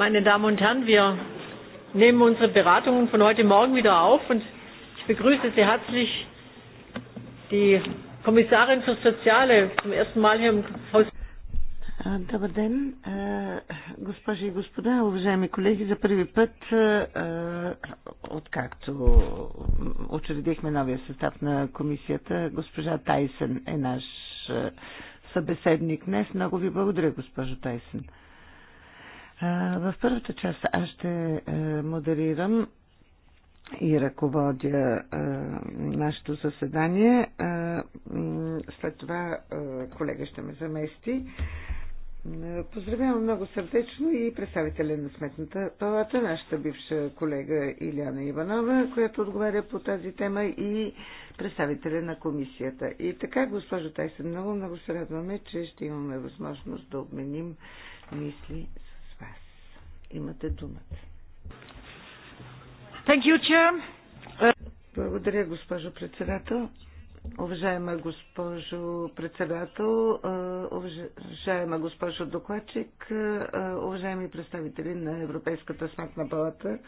meine Damen und Herren, wir nehmen unsere Beratungen von heute Morgen wieder auf und ich begrüße Sie herzlich die Kommissarin für Soziale zum ersten Mal hier im Haus. Добър ден, госпожи и господа, уважаеми колеги, за първи път, э, э, откакто учредихме новия състав на комисията, госпожа Тайсен е наш э, събеседник днес. Много ви благодаря, госпожо Тайсен. В първата част аз ще е, модерирам и ръководя е, нашето заседание. Е, след това колега ще ме замести. Поздравявам много сърдечно и представителя на Сметната палата, нашата бивша колега Иляна Иванова, която отговаря по тази тема и представителя на комисията. И така, госпожо Тайсен, много, много се радваме, че ще имаме възможност да обменим мисли Имате думата. Thank you, Благодаря, госпожо председател. Уважаема госпожо председател, уважаема госпожо докладчик, уважаеми представители на Европейската сметна палата,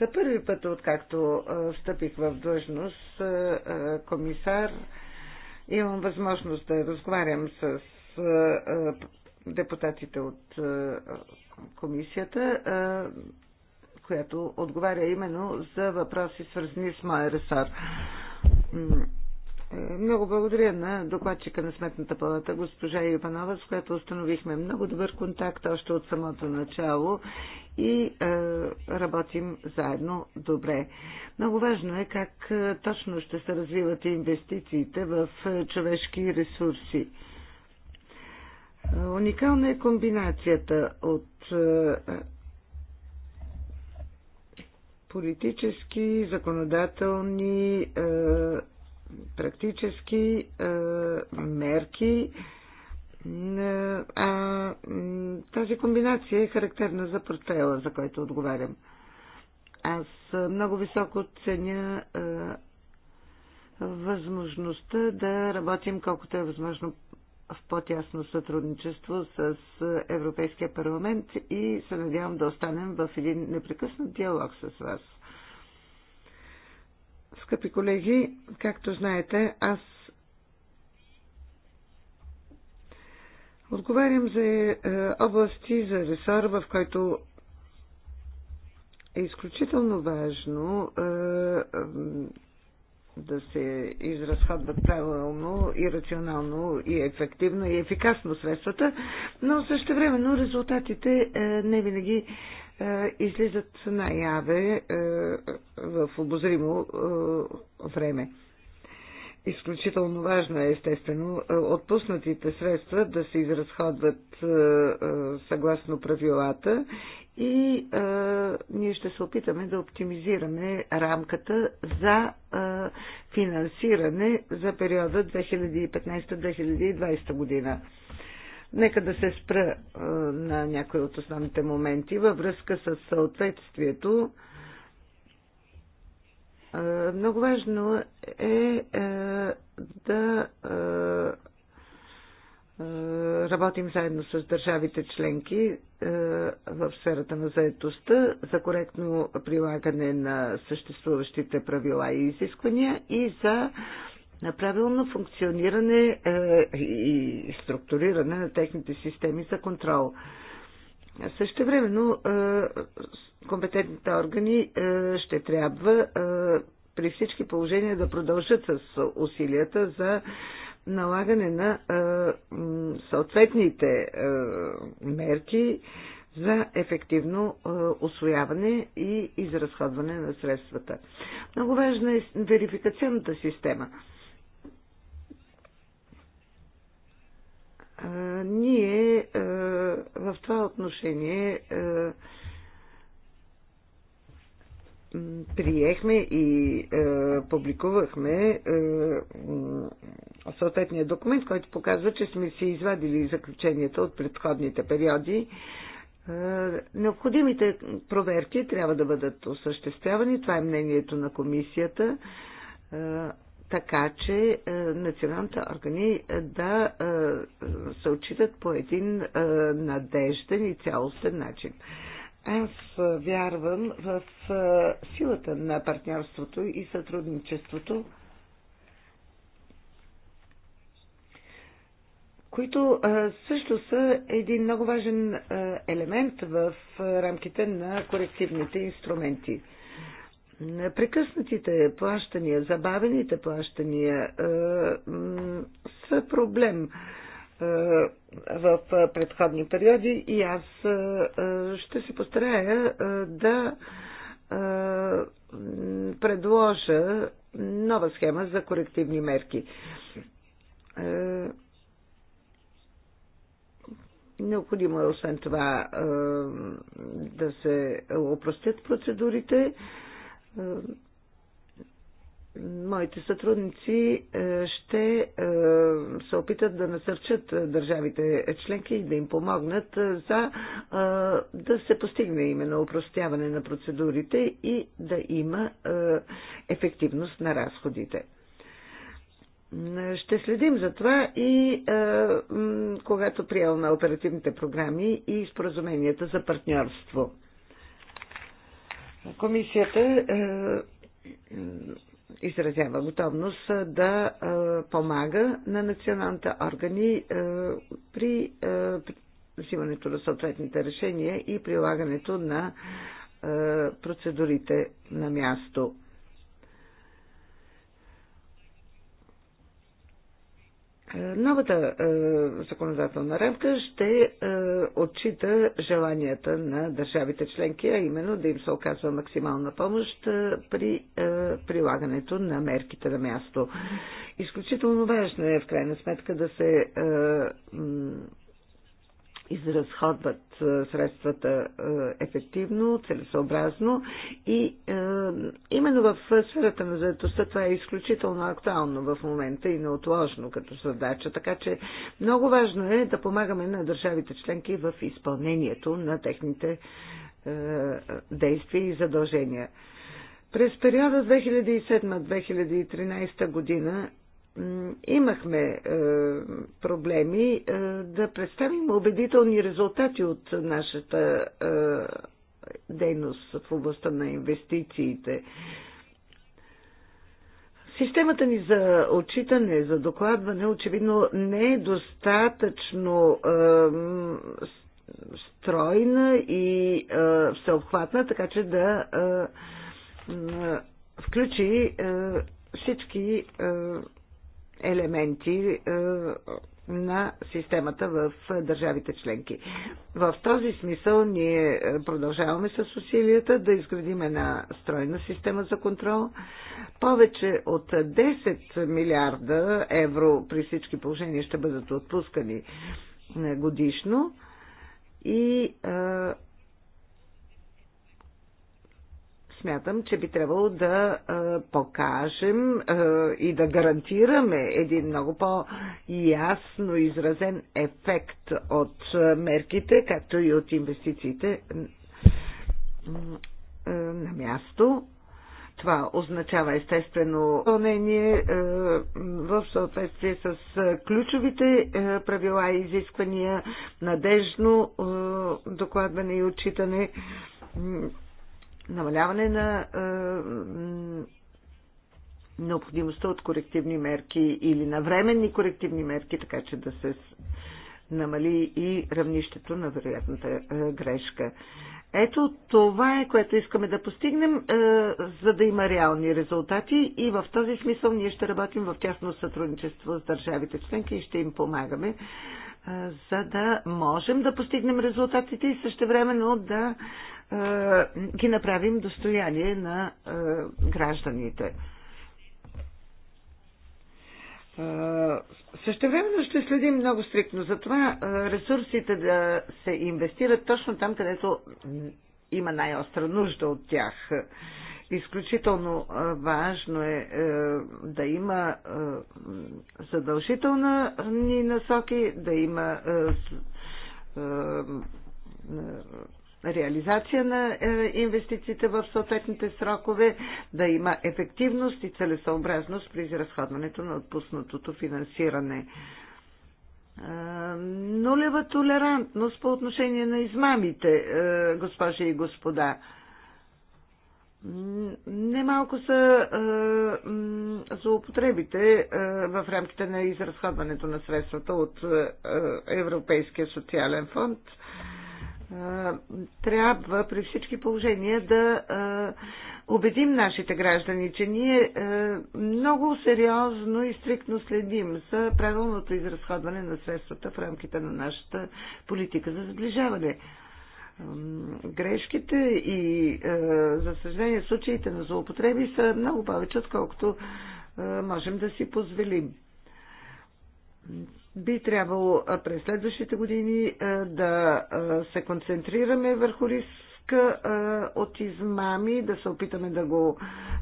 за първи път, откакто встъпих в длъжност комисар, имам възможност да разговарям с депутатите от е, комисията, е, която отговаря именно за въпроси свързани с моя ресор. Е, много благодаря на докладчика на Сметната палата, госпожа Иванова, с която установихме много добър контакт още от самото начало и е, работим заедно добре. Много важно е как точно ще се развиват инвестициите в човешки ресурси. Уникална е комбинацията от е, политически, законодателни, е, практически е, мерки. А тази комбинация е характерна за портфела, за който отговарям. Аз много високо ценя възможността да работим колкото е възможно в по-тясно сътрудничество с Европейския парламент и се надявам да останем в един непрекъснат диалог с вас. Скъпи колеги, както знаете, аз отговарям за е, области, за ресор, в който е изключително важно е, да се изразходват правилно и рационално и ефективно и ефикасно средствата, но също времено резултатите е, не винаги е, излизат наяве е, в обозримо време. Изключително важно е, естествено, отпуснатите средства да се изразходват съгласно правилата и а, е, ние ще се опитаме да оптимизираме рамката за а, е, финансиране за периода 2015-2020 година. Нека да се спра а, е, на някои от основните моменти във връзка с съответствието. А, много важно е а, да а, е, работим заедно с държавите членки е, в сферата на заедостта за коректно прилагане на съществуващите правила и изисквания и за правилно функциониране е, и структуриране на техните системи за контрол. Също времено компетентните органи ще трябва при всички положения да продължат с усилията за налагане на е, съответните е, мерки за ефективно е, освояване и изразходване на средствата. Много важна е верификационната система. Ние в това отношение приехме и е, публикувахме е, съответния документ, който показва, че сме си извадили заключенията от предходните периоди. Е, необходимите проверки трябва да бъдат осъществявани. Това е мнението на комисията. Е, така че е, националните органи е, да е, се отчитат по един е, надежден и цялостен начин. Е, аз вярвам в силата на партньорството и сътрудничеството, които също са един много важен елемент в рамките на корективните инструменти. Прекъснатите плащания, забавените плащания са проблем в предходни периоди и аз ще се постарая да предложа нова схема за корективни мерки. Необходимо е освен това да се опростят процедурите моите сътрудници е, ще е, се опитат да насърчат е, държавите членки и да им помогнат за да се постигне именно упростяване на процедурите и да има ефективност на разходите. Ще следим за това и когато приемаме оперативните програми и споразуменията за партньорство. Комисията изразява готовност да помага на националните органи при взимането на съответните решения и прилагането на процедурите на място. Е, новата е, законодателна рамка ще е, отчита желанията на държавите членки, а именно да им се оказва максимална помощ е, при е, прилагането на мерките на място. Изключително важно е в крайна сметка да се е, изразходват е, средствата е, ефективно, целесообразно и е, именно в сферата на заедостта това е изключително актуално в момента и неотложно като задача, така че много важно е да помагаме на държавите членки в изпълнението на техните действия и задължения. През периода 2007-2013 година имахме е, проблеми е, да представим убедителни резултати от нашата е, дейност в областта на инвестициите. Системата ни за отчитане, за докладване, очевидно не е достатъчно е, стройна и е, всеобхватна, така че да е, включи е, всички е, елементи е, на системата в държавите членки. В този смисъл ние продължаваме с усилията да изградим една стройна система за контрол. Повече от 10 милиарда евро при всички положения ще бъдат отпускани е, годишно и е, смятам, че би трябвало да покажем и да гарантираме един много по-ясно изразен ефект от мерките, както и от инвестициите на място. Това означава естествено изпълнение в съответствие с ключовите правила и изисквания, надежно докладване и отчитане намаляване на е, необходимостта от корективни мерки или на временни корективни мерки, така че да се намали и равнището на вероятната е, грешка. Ето това е, което искаме да постигнем, е, за да има реални резултати и в този смисъл ние ще работим в тясно сътрудничество с държавите членки и ще им помагаме, е, за да можем да постигнем резултатите и също времено да ги направим достояние на гражданите. Също времено ще следим много стриктно за това ресурсите да се инвестират точно там, където има най-остра нужда от тях. Изключително важно е, е да има задължителна ни насоки, да има реализация на е, инвестициите в съответните срокове, да има ефективност и целесообразност при изразходването на отпуснатото финансиране. Е, нулева толерантност по отношение на измамите, е, госпожи и господа. Немалко са е, злоупотребите е, в рамките на изразходването на средствата от е, Европейския социален фонд. Е, трябва при всички положения да убедим нашите граждани, че ние много сериозно и стриктно следим за правилното изразходване на средствата в рамките на нашата политика за сближаване. Грешките и, за съжаление, случаите на злоупотреби са много повече, отколкото можем да си позволим би трябвало през следващите години да се концентрираме върху риска от измами, да се опитаме да го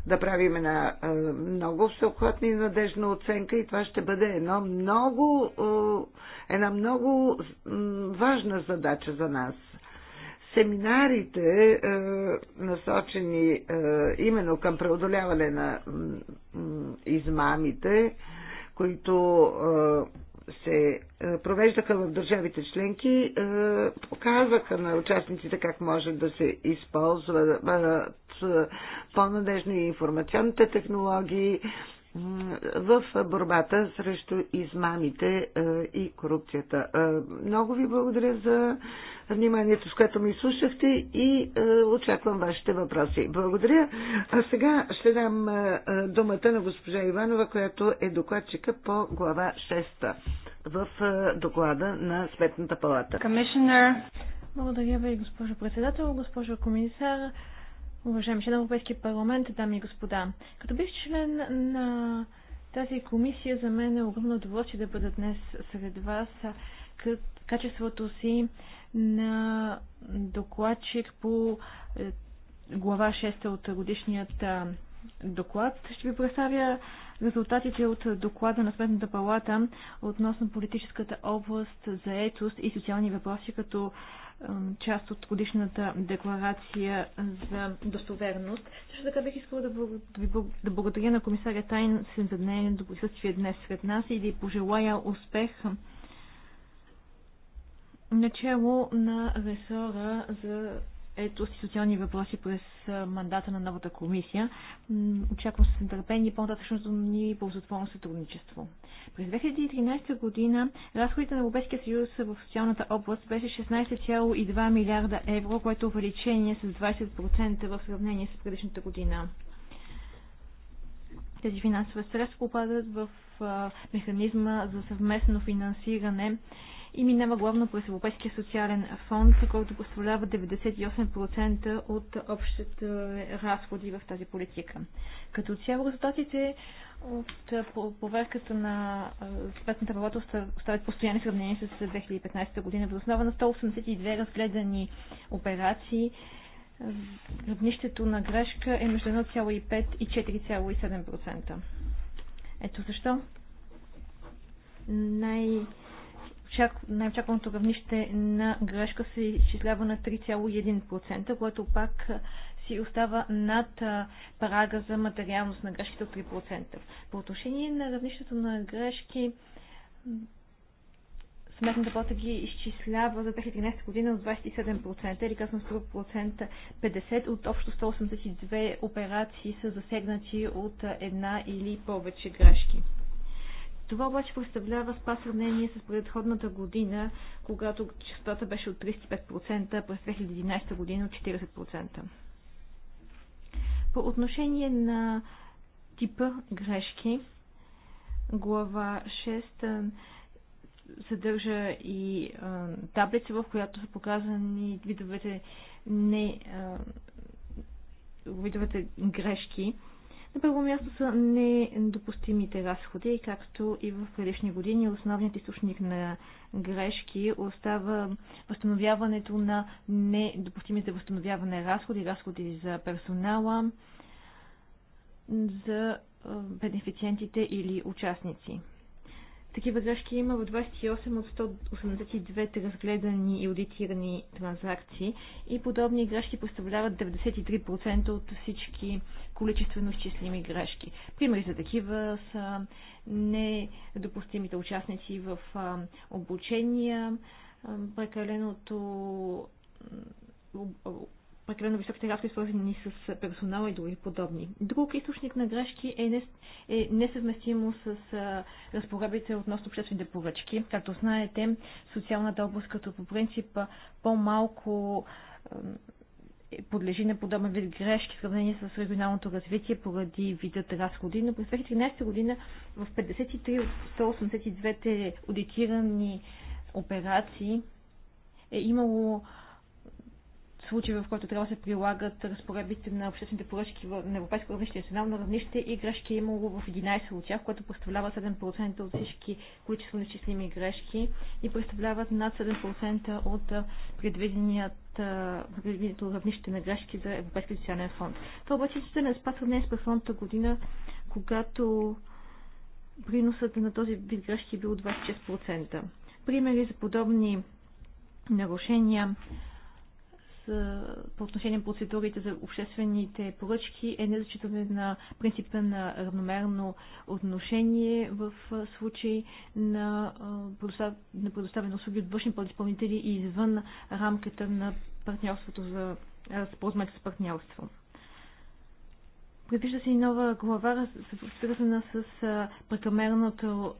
да правим една много всеобхватна и надежна оценка и това ще бъде едно много, една много важна задача за нас. Семинарите, насочени именно към преодоляване на измамите, които се е, провеждаха в държавите членки, е, показаха на участниците как може да се използват е, по надежни информационните технологии, в борбата срещу измамите и корупцията. Много ви благодаря за вниманието, с което ми слушахте и очаквам вашите въпроси. Благодаря. А сега ще дам думата на госпожа Иванова, която е докладчика по глава 6 в доклада на Сметната палата. Благодаря ви, госпожо председател, госпожо комисар. Уважаеми член на Европейския парламент, дами и господа, като бих член на тази комисия, за мен е огромно удоволствие да бъда днес сред вас. Качеството си на докладчик по е, глава 6 от годишният доклад. Ще ви представя резултатите от доклада на Сметната палата относно политическата област, заетост и социални въпроси като част от годишната декларация за достоверност. Също така бих искала да, благодаря на комисаря Тайн за нейното присъствие днес сред нас и да й пожелая успех начало на ресора за ето си социални въпроси през мандата на новата комисия. Очаквам с нетърпение по-нататъчното ни ползотворно сътрудничество. През 2013 година разходите на Европейския съюз в социалната област беше 16,2 милиарда евро, което е увеличение с 20% в сравнение с предишната година. Тези финансови средства попадат в механизма за съвместно финансиране и минава главно през Европейския социален фонд, който представлява 98% от общите разходи в тази политика. Като цяло резултатите от проверката на Сметната палата оставят постоянни сравнение с 2015 година. В основа на 182 разгледани операции равнището на грешка е между 1,5 и 4,7%. Ето защо най- най-очакваното равнище на грешка се изчислява на 3,1%, което пак си остава над прага за материалност на грешките от 3%. По отношение на равнището на грешки, Сметната плата ги изчислява за 2013 година от 27%, или казвам с друг процент, 50 от общо 182 операции са засегнати от една или повече грешки. Това обаче представлява спа сравнение с предходната година, когато частота беше от 35%, през 2011 година от 40%. По отношение на типа грешки, глава 6 съдържа и а, таблица, в която са показани видовете, не, а, видовете грешки на първо място са недопустимите разходи, както и в предишни години основният източник на грешки остава възстановяването на недопустимите възстановяване разходи, разходи за персонала, за бенефициентите или участници. Такива грешки има в 28 от 182 разгледани и аудитирани транзакции и подобни грешки представляват 93% от всички количествено изчислими грешки. Примери за такива са недопустимите участници в обучения, прекаленото прекалено високите разходи, свързани с персонала и други подобни. Друг източник на грешки е, не, е несъвместимо с а, разпоредбите относно обществените поръчки. Както знаете, социалната област като по принцип по-малко е, подлежи на подобен вид грешки в сравнение с регионалното развитие поради видът разходи, но през 2013 година в 53 от 182 аудитирани операции е имало случай, в който трябва да се прилагат разпоредбите на обществените поръчки на европейско равнище и национално равнище и грешки е имало в 11 от тях, което представлява 7% от всички количествено изчислими грешки и представляват над 7% от предвиденият предвиденото равнище на грешки за Европейския социален фонд. Това обаче се не спасва днес през фондата година, когато приносът на този вид грешки е бил 26%. Примери за подобни нарушения по отношение на процедурите за обществените поръчки е незачитане на принципа на равномерно отношение в случай на, предостав... на предоставяне услуги от външни подиспълнители и извън рамката на партньорството за споразумението с партньорство. Предвижда се и нова глава, свързана с прекомерното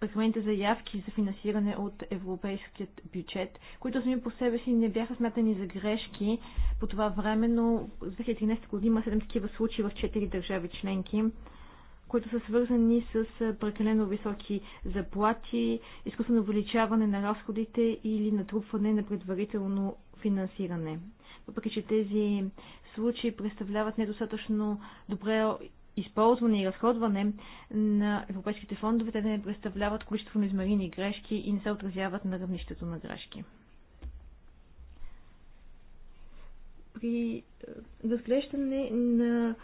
прехвърлените заявки за финансиране от европейският бюджет, които сами по себе си не бяха смятани за грешки по това време, но в 2013 година има 7 такива случаи в 4 държави членки, които са свързани с прекалено високи заплати, изкуствено увеличаване на разходите или натрупване на предварително финансиране. Въпреки, че тези случаи представляват недостатъчно добре използване и разходване на европейските фондове, те да не представляват количество измерени грешки и не се отразяват на равнището на грешки. При е, разглеждане на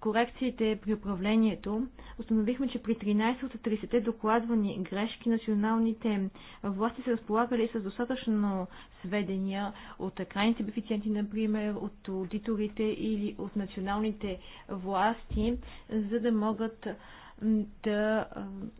корекциите при управлението, установихме, че при 13 от 30 те докладвани грешки националните власти са разполагали с достатъчно сведения от крайните бефициенти, например, от аудиторите или от националните власти, за да могат да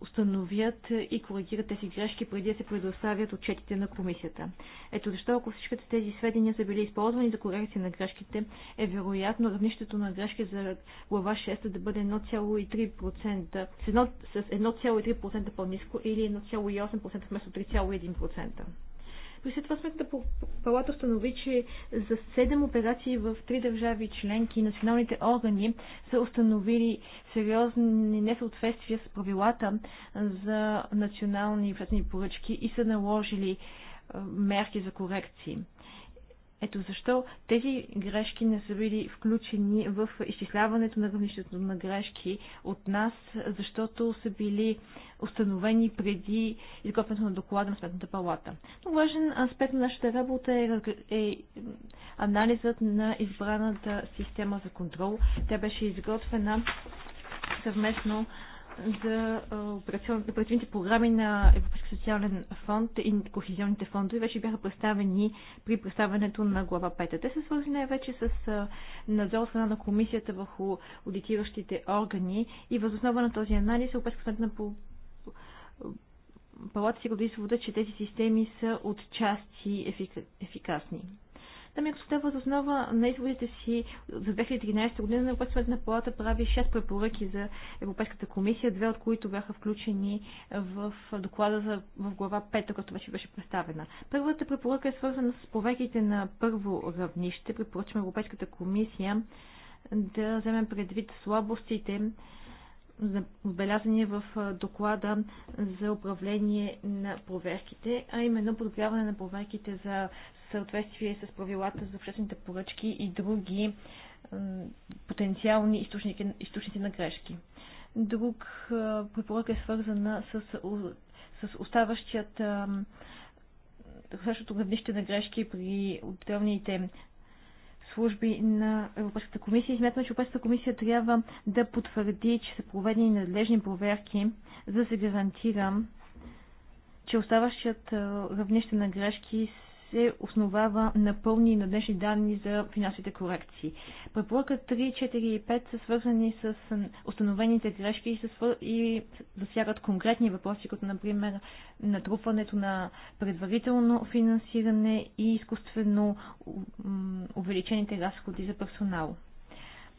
установят и коригират тези грешки преди да се предоставят отчетите на комисията. Ето защо, ако всичките тези сведения са били използвани за корекция на грешките, е вероятно равнището на грешки за глава 6 да бъде 1,3% с 1,3% по-низко или 1,8% вместо 3,1%. При след това сметната палата установи, че за 7 операции в 3 държави членки националните органи са установили сериозни несъответствия с правилата за национални и поръчки и са наложили мерки за корекции. Ето защо тези грешки не са били включени в изчисляването на равнището на грешки от нас, защото са били установени преди изготвянето на доклада на Сметната палата. Но важен аспект на нашата работа е, е анализът на избраната система за контрол. Тя беше изготвена съвместно за оперативните програми на Европейския социален фонд и кохезионните фондове вече бяха представени при представянето на глава 5. Те са свързани най-вече с надзор страна на комисията върху аудитиращите органи и възоснова на този анализ Европейска сметна палата си го извода, че тези системи са отчасти ефикасни. Там я господа, за основа на изводите си за 2013 година на Европейската палата прави 6 препоръки за Европейската комисия, две от които бяха включени в доклада за, в глава 5, като вече беше представена. Първата препоръка е свързана с проверките на първо равнище. Препоръчваме Европейската комисия да вземем предвид слабостите, отбелязани в доклада за управление на проверките, а именно подобряване на проверките за съответствие с правилата за обществените поръчки и други потенциални източници, източници на грешки. Друг препоръка е свързана с, с оставащият същото равнище на грешки при отделните служби на Европейската комисия и смятам, че Европейската комисия трябва да потвърди, че са проведени надлежни проверки, за да се гарантира, че оставащият равнище на грешки се основава на пълни и надежни данни за финансовите корекции. Препоръка 3, 4 и 5 са свързани с установените грешки и, свър... и засягат конкретни въпроси, като например натрупването на предварително финансиране и изкуствено увеличените разходи за персонал.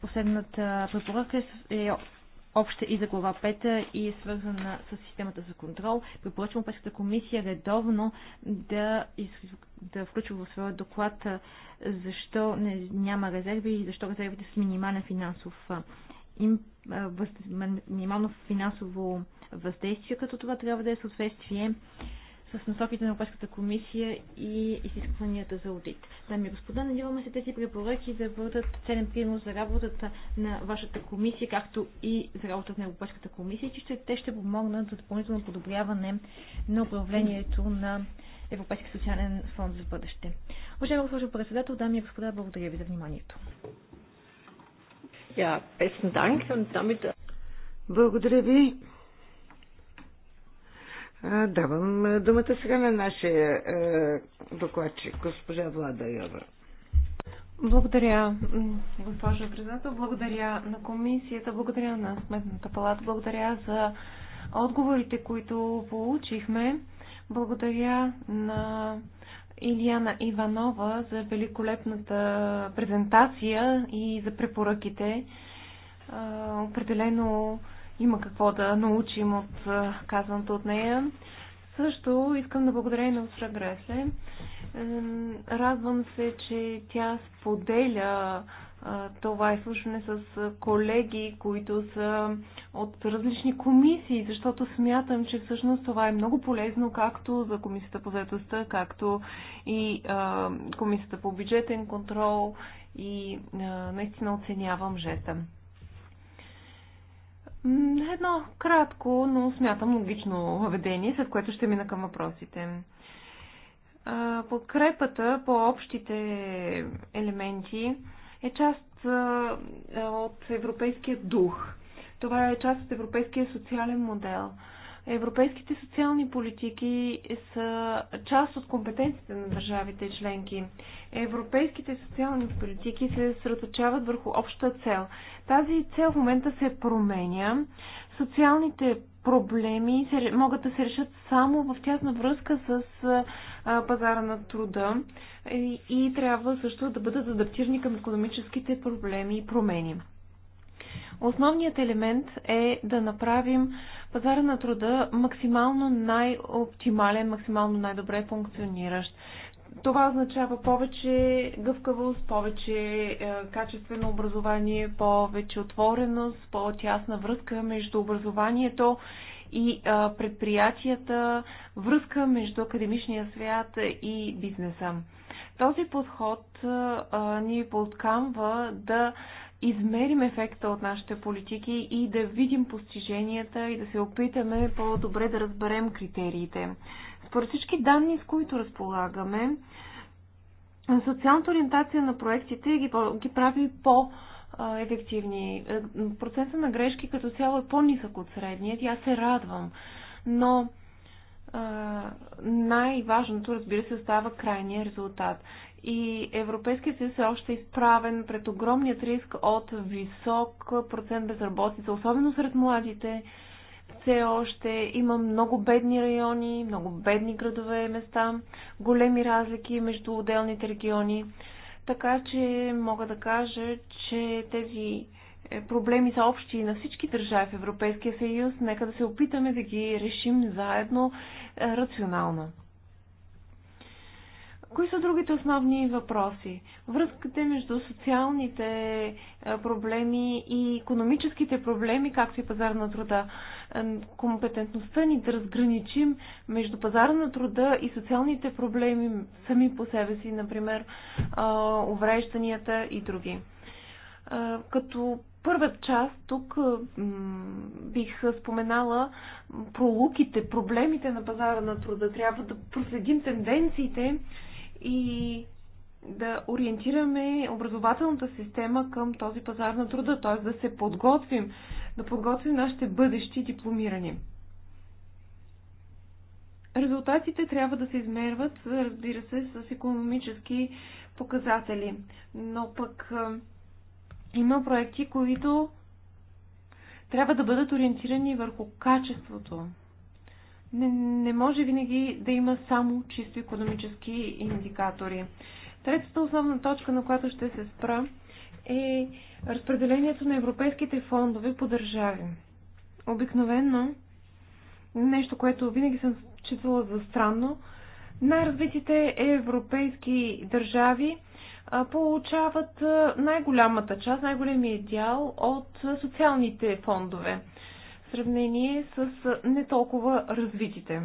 Последната препоръка е обща и за глава 5 и е свързана с системата за контрол. Препоръчвам Европейската комисия редовно да, из... да включва в своя доклад защо не, няма резерви и защо резервите са минимален финансов им, въз, минимално финансово въздействие, като това трябва да е съответствие с насоките на Европейската комисия и изискванията за аудит. Дами и господа, надяваме се тези препоръки да бъдат ценен принос за работата на вашата комисия, както и за работата на Европейската комисия, че ще, те ще помогнат за допълнително подобряване на управлението на Европейски социален фонд за бъдеще. Уважаема госпожо председател, дами и господа, благодаря ви за вниманието. Благодаря ви. Давам думата сега на нашия докладчик, госпожа Влада Йова. Благодаря, госпожо Президател, Благодаря на комисията, благодаря на Сметната палата, благодаря за отговорите, които получихме. Благодаря на Илияна Иванова за великолепната презентация и за препоръките. Определено има какво да научим от казаното от нея. Също искам да благодаря и на Устра Гресле. Радвам се, че тя споделя това изслушване с колеги, които са от различни комисии, защото смятам, че всъщност това е много полезно както за комисията по заедостта, както и а, комисията по бюджетен контрол и а, наистина оценявам жеста. Едно кратко, но смятам логично въведение, след което ще мина към въпросите. Подкрепата по общите елементи е част от европейския дух. Това е част от европейския социален модел. Европейските социални политики са част от компетенциите на държавите членки. Европейските социални политики се съсредоточават върху обща цел. Тази цел в момента се променя. Социалните проблеми се, могат да се решат само в тясна връзка с пазара на труда и, и трябва също да бъдат адаптирани към економическите проблеми и промени. Основният елемент е да направим пазара на труда максимално най-оптимален, максимално най-добре функциониращ. Това означава повече гъвкавост, повече е, качествено образование, повече отвореност, по-тясна връзка между образованието и е, предприятията, връзка между академичния свят и бизнеса. Този подход е, е, ни подкамва да измерим ефекта от нашите политики и да видим постиженията и да се опитаме по-добре да разберем критериите. Според всички данни, с които разполагаме, социалната ориентация на проектите ги, ги прави по- ефективни. Процесът на грешки като цяло е по-нисък от средния и аз се радвам. Но най-важното, разбира се, остава крайния резултат и Европейския съюз е още изправен пред огромният риск от висок процент безработица, особено сред младите. Все още има много бедни райони, много бедни градове и места, големи разлики между отделните региони. Така че мога да кажа, че тези е, проблеми са общи на всички държави в Европейския съюз. Нека да се опитаме да ги решим заедно е, рационално. Кои са другите основни въпроси? Връзката между социалните е, проблеми и економическите проблеми, както и пазар на труда. Е, компетентността ни да разграничим между пазара на труда и социалните проблеми сами по себе си, например, е, уврежданията и други. Като първа част тук бих споменала пролуките, проблемите на пазара на труда. Трябва да проследим тенденциите и да ориентираме образователната система към този пазар на труда, т.е. да се подготвим, да подготвим нашите бъдещи дипломирани. Резултатите трябва да се измерват, разбира се, с економически показатели. Но пък е, има проекти, които трябва да бъдат ориентирани върху качеството не, не може винаги да има само чисто економически индикатори. Третата основна точка, на която ще се спра, е разпределението на европейските фондове по държави. Обикновено, нещо, което винаги съм читала за странно, най-развитите европейски държави получават най-голямата част, най-големия дял от социалните фондове сравнение с не толкова развитите.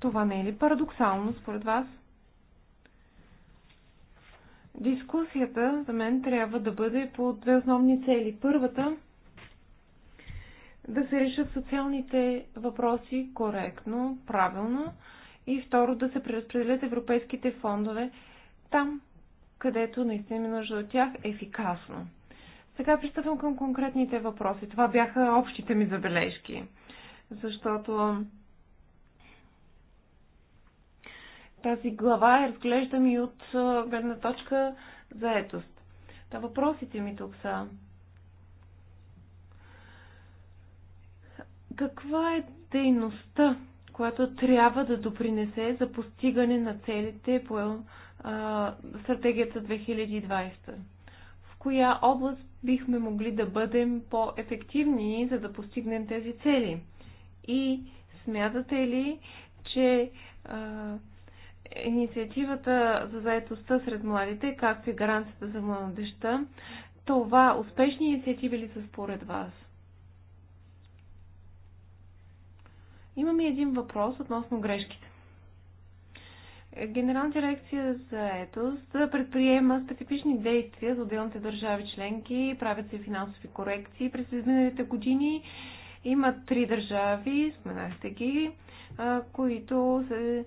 Това не е ли парадоксално според вас? Дискусията за мен трябва да бъде по две основни цели. Първата да се решат социалните въпроси коректно, правилно и второ да се преразпределят европейските фондове там, където наистина нужда от тях ефикасно. Сега пристъпвам към конкретните въпроси. Това бяха общите ми забележки, защото тази глава я разглеждам и от гледна точка заетост. Та въпросите ми тук са каква е дейността, която трябва да допринесе за постигане на целите по а, стратегията 2020? коя област бихме могли да бъдем по-ефективни, за да постигнем тези цели? И смятате ли, че а, инициативата за заедостта сред младите, както и гаранцията за младеща, това успешни инициативи ли са според вас? Имаме един въпрос относно грешките. Генерална дирекция за етост предприема специфични действия за отделните държави членки, правят се финансови корекции през изминалите години. Има три държави, споменахте ги, които се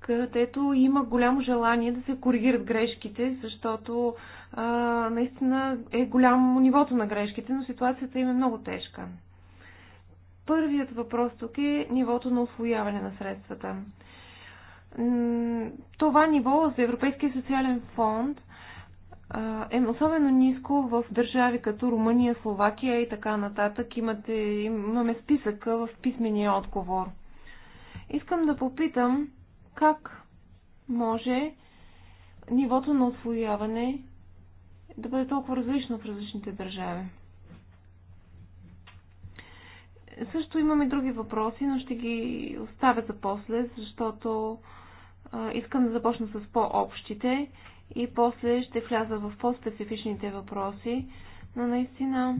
където има голямо желание да се коригират грешките, защото наистина е голямо нивото на грешките, но ситуацията им е много тежка. Първият въпрос тук е нивото на освояване на средствата това ниво за Европейския социален фонд е особено ниско в държави като Румъния, Словакия и така нататък. Имате, имаме списък в писмения отговор. Искам да попитам как може нивото на освояване да бъде толкова различно в различните държави. Също имаме други въпроси, но ще ги оставя за после, защото Искам да започна с по-общите и после ще вляза в по-специфичните въпроси, но наистина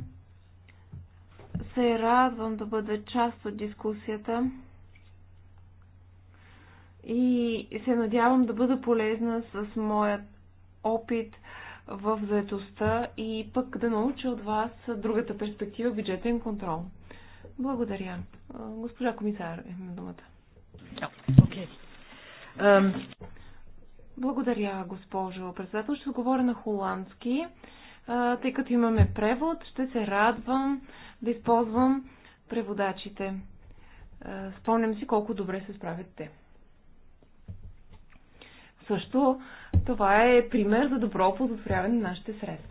се радвам да бъда част от дискусията и се надявам да бъда полезна с моят опит в заедостта и пък да науча от вас другата перспектива бюджетен контрол. Благодаря. Госпожа комисар, имаме думата. Okay. Благодаря, госпожо председател. Ще говоря на холандски. Тъй като имаме превод, ще се радвам да използвам преводачите. Спомням си колко добре се справят те. Също това е пример за добро оползотворяване на нашите средства.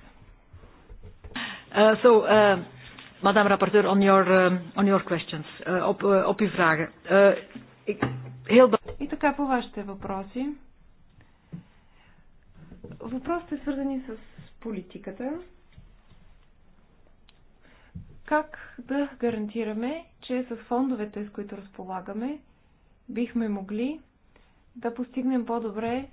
Uh, so, uh, on your, uh, on your questions, uh, op, uh, op Uh, и така по вашите въпроси. Въпросите свързани с политиката. Как да гарантираме, че с фондовете, с които разполагаме, бихме могли да постигнем по-добре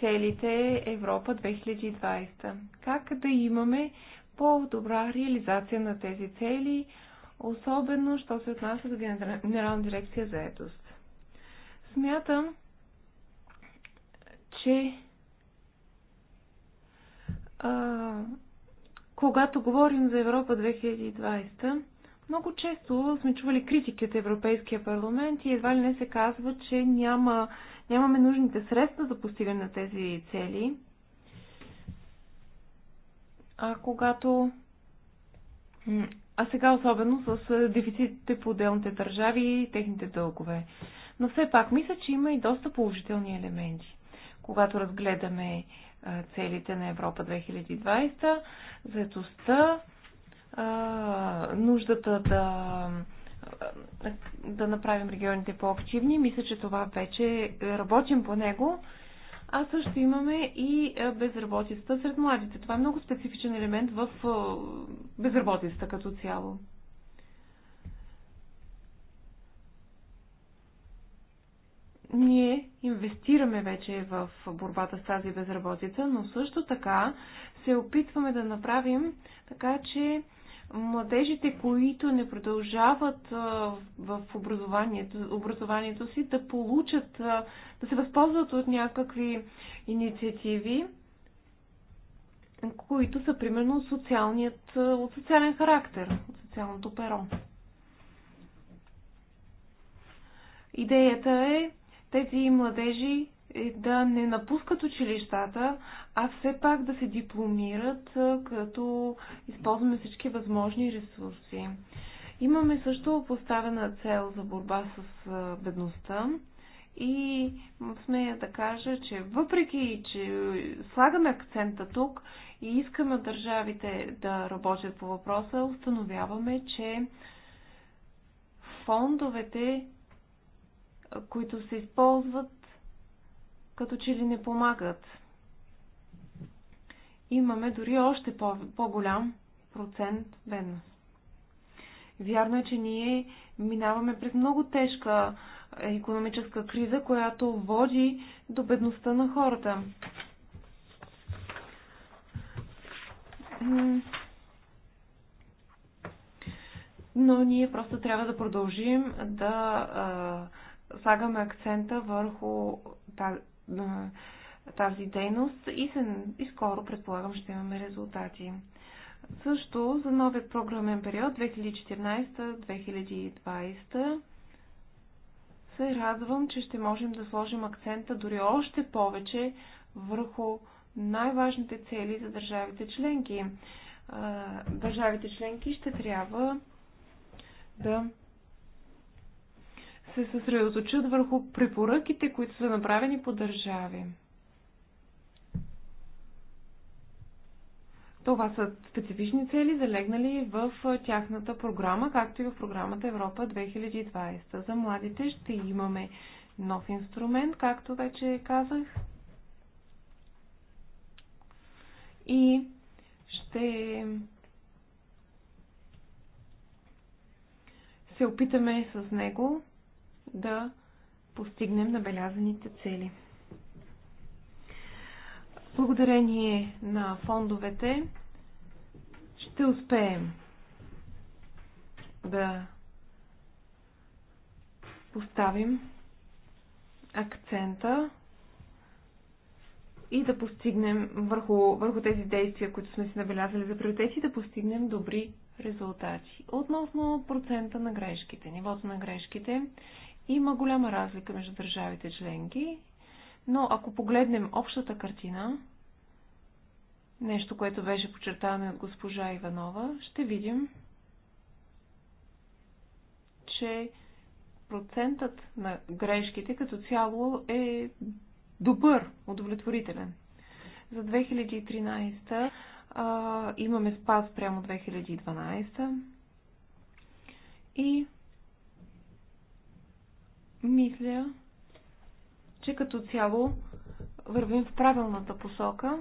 целите Европа 2020? Как да имаме по-добра реализация на тези цели, особено, що се отнася до Генерална дирекция за етост? Смятам, че а, когато говорим за Европа 2020, много често сме чували критики от Европейския парламент и едва ли не се казва, че няма, нямаме нужните средства за постигане на тези цели. А когато. А сега особено с дефицитите по отделните държави и техните дългове. Но все пак мисля, че има и доста положителни елементи. Когато разгледаме целите на Европа 2020, заедостта, нуждата да, да направим регионите по-активни, мисля, че това вече работим по него. А също имаме и безработицата сред младите. Това е много специфичен елемент в безработицата като цяло. ние инвестираме вече в борбата с тази безработица, но също така се опитваме да направим така, че младежите, които не продължават в образованието, образованието си, да получат, да се възползват от някакви инициативи, които са примерно от, социалният, от социален характер, от социалното перо. Идеята е тези младежи е да не напускат училищата, а все пак да се дипломират, като използваме всички възможни ресурси. Имаме също поставена цел за борба с бедността и смея да кажа, че въпреки, че слагаме акцента тук и искаме държавите да работят по въпроса, установяваме, че фондовете които се използват, като че ли не помагат. Имаме дори още по-голям по процент бедност. Вярно е, че ние минаваме през много тежка е, економическа криза, която води до бедността на хората. Но ние просто трябва да продължим да слагаме акцента върху тази дейност и, се, и скоро, предполагам, ще имаме резултати. Също за новият програмен период 2014-2020 се радвам, че ще можем да сложим акцента дори още повече върху най-важните цели за държавите членки. Държавите членки ще трябва да се съсредоточат върху препоръките, които са направени по държави. Това са специфични цели, залегнали в тяхната програма, както и в програмата Европа 2020. За младите ще имаме нов инструмент, както вече казах. И ще се опитаме с него да постигнем набелязаните цели. Благодарение на фондовете ще успеем да поставим акцента и да постигнем върху, върху тези действия, които сме си набелязали за приоритети, да постигнем добри резултати. Относно процента на грешките, нивото на грешките, има голяма разлика между държавите членки, но ако погледнем общата картина, нещо, което беше подчертано от госпожа Иванова, ще видим, че процентът на грешките като цяло е добър, удовлетворителен. За 2013 а, имаме спад прямо 2012 и мисля, че като цяло вървим в правилната посока.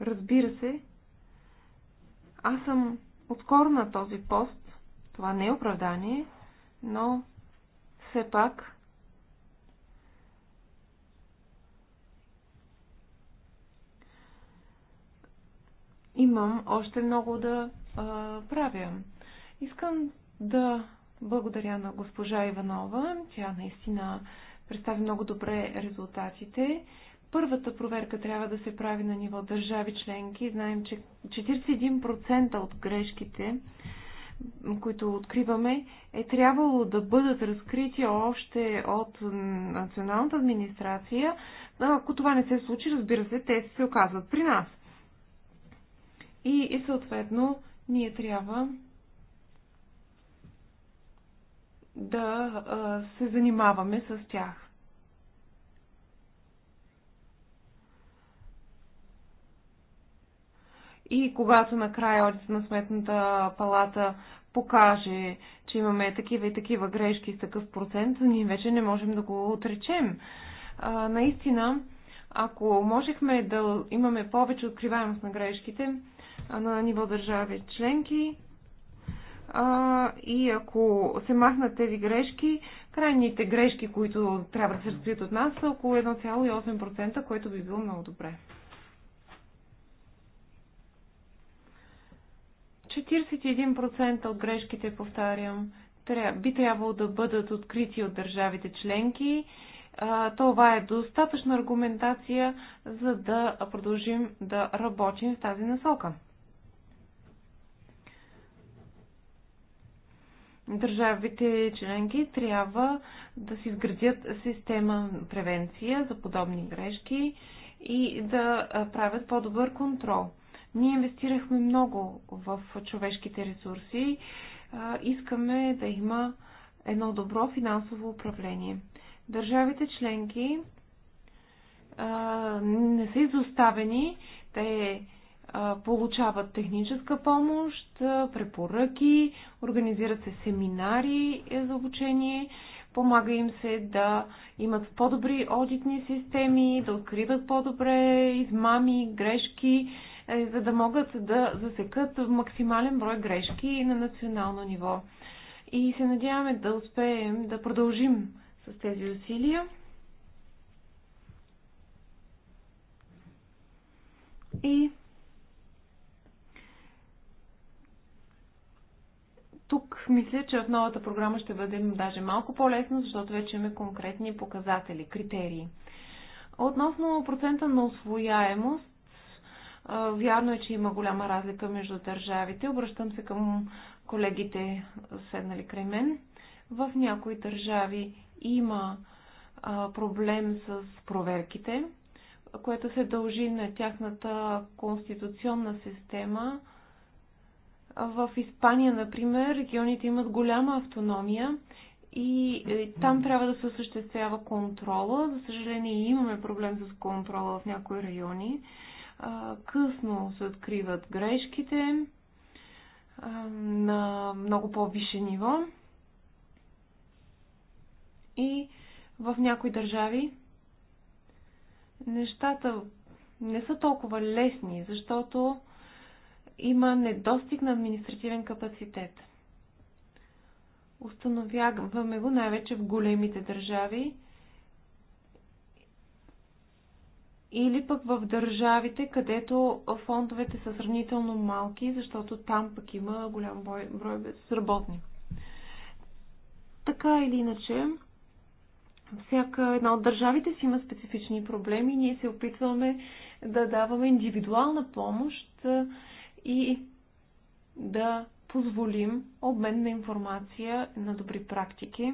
Разбира се, аз съм отскоро на този пост. Това не е оправдание, но все пак имам още много да а, правя. Искам да благодаря на госпожа Иванова. Тя наистина представи много добре резултатите. Първата проверка трябва да се прави на ниво държави членки. Знаем, че 41% от грешките, които откриваме, е трябвало да бъдат разкрити още от националната администрация. Ако това не се случи, разбира се, те се оказват при нас. И, и съответно, ние трябва да се занимаваме с тях. И когато накрая одит на сметната палата покаже, че имаме такива и такива грешки с такъв процент, ние вече не можем да го отречем. А, наистина, ако можехме да имаме повече откриваемост на грешките на ниво държави членки, а, и ако се махнат тези грешки, крайните грешки, които трябва да се разкрият от нас, са около 1,8%, което би било много добре. 41% от грешките, повтарям, би трябвало да бъдат открити от държавите членки. Това е достатъчна аргументация, за да продължим да работим в тази насока. държавите членки трябва да си изградят система превенция за подобни грешки и да правят по-добър контрол. Ние инвестирахме много в човешките ресурси. Искаме да има едно добро финансово управление. Държавите членки не са изоставени, те получават техническа помощ, препоръки, организират се семинари е, за обучение, помага им се да имат по-добри одитни системи, да откриват по-добре измами, грешки, е, за да могат да засекат максимален брой грешки на национално ниво. И се надяваме да успеем да продължим с тези усилия. И тук мисля, че в новата програма ще бъде даже малко по-лесно, защото вече имаме конкретни показатели, критерии. Относно процента на освояемост, вярно е, че има голяма разлика между държавите. Обръщам се към колегите, седнали край мен. В някои държави има проблем с проверките, което се дължи на тяхната конституционна система – в Испания, например, регионите имат голяма автономия и е, там трябва да се осъществява контрола. За съжаление, имаме проблем с контрола в някои райони. Късно се откриват грешките на много по-висше ниво. И в някои държави нещата не са толкова лесни, защото има недостиг на административен капацитет. Установяваме го най-вече в големите държави или пък в държавите, където фондовете са сравнително малки, защото там пък има голям брой, безработни. Така или иначе, всяка една от държавите си има специфични проблеми и ние се опитваме да даваме индивидуална помощ и да позволим обмен на информация на добри практики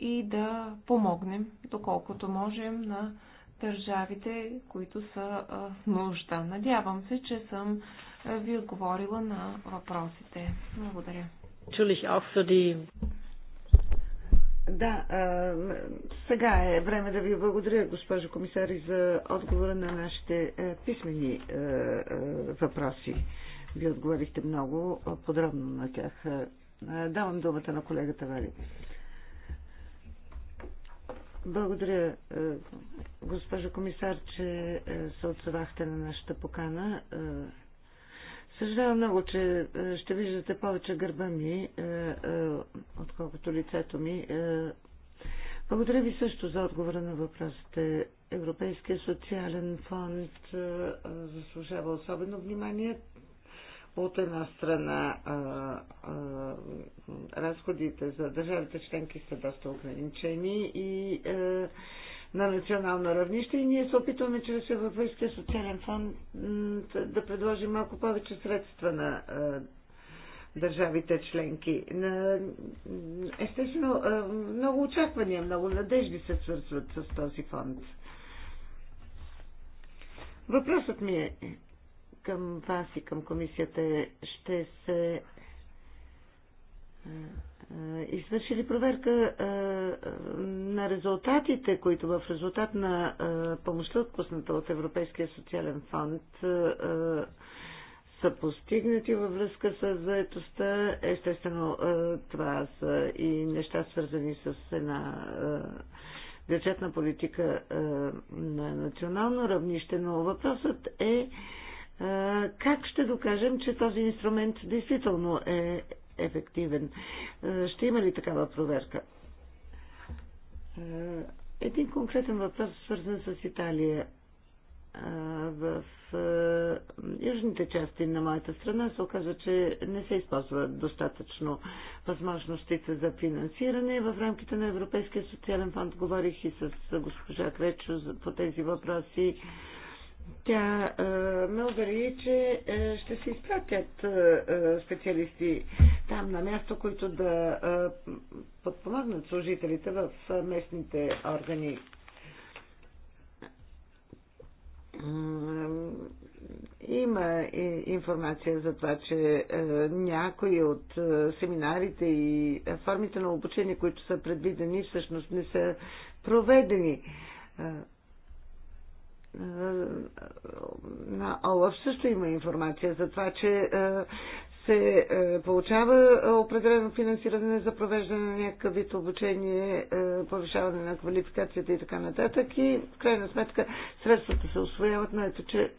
и да помогнем, доколкото можем, на държавите, които са в нужда. Надявам се, че съм ви отговорила на въпросите. Благодаря. Да, а, сега е време да ви благодаря, госпожо комисари, за отговора на нашите а, е, писмени а, е, а, е, въпроси. Вие отговорихте много подробно на тях. А, давам думата на колегата Вали. Благодаря, госпожо комисар, че се отзовахте на нашата покана. Съжалявам много, че е, ще виждате повече гърба ми, е, е, отколкото лицето ми. Благодаря ви също за отговора на въпросите. Европейския социален фонд заслужава особено внимание. От една страна разходите за държавите членки са доста ограничени и на национално равнище и ние се опитваме чрез Европейския социален фонд да предложим малко повече средства на държавите членки. Естествено, много очаквания, много надежди се свързват с този фонд. Въпросът ми е към вас и към комисията е, ще се е, е, извършили проверка е, на резултатите, които в резултат на помощта отпусната от Европейския социален фонд са постигнати във връзка с заетостта. Естествено, това са и неща свързани с една бюджетна политика на национално равнище, но въпросът е как ще докажем, че този инструмент действително е ефективен. Е, ще има ли такава проверка? Е, един конкретен въпрос, свързан с Италия. Е, в южните части на моята страна се оказа, че не се използват достатъчно възможностите за финансиране. В рамките на Европейския социален фонд говорих и с госпожа Кречо по тези въпроси тя а, ме увери, че а, ще се изпратят а, специалисти там на място, които да а, подпомогнат служителите в местните органи. Има информация за това, че някои от семинарите и формите на обучение, които са предвидени, всъщност не са проведени на ОЛАФ също има информация за това, че е, се е, получава определено финансиране за провеждане на някакъв вид обучение, е, повишаване на квалификацията и така нататък. И в крайна сметка средствата се освояват, но ето, че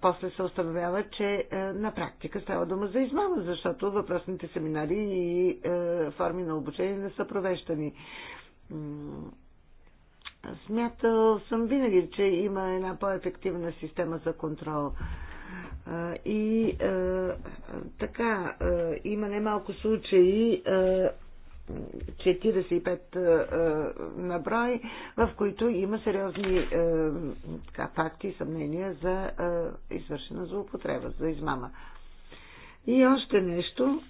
после се установява, че на практика става дума за измама, защото въпросните семинари и форми на обучение не са провеждани Смятал съм винаги, че има една по-ефективна система за контрол. И така, има немалко случаи, 45 на брой, в които има сериозни така, факти и съмнения за извършена злоупотреба, за измама. И още нещо,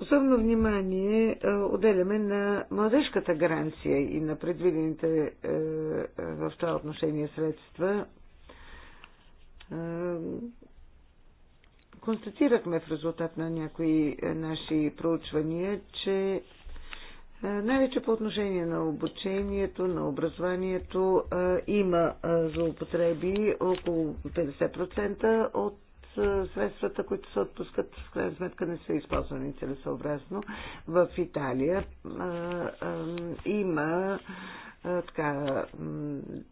Особено внимание отделяме на младежката гаранция и на предвидените е, е, в това отношение средства. Е, констатирахме в резултат на някои наши проучвания, че най-вече по отношение на обучението, на образованието има злоупотреби около 50% от средствата, които се отпускат, в крайна сметка не са използвани целесообразно. В Италия има така,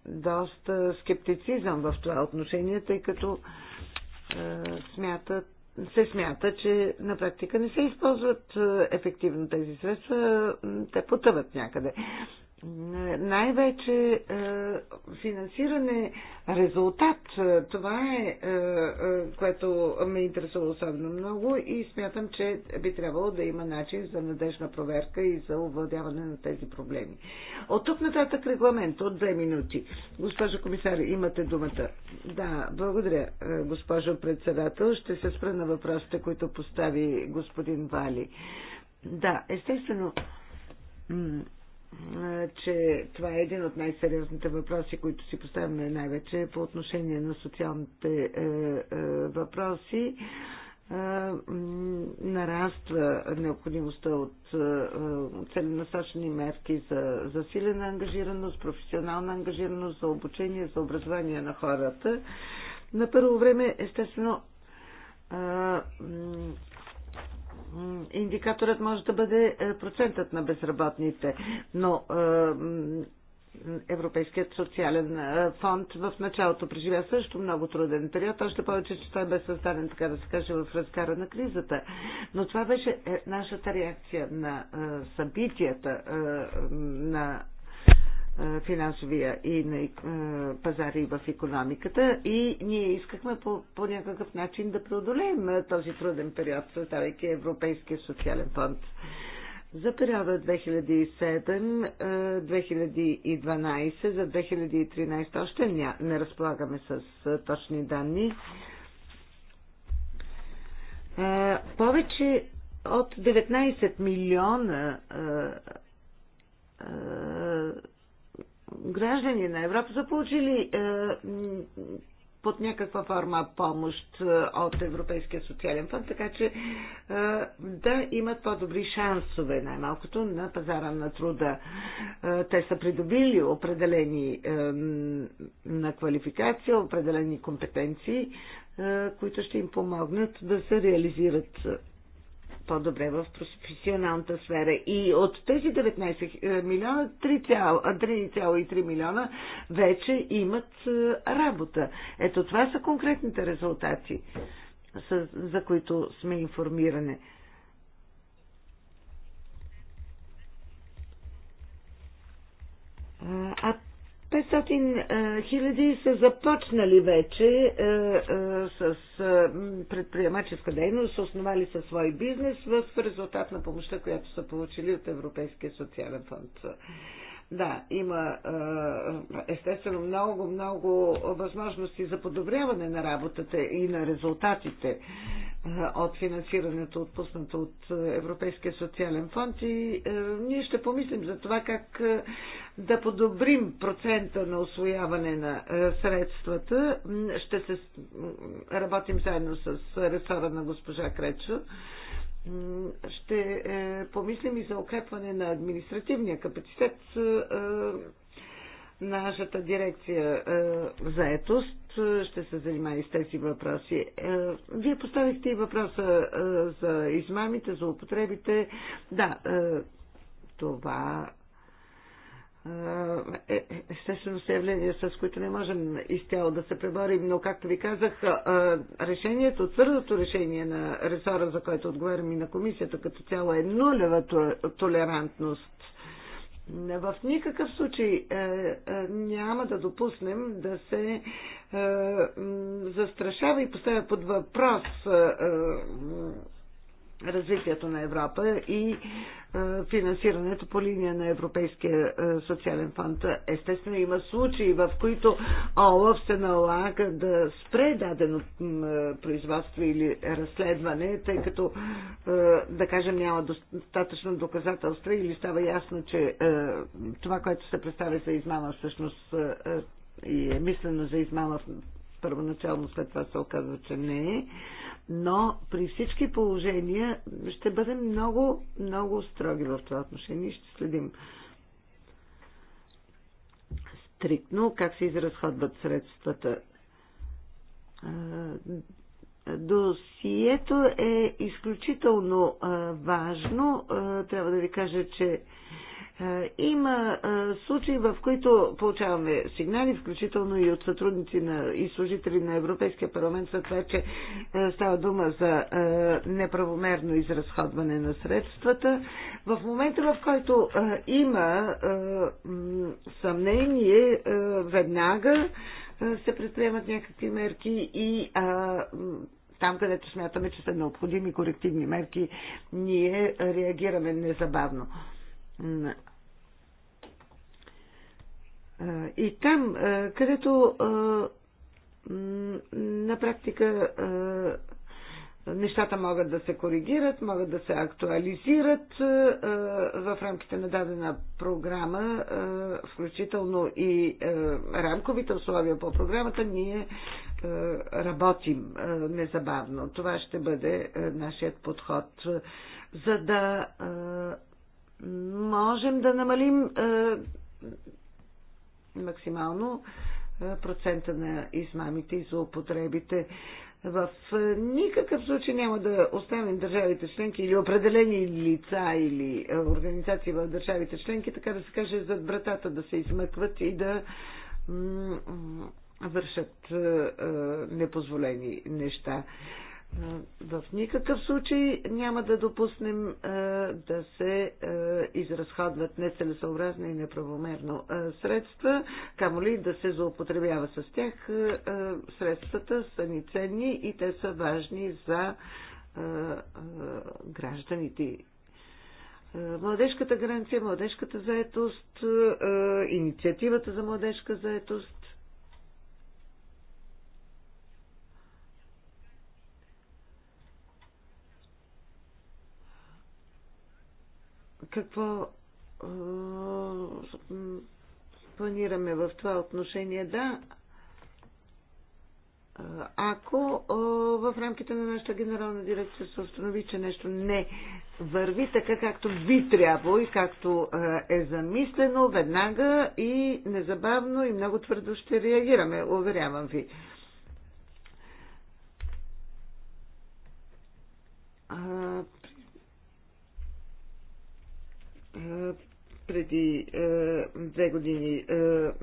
доста скептицизъм в това отношение, тъй като смятат, се смята, че на практика не се използват ефективно тези средства, те потъват някъде най-вече е, финансиране резултат. Е, това е, е, което ме интересува особено много и смятам, че би трябвало да има начин за надежна проверка и за овладяване на тези проблеми. От тук нататък регламент от две минути. Госпожо комисар, имате думата. Да, благодаря, госпожо председател. Ще се спра на въпросите, които постави господин Вали. Да, естествено, че това е един от най-сериозните въпроси, които си поставяме най-вече по отношение на социалните е, е, въпроси. Нараства необходимостта от е, целенасочени мерки за засилена ангажираност, професионална ангажираност, за обучение, за образование на хората. На първо време, естествено, Индикаторът може да бъде е, процентът на безработните, но е, Европейският социален е, фонд в началото преживя също много труден период, още повече, че той бе създаден, така да се каже, в разкара на кризата. Но това беше нашата реакция на събитията, на е, финансовия и на е, пазари в економиката и ние искахме по, по някакъв начин да преодолеем е, този труден период, създавайки Европейския социален фонд. За периода 2007-2012, за 2013 още не разполагаме с точни данни. Повече от 19 милиона граждани на Европа са получили е, под някаква форма помощ е, от Европейския социален фонд, така че е, да имат по-добри шансове, най-малкото на пазара на труда. Е, те са придобили определени е, на квалификация, определени компетенции, е, които ще им помогнат да се реализират по-добре в професионалната сфера. И от тези 19 е, милиона, 3,3 милиона вече имат е, работа. Ето това са конкретните резултати, за които сме информирани. А 500 е, хиляди са започнали вече е, е, с предприемаческа дейност, основали са свой бизнес в резултат на помощта, която са получили от Европейския социален фонд. Да, има естествено много, много възможности за подобряване на работата и на резултатите от финансирането, отпуснато от Европейския социален фонд и ние ще помислим за това как да подобрим процента на освояване на средствата. Ще се работим заедно с ресора на госпожа Кречо ще е, помислим и за укрепване на административния капацитет е, нашата дирекция в е, заетост ще се занимава и с тези въпроси. Вие поставихте и въпроса за измамите, за употребите. Да, това е, е, естествено са явления, с които не можем изцяло да се преборим, но както ви казах, решението, твърдото решение на ресора, за който отговарям и на комисията като цяло е нулева толерантност. В никакъв случай е, няма да допуснем да се застрашава и поставя под въпрос развитието на Европа и е, финансирането по линия на Европейския е, социален фонд. Естествено, има случаи, в които ОЛАФ се налага да спре дадено е, производство или разследване, тъй като, да кажем, няма достатъчно доказателства или става ясно, че това, което се представя за измама, всъщност и е мислено за измама първоначално, след това се оказва, че не е но при всички положения ще бъдем много, много строги в това отношение и ще следим стриктно как се изразходват средствата. Досието е изключително важно. Трябва да ви кажа, че е, има е, случаи, в които получаваме сигнали, включително и от сътрудници на, и служители на Европейския парламент за това, че е, става дума за неправомерно изразходване на средствата. В момента, в който има съмнение, веднага се предприемат някакви мерки и а, там, където смятаме, че са необходими корективни мерки, ние реагираме незабавно. И там, където на практика нещата могат да се коригират, могат да се актуализират в рамките на дадена програма, включително и рамковите условия по програмата, ние работим незабавно. Това ще бъде нашият подход, за да можем да намалим максимално процента на измамите и злоупотребите. В никакъв случай няма да оставим държавите членки или определени лица или организации в държавите членки, така да се каже, зад вратата да се измъкват и да вършат непозволени неща. В никакъв случай няма да допуснем е, да се е, изразходват нецелесообразно и неправомерно е, средства, камо ли да се злоупотребява с тях. Средствата са ни ценни и те са важни за гражданите. Младежката гаранция, младежката заетост, инициативата за младежка заетост какво планираме в това отношение? Да, ако в рамките на нашата генерална дирекция се установи, че нещо не върви така, както би трябвало и както е замислено, веднага и незабавно и много твърдо ще реагираме, уверявам ви преди е, две години е,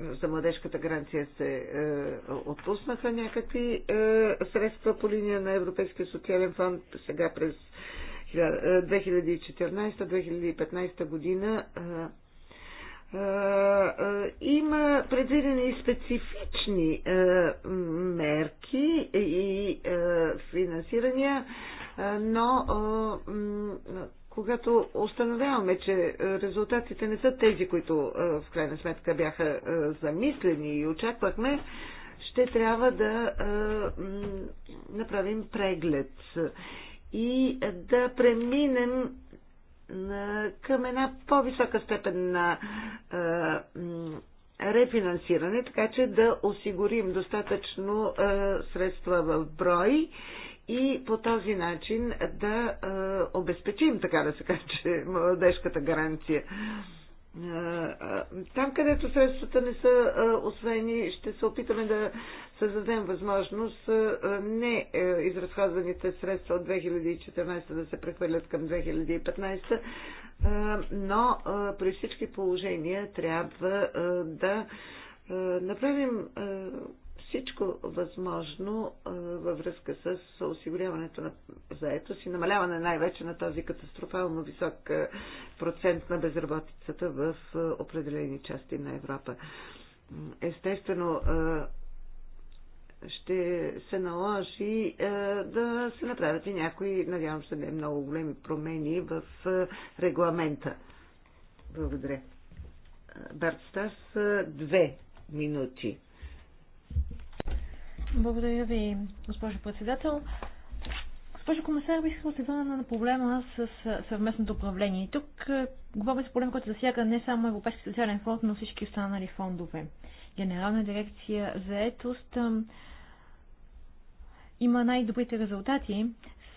за младежката гаранция се е, отпуснаха някакви е, средства по линия на Европейския социален фонд. Сега през 2014-2015 е, година е, е, е, има предвидени специфични е, мерки и е, финансирания, е, но е, когато установяваме, че е, резултатите не са тези, които е, в крайна сметка бяха е, замислени и очаквахме, ще трябва да направим преглед и да преминем към една по-висока степен на рефинансиране, така че да осигурим достатъчно средства в брой и по този начин да е, обезпечим, така да се каже, младежката гаранция. Там, където средствата не са освоени, ще се опитаме да създадем възможност не изразходваните средства от 2014 да се прехвърлят към 2015, но при всички положения трябва да направим всичко възможно във връзка с осигуряването на заетост и намаляване най-вече на този катастрофално висок процент на безработицата в определени части на Европа. Естествено, ще се наложи да се направят и някои, надявам се, не много големи промени в регламента. Благодаря. Барт две минути. Благодаря ви, госпожо председател. Госпожо комисар, бих искал да се върна на проблема с съвместното управление. Тук е, говорим за проблем, който засяга не само Европейския социален фонд, но всички останали фондове. Генерална дирекция за етост е, има най-добрите резултати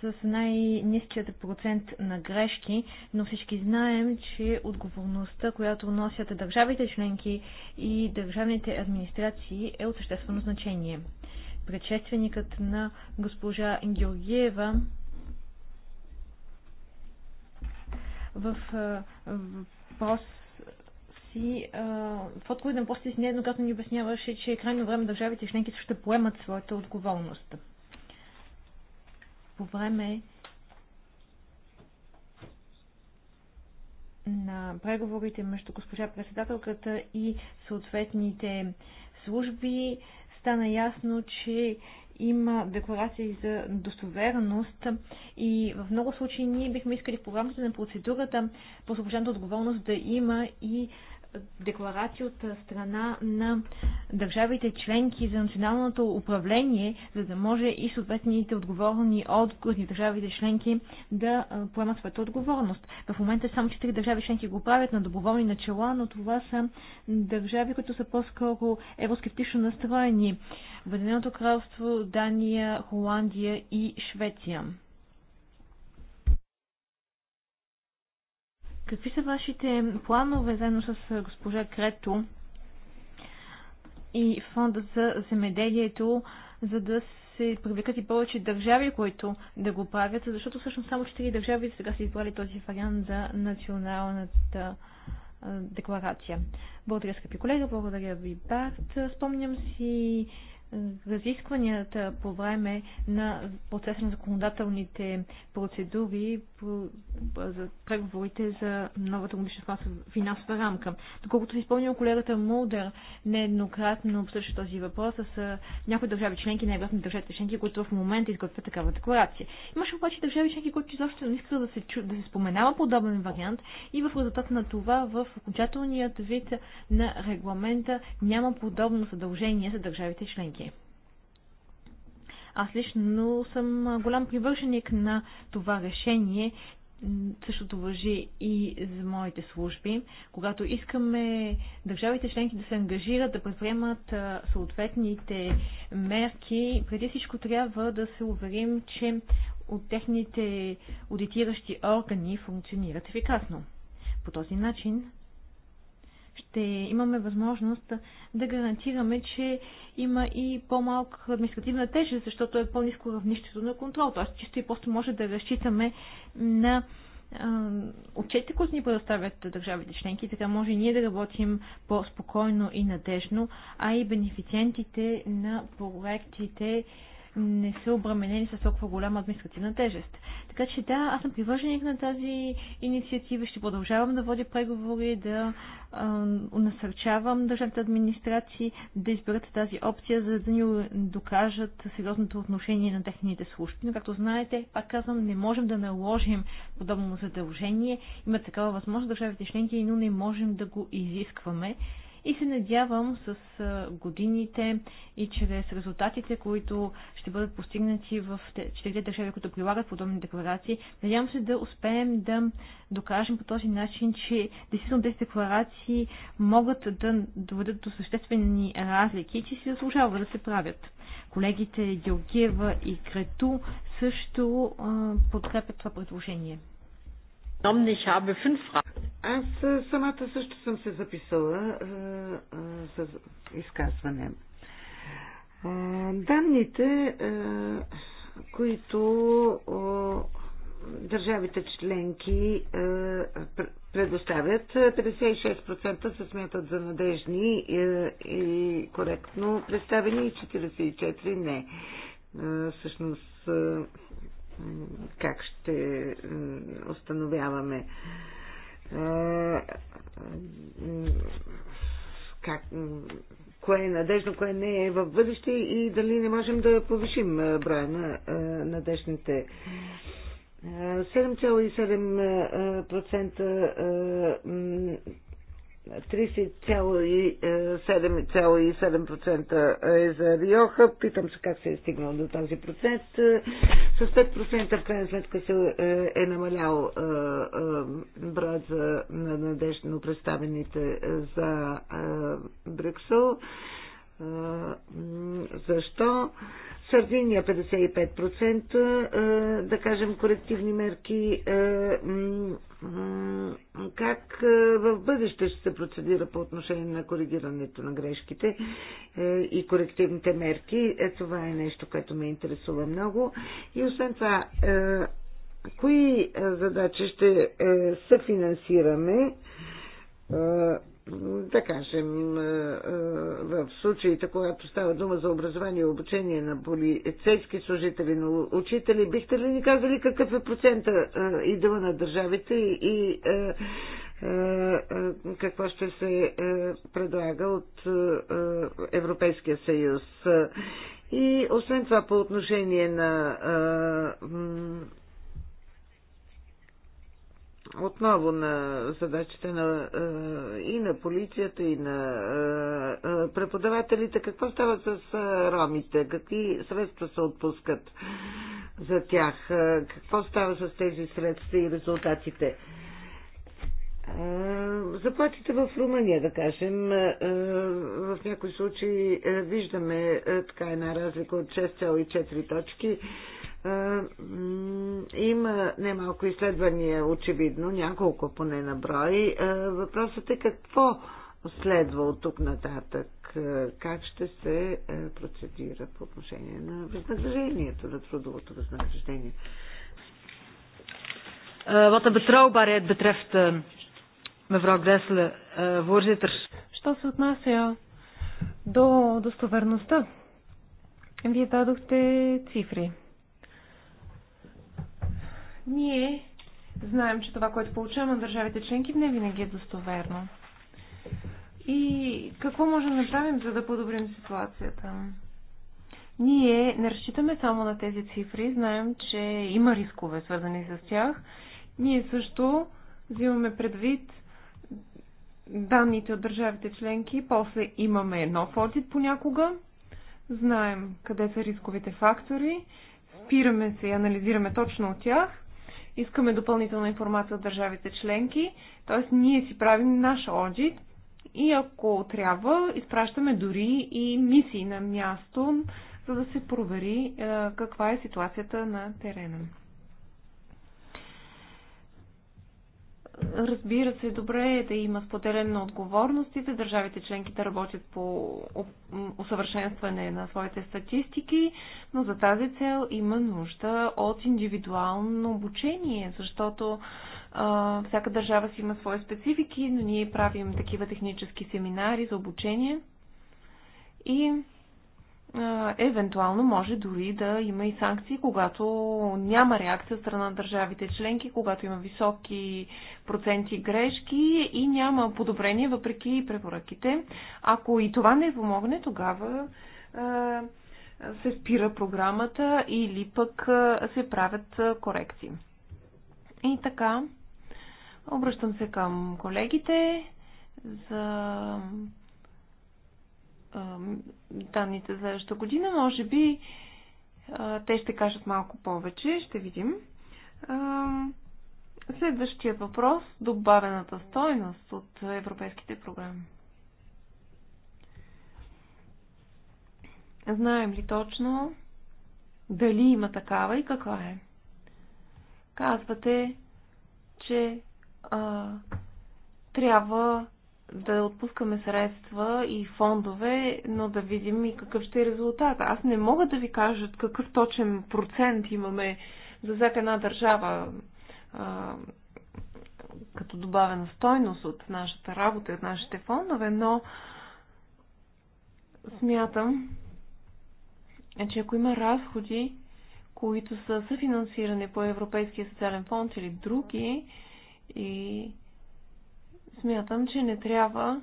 с най-низкият процент на грешки, но всички знаем, че отговорността, която носят държавите членки и държавните администрации е от съществено значение предшественикът на госпожа Георгиева в въпрос си, в отговор на въпроси си нееднократно ни обясняваше, че е крайно време държавите членки ще поемат своята отговорност. По време на преговорите между госпожа председателката и съответните служби стана ясно, че има декларации за достоверност и в много случаи ние бихме искали в програмата на процедурата по освобождената отговорност да има и декларации от страна на държавите членки за националното управление, за да може и съответните отговорни от държавите членки да поемат своята отговорност. В момента само 4 държави членки го правят на доброволни начала, но това са държави, които са по-скоро евроскептично настроени. Въединеното кралство, Дания, Холандия и Швеция. Какви са вашите планове заедно с госпожа Крето и фонда за земеделието, за да се привлекат и повече държави, които да го правят, защото всъщност само 4 държави сега са избрали този вариант за националната декларация. Благодаря, скъпи колега, благодаря ви, Барт. Спомням си разискванията по време на процеса на законодателните процедури по, за преговорите за новата годишна финансова рамка. Доколкото си спомням, колегата Мулдър нееднократно обсъжда този въпрос с някои държави членки, най-вероятно държавите членки, които в момента изготвят такава декларация. Имаше обаче държави членки, които изобщо не искат да се, чу, да се споменава подобен вариант и в резултат на това в окончателният вид на регламента няма подобно съдължение за държавите членки. Аз лично съм голям привърженик на това решение. Същото въжи и за моите служби. Когато искаме държавите членки да се ангажират да предприемат съответните мерки, преди всичко трябва да се уверим, че от техните аудитиращи органи функционират ефикасно. По този начин ще имаме възможност да гарантираме, че има и по-малка административна тежест, защото е по-низко равнището на контрол. Тоест, чисто и просто може да разчитаме на отчетите, които ни предоставят държавите членки, така може и ние да работим по-спокойно и надежно, а и бенефициентите на проектите не са обременени с толкова голяма административна тежест. Така че да, аз съм привърженик на тази инициатива, ще продължавам да водя преговори, да а, насърчавам държавните администрации да изберат тази опция, за да ни докажат сериозното отношение на техните служби. Но както знаете, пак казвам, не можем да наложим подобно задължение. Има такава възможност държавите членки, но не можем да го изискваме и се надявам с годините и чрез резултатите, които ще бъдат постигнати в четирите държави, които прилагат подобни декларации, надявам се да успеем да докажем по този начин, че действително тези декларации могат да доведат до съществени разлики и че си заслужава да се правят. Колегите Георгиева и Крету също подкрепят това предложение. Аз самата също съм се записала за изказване. данните, които държавите членки предоставят, 56% се смятат за надежни и коректно представени и 44% не. всъщност как ще установяваме как, кое е надежно, кое не е в бъдеще и дали не можем да повишим броя на надежните 7,7% 37,7% е, е за Риоха. Питам се как се е стигнал до този процент. Е, с 5% в крайна сметка се е, е намалял брат за, на представените за Брюксел. Защо? Сърдиния 55%, да кажем корективни мерки. Как в бъдеще ще се процедира по отношение на коригирането на грешките и корективните мерки? Е, това е нещо, което ме интересува много. И освен това, кои задачи ще е, съфинансираме да кажем, в случаите, когато става дума за образование и обучение на полицейски служители, на учители, бихте ли ни казали какъв е процента и на държавите и какво ще се предлага от Европейския съюз? И освен това, по отношение на отново на задачите на, е, и на полицията, и на е, е, преподавателите. Какво става с ромите? Какви средства се отпускат за тях? Какво става с тези средства и резултатите? Заплатите в Румъния, да кажем, в някои случаи виждаме така една разлика от 6,4 точки е, има немалко изследвания, очевидно, няколко поне на брой. Е, въпросът е какво следва от тук нататък? Е, как ще се процедира по отношение на възнаграждението, на трудовото възнаграждение? Wat de betrouwbaarheid betreft, mevrouw Gressle, voorzitter. Що се отнася до достоверността? Вие дадохте цифри. Ние знаем, че това, което получаваме от държавите членки, не винаги е достоверно. И какво можем да направим, за да подобрим ситуацията? Ние не разчитаме само на тези цифри, знаем, че има рискове, свързани с тях. Ние също взимаме предвид данните от държавите членки, после имаме нов одит понякога, знаем къде са рисковите фактори, спираме се и анализираме точно от тях искаме допълнителна информация от държавите членки, т.е. ние си правим наш одит и ако трябва, изпращаме дори и мисии на място, за да се провери е, каква е ситуацията на терена. Разбира се, добре е да има споделен на отговорностите, държавите членки да работят по усъвършенстване на своите статистики, но за тази цел има нужда от индивидуално обучение, защото а, всяка държава си има свои специфики, но ние правим такива технически семинари за обучение и евентуално може дори да има и санкции, когато няма реакция от страна на държавите членки, когато има високи проценти грешки и няма подобрение въпреки препоръките. Ако и това не помогне, тогава се спира програмата или пък се правят корекции. И така, обръщам се към колегите за данните за следващата година. Може би те ще кажат малко повече, ще видим. Следващият въпрос – добавената стойност от европейските програми. Знаем ли точно дали има такава и каква е? Казвате, че а, трябва да отпускаме средства и фондове, но да видим и какъв ще е резултат. Аз не мога да ви кажа какъв точен процент имаме за всяка една държава а, като добавена стойност от нашата работа и от нашите фондове, но смятам, че ако има разходи, които са съфинансирани по Европейския социален фонд или други, и смятам, че не трябва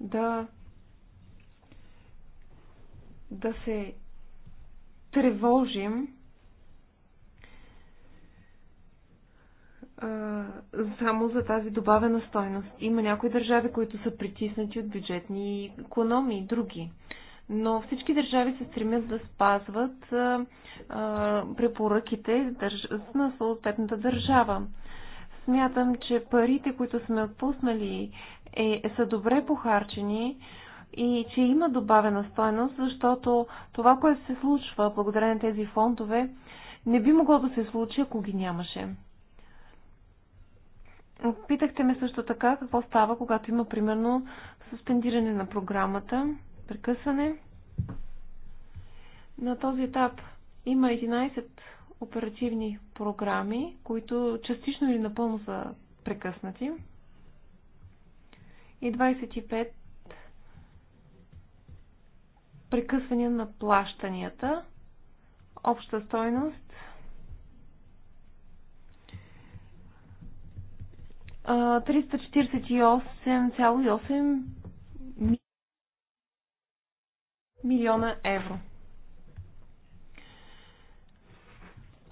да да се тревожим а, само за тази добавена стойност. Има някои държави, които са притиснати от бюджетни економии, други. Но всички държави се стремят да спазват а, а, препоръките на съответната държава. Смятам, че парите, които сме отпуснали, е, са добре похарчени и че има добавена стойност, защото това, което се случва благодарение на тези фондове, не би могло да се случи, ако ги нямаше. Питахте ме също така какво става, когато има примерно суспендиране на програмата, прекъсване. На този етап има 11 оперативни програми, които частично или напълно са прекъснати. И 25 прекъсвания на плащанията. Обща стойност Uh, 348,8 милиона евро.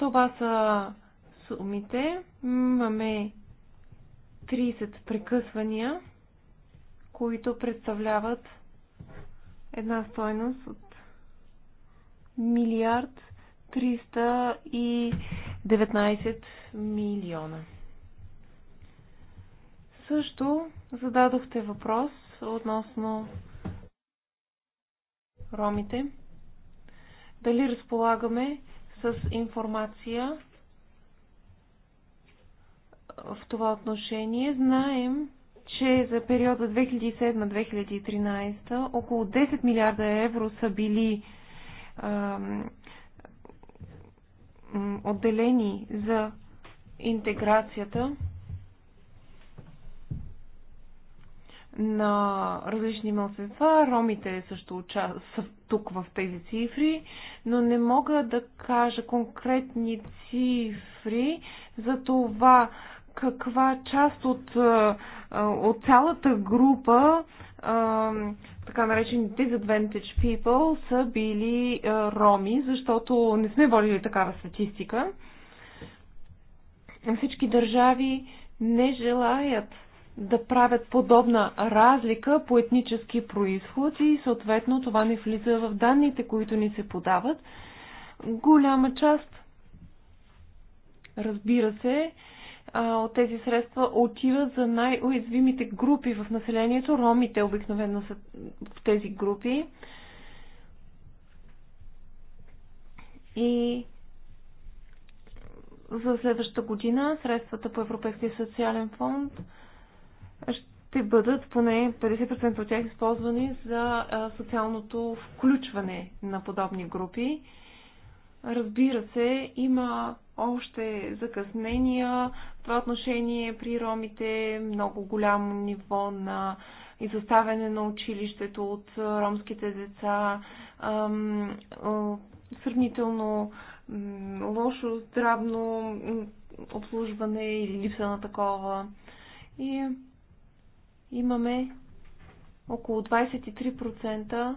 Това са сумите. Имаме 30 прекъсвания, които представляват една стойност от милиард 319 милиона. Също зададохте въпрос относно ромите. Дали разполагаме с информация в това отношение. Знаем, че за периода 2007-2013 около 10 милиарда евро са били ам, отделени за интеграцията на различни малцинства. Ромите също уча... са тук в тези цифри, но не мога да кажа конкретни цифри за това каква част от, от цялата група, така наречени, disadvantaged people, са били роми, защото не сме водили такава статистика. Всички държави не желаят да правят подобна разлика по етнически происход и съответно това не влиза в данните, които ни се подават. Голяма част, разбира се, от тези средства отиват за най-уязвимите групи в населението. Ромите обикновено са в тези групи. И за следващата година средствата по Европейския социален фонд ще бъдат поне 50% от тях използвани за социалното включване на подобни групи. Разбира се, има още закъснения в това отношение при ромите, е много голямо ниво на изоставяне на училището от ромските деца, сравнително лошо здравно обслужване или липса на такова. И имаме около 23%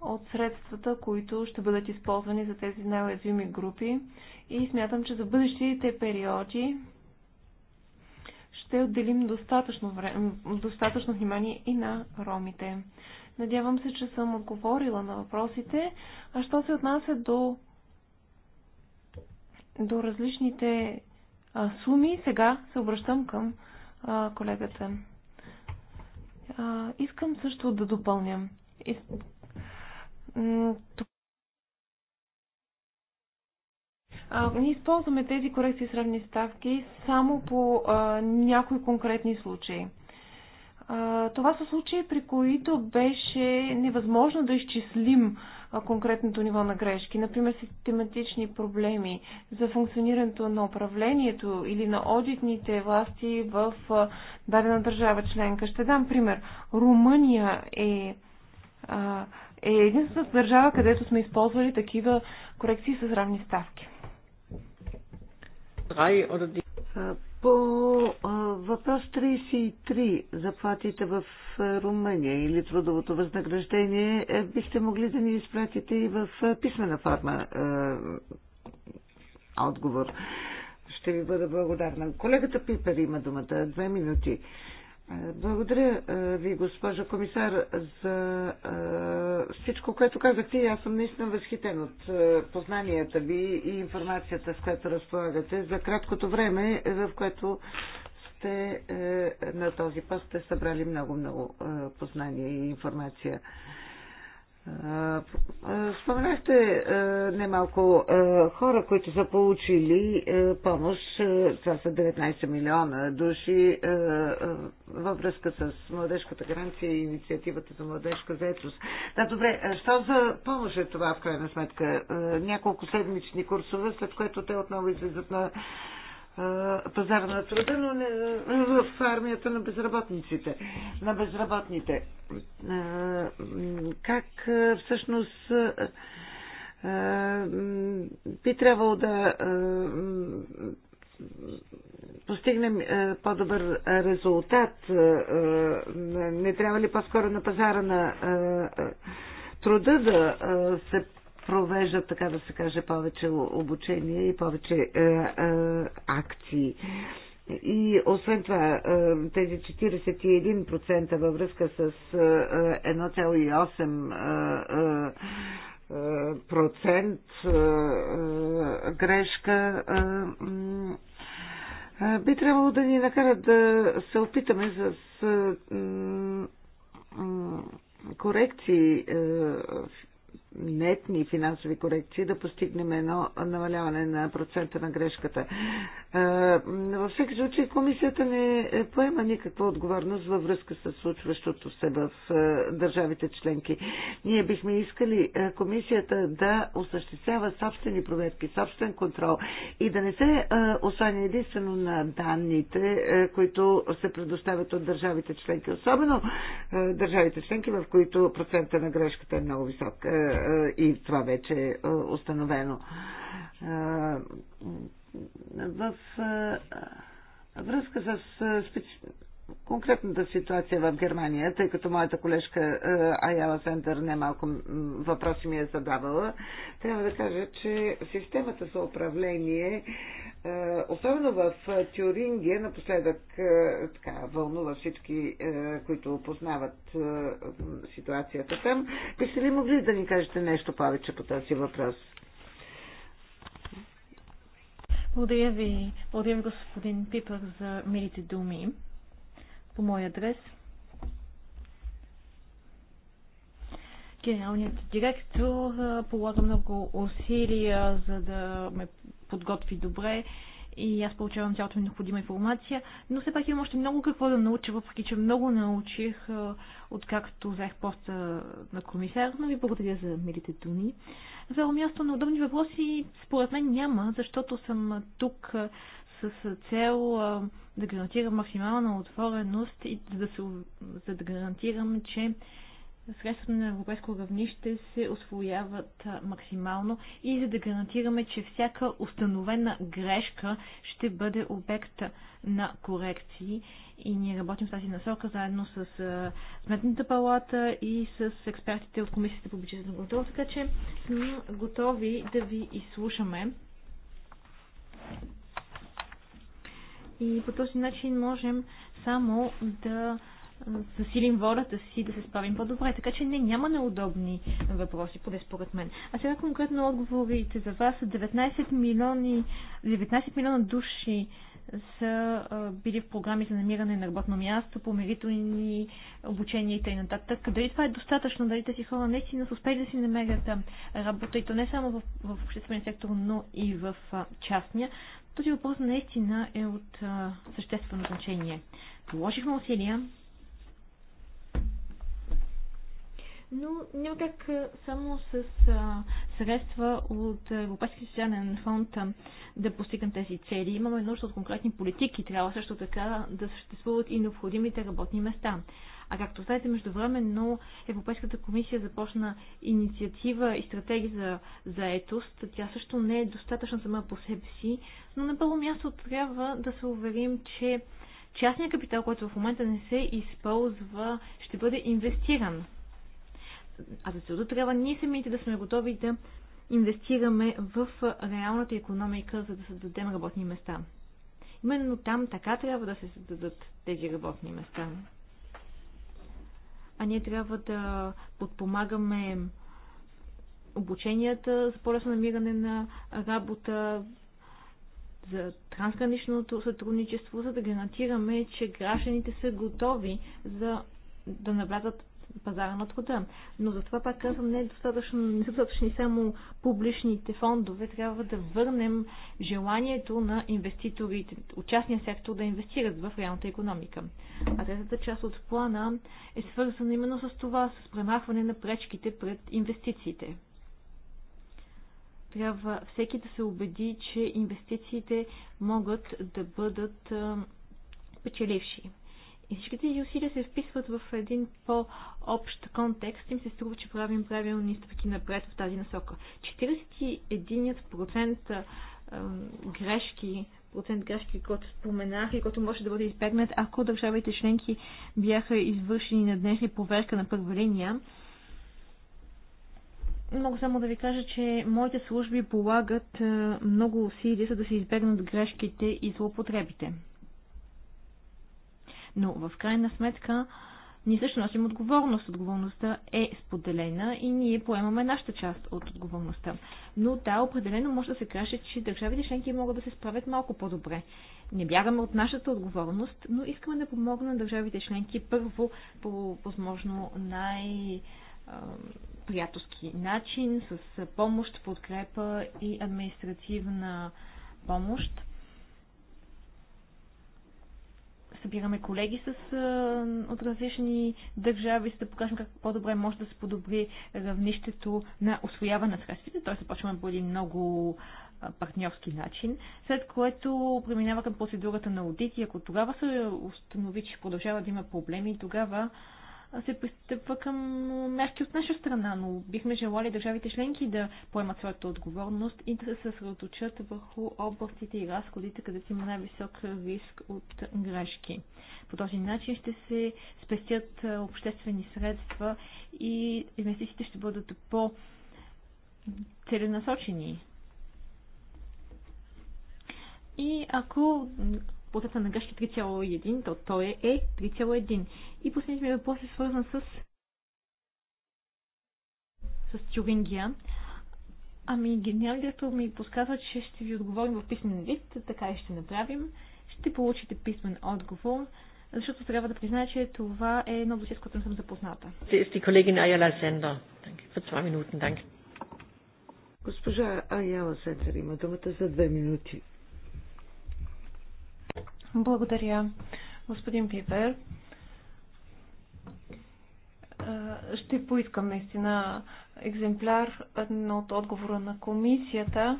от средствата, които ще бъдат използвани за тези най-уязвими групи. И смятам, че за бъдещите периоди ще отделим достатъчно, време, достатъчно внимание и на ромите. Надявам се, че съм отговорила на въпросите. А що се отнася до, до различните а, суми, сега се обръщам към а, колегата. А, искам също да допълня. Из... А, ние използваме тези корекции сравни ставки само по а, някои конкретни случаи. А, това са случаи, при които беше невъзможно да изчислим конкретното ниво на грешки, например систематични проблеми за функционирането на управлението или на одитните власти в дадена държава членка. Ще дам пример. Румъния е, е единствената държава, където сме използвали такива корекции с равни ставки. По въпрос 33 заплатите в Румъния или трудовото възнаграждение е, бихте могли да ни изпратите и в писмена форма отговор. Ще ви бъда благодарна. Колегата Пипер има думата. Две минути. Благодаря ви, госпожо комисар, за всичко, което казахте. Аз съм наистина възхитен от познанията ви и информацията, с която разполагате за краткото време, в което сте на този пост, сте събрали много-много познания и информация. Споменахте немалко хора, които са получили помощ. Това са 19 милиона души във връзка с младежката гаранция и инициативата за младежка заетост. Да, добре, що за помощ е това в крайна сметка? Няколко седмични курсове, след което те отново излизат на пазара на труда, но не, в армията на безработниците, на безработните. Как всъщност би трябвало да постигнем по-добър резултат? Не трябва ли по-скоро на пазара на труда да се провеждат, така да се каже, повече обучение и повече е, е, акции. И освен това, е, тези 41% във връзка с 1,8% е, е, грешка би трябвало да ни накарат да се опитаме с корекции нетни финансови корекции да постигнем едно намаляване на процента на грешката. Във всеки случай комисията не поема никаква отговорност във връзка с случващото се в държавите членки. Ние бихме искали комисията да осъществява собствени проверки, собствен контрол и да не се осаня единствено на данните, които се предоставят от държавите членки, особено държавите членки, в които процента на грешката е много висок и това вече е, е установено. Е, в е, връзка с специ конкретната ситуация в Германия, тъй като моята колежка е, Аяла Сендър немалко въпроси ми е задавала, трябва да кажа, че системата за управление, е, особено в Тюрингия, напоследък е, така, вълнува всички, които познават ситуацията там. Бихте ли могли да ни кажете нещо повече по този въпрос? Благодаря ви, благодаря ви господин Пипър за милите думи по мой адрес. Генералният директор полага много усилия, за да ме подготви добре и аз получавам цялата ми необходима информация, но все пак имам още много какво да науча, въпреки че много научих, откакто взех поста на комисар, но ви благодаря за милите думи. Второ място на удобни въпроси според мен няма, защото съм тук с цел да гарантирам максимална отвореност и да се, за да гарантирам, че средствата на европейско равнище се освояват максимално и за да гарантираме, че всяка установена грешка ще бъде обект на корекции. И ние работим в тази насока заедно с Сметната палата и с експертите от Комисията по бюджетна контрол, така че сме готови да ви изслушаме и по този начин можем само да засилим волята си да се справим по-добре. Така че не, няма неудобни въпроси, поне според мен. А сега конкретно отговорите за вас. 19 милиони, 19 милиона души са а, били в програми за намиране на работно място, помирителни обучения и т.н. Дали това е достатъчно, дали тези хора наистина са успели да си намерят работа и то не само в, в обществения сектор, но и в а, частния. Този въпрос наистина е от а, съществено значение. Положихме усилия, но няма как само с а, средства от Европейския социален фонд а, да постигнем тези цели. Имаме нужда от конкретни политики. Трябва също така да съществуват и необходимите работни места. А както знаете, междувременно Европейската комисия започна инициатива и стратегия за заетост. Тя също не е достатъчна сама по себе си, но на първо място трябва да се уверим, че частният капитал, който в момента не се използва, ще бъде инвестиран. А за целта трябва ние самите да сме готови да инвестираме в реалната економика, за да създадем работни места. Именно там така трябва да се създадат тези работни места а ние трябва да подпомагаме обученията за по-лесно намиране на работа, за трансграничното сътрудничество, за да гарантираме, че гражданите са готови за да навлязат пазара на труда. Но затова пак казвам, не, е достатъчно, не са достатъчни само публичните фондове, трябва да върнем желанието на инвеститорите, от частния сектор да инвестират в реалната економика. А третата част от плана е свързана именно с това, с премахване на пречките пред инвестициите. Трябва всеки да се убеди, че инвестициите могат да бъдат печеливши. И всички тези усилия се вписват в един по-общ контекст и им се струва, че правим правилни стъпки напред в тази насока. 41% грешки, процент грешки, който споменах и който може да бъде избегнат, ако държавите членки бяха извършени на днешни проверка на първа линия. Мога само да ви кажа, че моите служби полагат много усилия, за да се избегнат грешките и злоупотребите. Но в крайна сметка ние също носим отговорност. Отговорността е споделена и ние поемаме нашата част от отговорността. Но да, определено може да се каже, че държавите членки могат да се справят малко по-добре. Не бягаме от нашата отговорност, но искаме да помогнем на държавите членки първо по възможно най- приятелски начин, с помощ, подкрепа и административна помощ. събираме колеги с, а, от различни държави, за да покажем как по-добре може да се подобри равнището на освояване на средствите. Тоест започваме по един много партньорски начин, след което преминава към процедурата на аудит и ако тогава се установи, че продължава да има проблеми, тогава се пристъпва към мерки от наша страна, но бихме желали държавите членки да поемат своята отговорност и да се съсредоточат върху областите и разходите, където има най-висок риск от грешки. По този начин ще се спестят обществени средства и инвестициите ще бъдат по- целенасочени. И ако Процента на грешки 3,1, то той е, е 3,1. И последният ми въпрос е свързан с с Тюрингия. Ами, генералният директор ми подсказва, че ще ви отговорим в писмен вид, така и ще направим. Ще получите писмен отговор, защото трябва да призная, че това е едно досие, с което не съм запозната. Госпожа Айала Сендер има думата за 2 минути. Благодаря, господин Пипер. Ще поискам наистина екземпляр от отговора на комисията,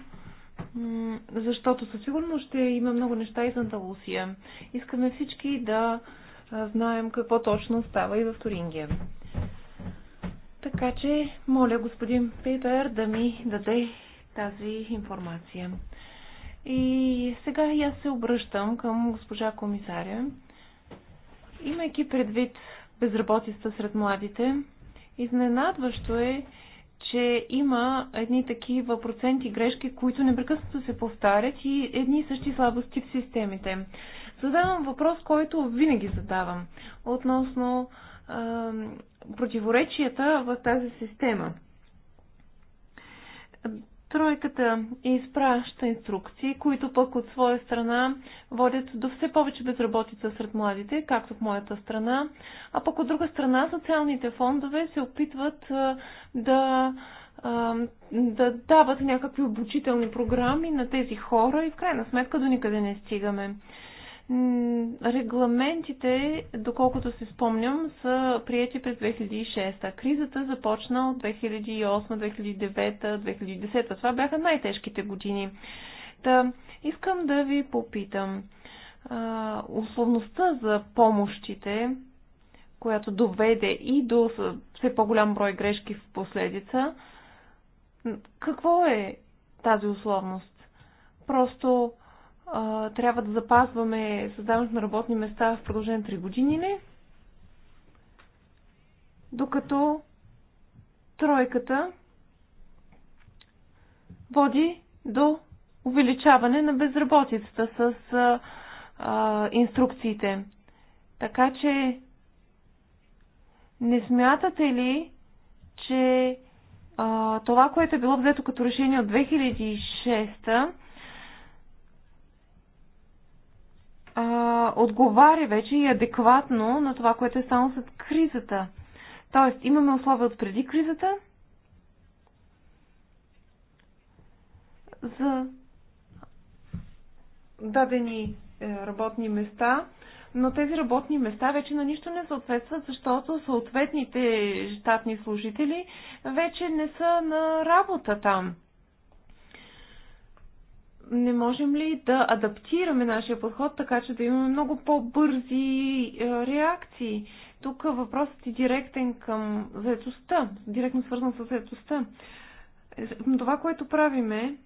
защото със сигурност ще има много неща и за Андалусия. Искаме всички да знаем какво точно става и в Турингия. Така че, моля господин Пипер да ми даде тази информация. И сега и аз се обръщам към госпожа комисаря. Имайки предвид безработицата сред младите, изненадващо е, че има едни такива проценти грешки, които непрекъснато се повтарят и едни и същи слабости в системите. Задавам въпрос, който винаги задавам относно е, противоречията в тази система. Тройката изпраща инструкции, които пък от своя страна водят до все повече безработица сред младите, както в моята страна. А пък от друга страна социалните фондове се опитват да, да дават някакви обучителни програми на тези хора и в крайна сметка до никъде не стигаме. Регламентите, доколкото се спомням, са прияти през 2006. Кризата започна от 2008, 2009, 2010. Това бяха най-тежките години. Та, искам да ви попитам. А, условността за помощите, която доведе и до все по-голям брой грешки в последица, какво е тази условност? Просто трябва да запазваме създаването на работни места в продължение на 3 години, не? Докато тройката води до увеличаване на безработицата с а, а, инструкциите. Така че не смятате ли, че а, това, което е било взето като решение от 2006 а, отговаря вече и адекватно на това, което е станало след кризата. Тоест, имаме условия от преди кризата за дадени е, работни места, но тези работни места вече на нищо не съответстват, защото съответните щатни служители вече не са на работа там не можем ли да адаптираме нашия подход така, че да имаме много по-бързи е, реакции? Тук въпросът е директен към заедостта, директно свързан с заедостта. Това, което правиме,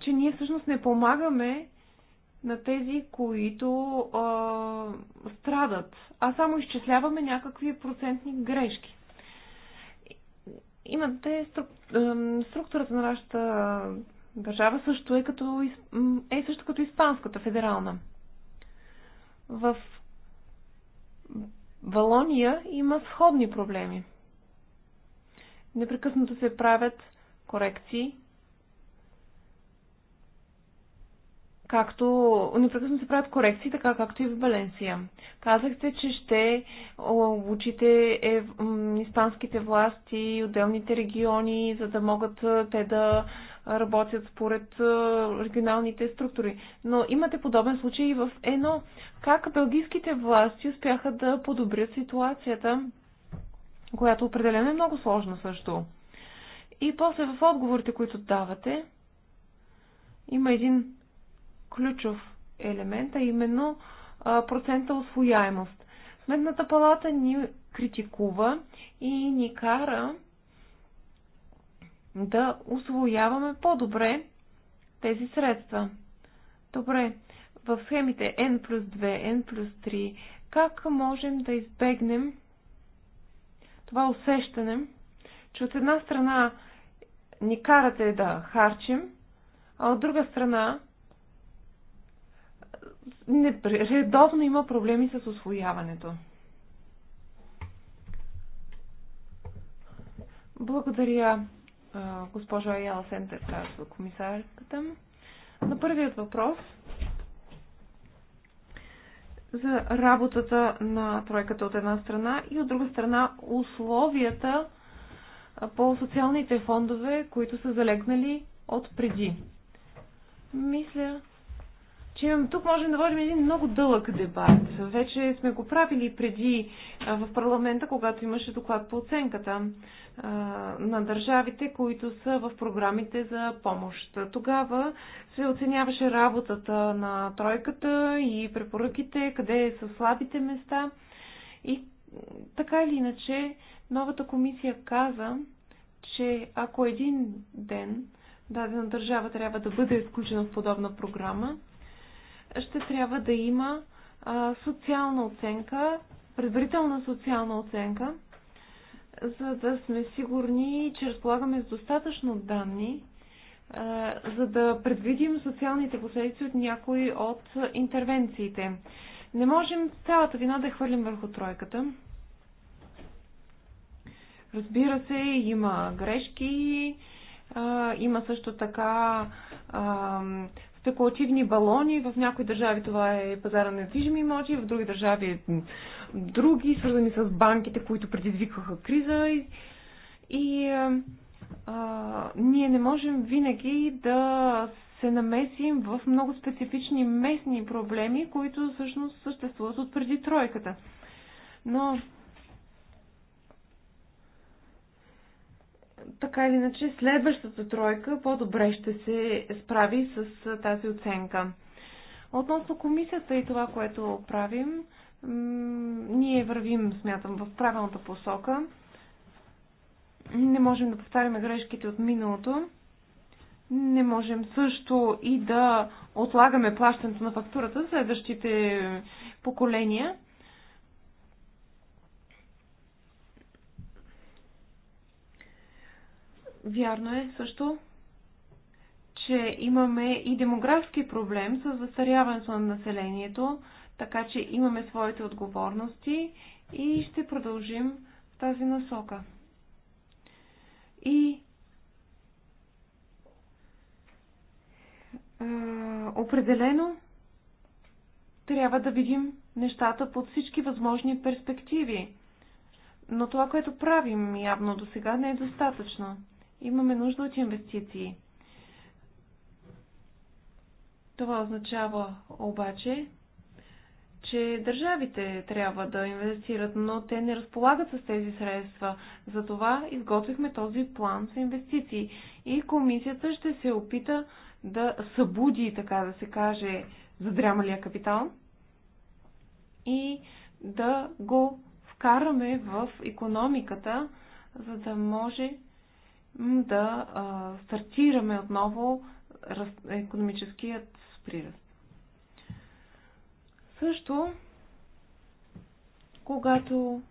че ние всъщност не помагаме на тези, които а, страдат, а само изчисляваме някакви процентни грешки. Имате структурата на нашата държава също е, като, е също като Испанската федерална. В Валония има сходни проблеми. Непрекъснато се правят корекции, както непрекъснато се правят корекции, така както и в Валенсия. Казахте, че ще учите е, испанските власти, отделните региони, за да могат те да работят според регионалните структури. Но имате подобен случай и в ЕНО. Как белгийските власти успяха да подобрят ситуацията, която определено е много сложна също. И после в отговорите, които давате, има един ключов елемент, а именно процента освояемост. Сметната палата ни критикува и ни кара да освояваме по-добре тези средства. Добре, в схемите N плюс 2, N плюс 3, как можем да избегнем това усещане, че от една страна ни карате да харчим, а от друга страна редовно има проблеми с освояването. Благодаря Госпожа Аяла Сентер, казва комисарката. На първият въпрос за работата на тройката от една страна и от друга страна условията по социалните фондове, които са залегнали от преди. Мисля, че тук можем да водим един много дълъг дебат. Вече сме го правили преди в парламента, когато имаше доклад по оценката на държавите, които са в програмите за помощ. Тогава се оценяваше работата на тройката и препоръките, къде са слабите места. И така или иначе, новата комисия каза, че ако един ден дадена държава трябва да бъде включена в подобна програма, ще трябва да има социална оценка, предварителна социална оценка, за да сме сигурни, че разполагаме с достатъчно данни, за да предвидим социалните последици от някои от интервенциите. Не можем цялата вина да хвърлим върху тройката. Разбира се, има грешки, има също така спекулативни балони. В някои държави това е пазара на недвижими имоти, в други държави е други, свързани с банките, които предизвикваха криза. И, и а, е, а, ние не можем винаги да се намесим в много специфични местни проблеми, които всъщност съществуват от преди тройката. Но така или иначе следващата тройка по-добре ще се справи с тази оценка. Относно комисията и това, което правим, ние вървим, смятам, в правилната посока. Не можем да повтаряме грешките от миналото. Не можем също и да отлагаме плащането на фактурата следващите поколения. Вярно е също, че имаме и демографски проблем с застаряването на населението, така че имаме своите отговорности и ще продължим в тази насока. И е, определено трябва да видим нещата под всички възможни перспективи. Но това, което правим явно до сега, не е достатъчно. Имаме нужда от инвестиции. Това означава обаче, че държавите трябва да инвестират, но те не разполагат с тези средства. Затова изготвихме този план за инвестиции и комисията ще се опита да събуди, така да се каже, задрямалия капитал и да го вкараме в економиката, за да може да а, стартираме отново раз, економическият прираст. Също, когато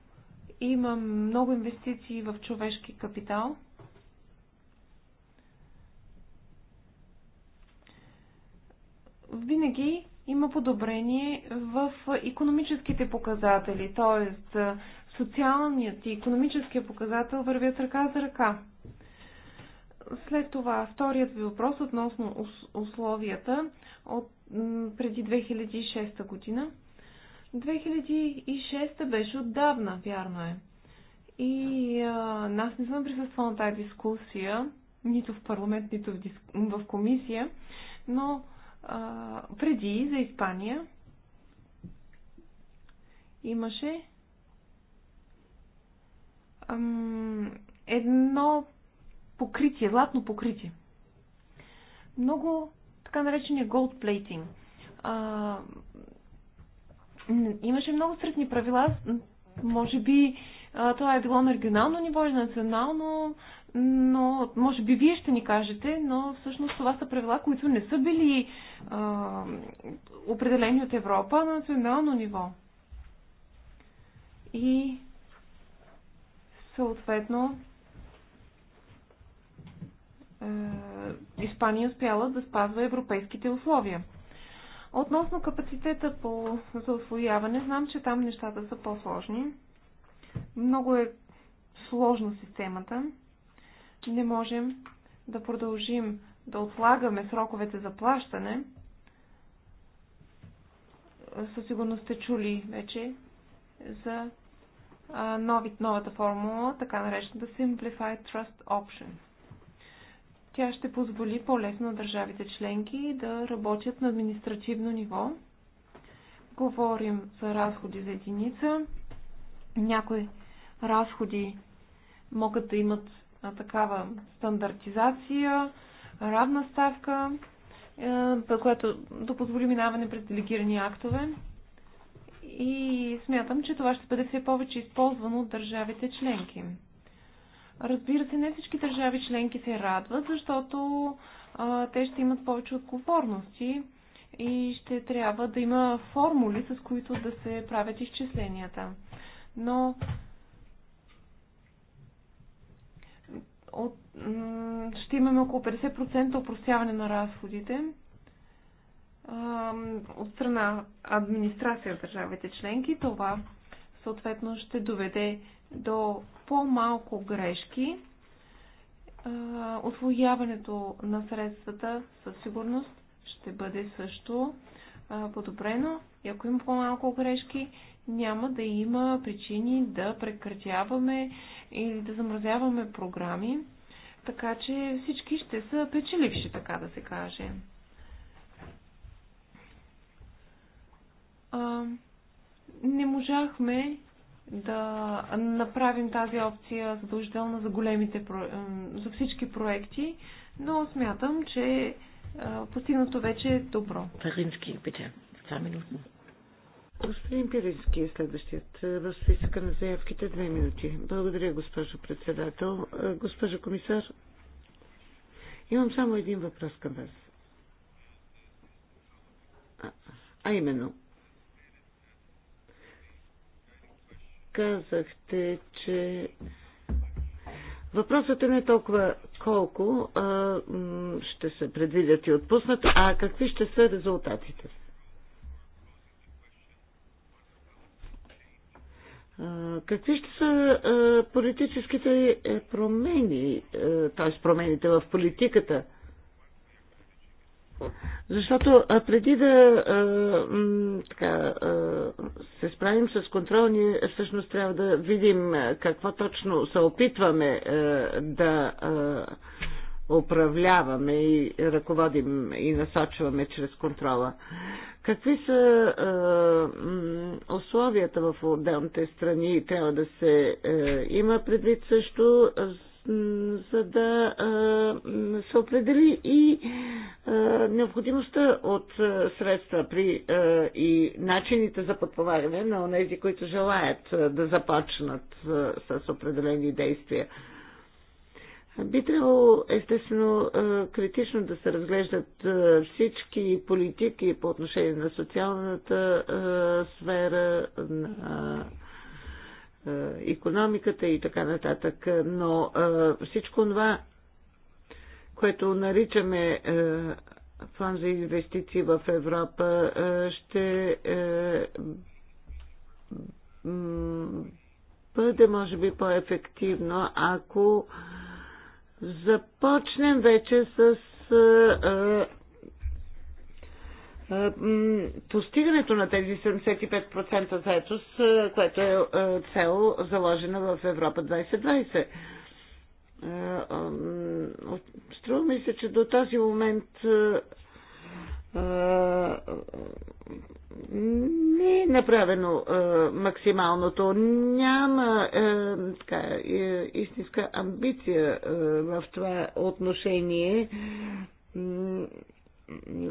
има много инвестиции в човешки капитал, винаги има подобрение в економическите показатели, т.е. социалният и економическия показател вървят ръка за ръка. След това, вторият ви въпрос относно условията от преди 2006 година. 2006 беше отдавна, вярно е. И а, аз не съм присъствала на тази дискусия, нито в парламент, нито в, диск... в комисия, но а, преди за Испания имаше ам, едно покритие, златно покритие. Много така наречения gold plating. А, имаше много средни правила, може би а, това е било на регионално ниво или национално, но може би вие ще ни кажете, но всъщност това са правила, които не са били а, определени от Европа на национално ниво. И съответно е, Испания успяла да спазва европейските условия. Относно капацитета по, за освояване, знам, че там нещата са по-сложни. Много е сложна системата. Не можем да продължим да отлагаме сроковете за плащане. Със сигурност сте чули вече за нови, новата формула, така наречената Simplified Trust Option – тя ще позволи по-лесно на държавите членки да работят на административно ниво. Говорим за разходи за единица. Някои разходи могат да имат такава стандартизация, равна ставка, е, която да позволи минаване през делегирани актове. И смятам, че това ще бъде все повече използвано от държавите членки. Разбира се, не всички държави членки се радват, защото а, те ще имат повече отговорности и ще трябва да има формули, с които да се правят изчисленията. Но от, ще имаме около 50% опростяване на разходите а, от страна администрация в държавите членки. Това съответно ще доведе до по-малко грешки. Освояването на средствата със сигурност ще бъде също подобрено и ако има по-малко грешки, няма да има причини да прекратяваме или да замразяваме програми, така че всички ще са печеливши, така да се каже не можахме да направим тази опция задължителна за големите, за всички проекти, но смятам, че е, постигнато вече е добро. Пирински, бите, два минути. Господин Пирински е следващият е, в списъка на заявките. Две минути. Благодаря, госпожо председател. Е, госпожо комисар, имам само един въпрос към вас. А, а именно, казахте, че въпросът е не толкова колко а, ще се предвидят и отпуснат, а какви ще са резултатите. Какви ще са политическите е, промени, е, т.е. промените в политиката? Защото преди да така, се справим с контрол, ние всъщност трябва да видим какво точно се опитваме да управляваме и ръководим и насочваме чрез контрола. Какви са м, условията в отделните страни трябва да се а, има предвид също за да се определи и необходимостта от средства при и начините за подпомагане на тези, които желаят да започнат с определени действия. Би трябвало, естествено, критично да се разглеждат всички политики по отношение на социалната сфера, на економиката и така нататък. Но е, всичко това, което наричаме план е, за инвестиции в Европа, е, ще бъде, може би, по-ефективно, ако започнем вече с е, постигането на тези 75% заетост, е, което е, е цел заложена в Европа 2020. Струва ми се, че до този момент не е направено максималното. Няма така, истинска амбиция в това отношение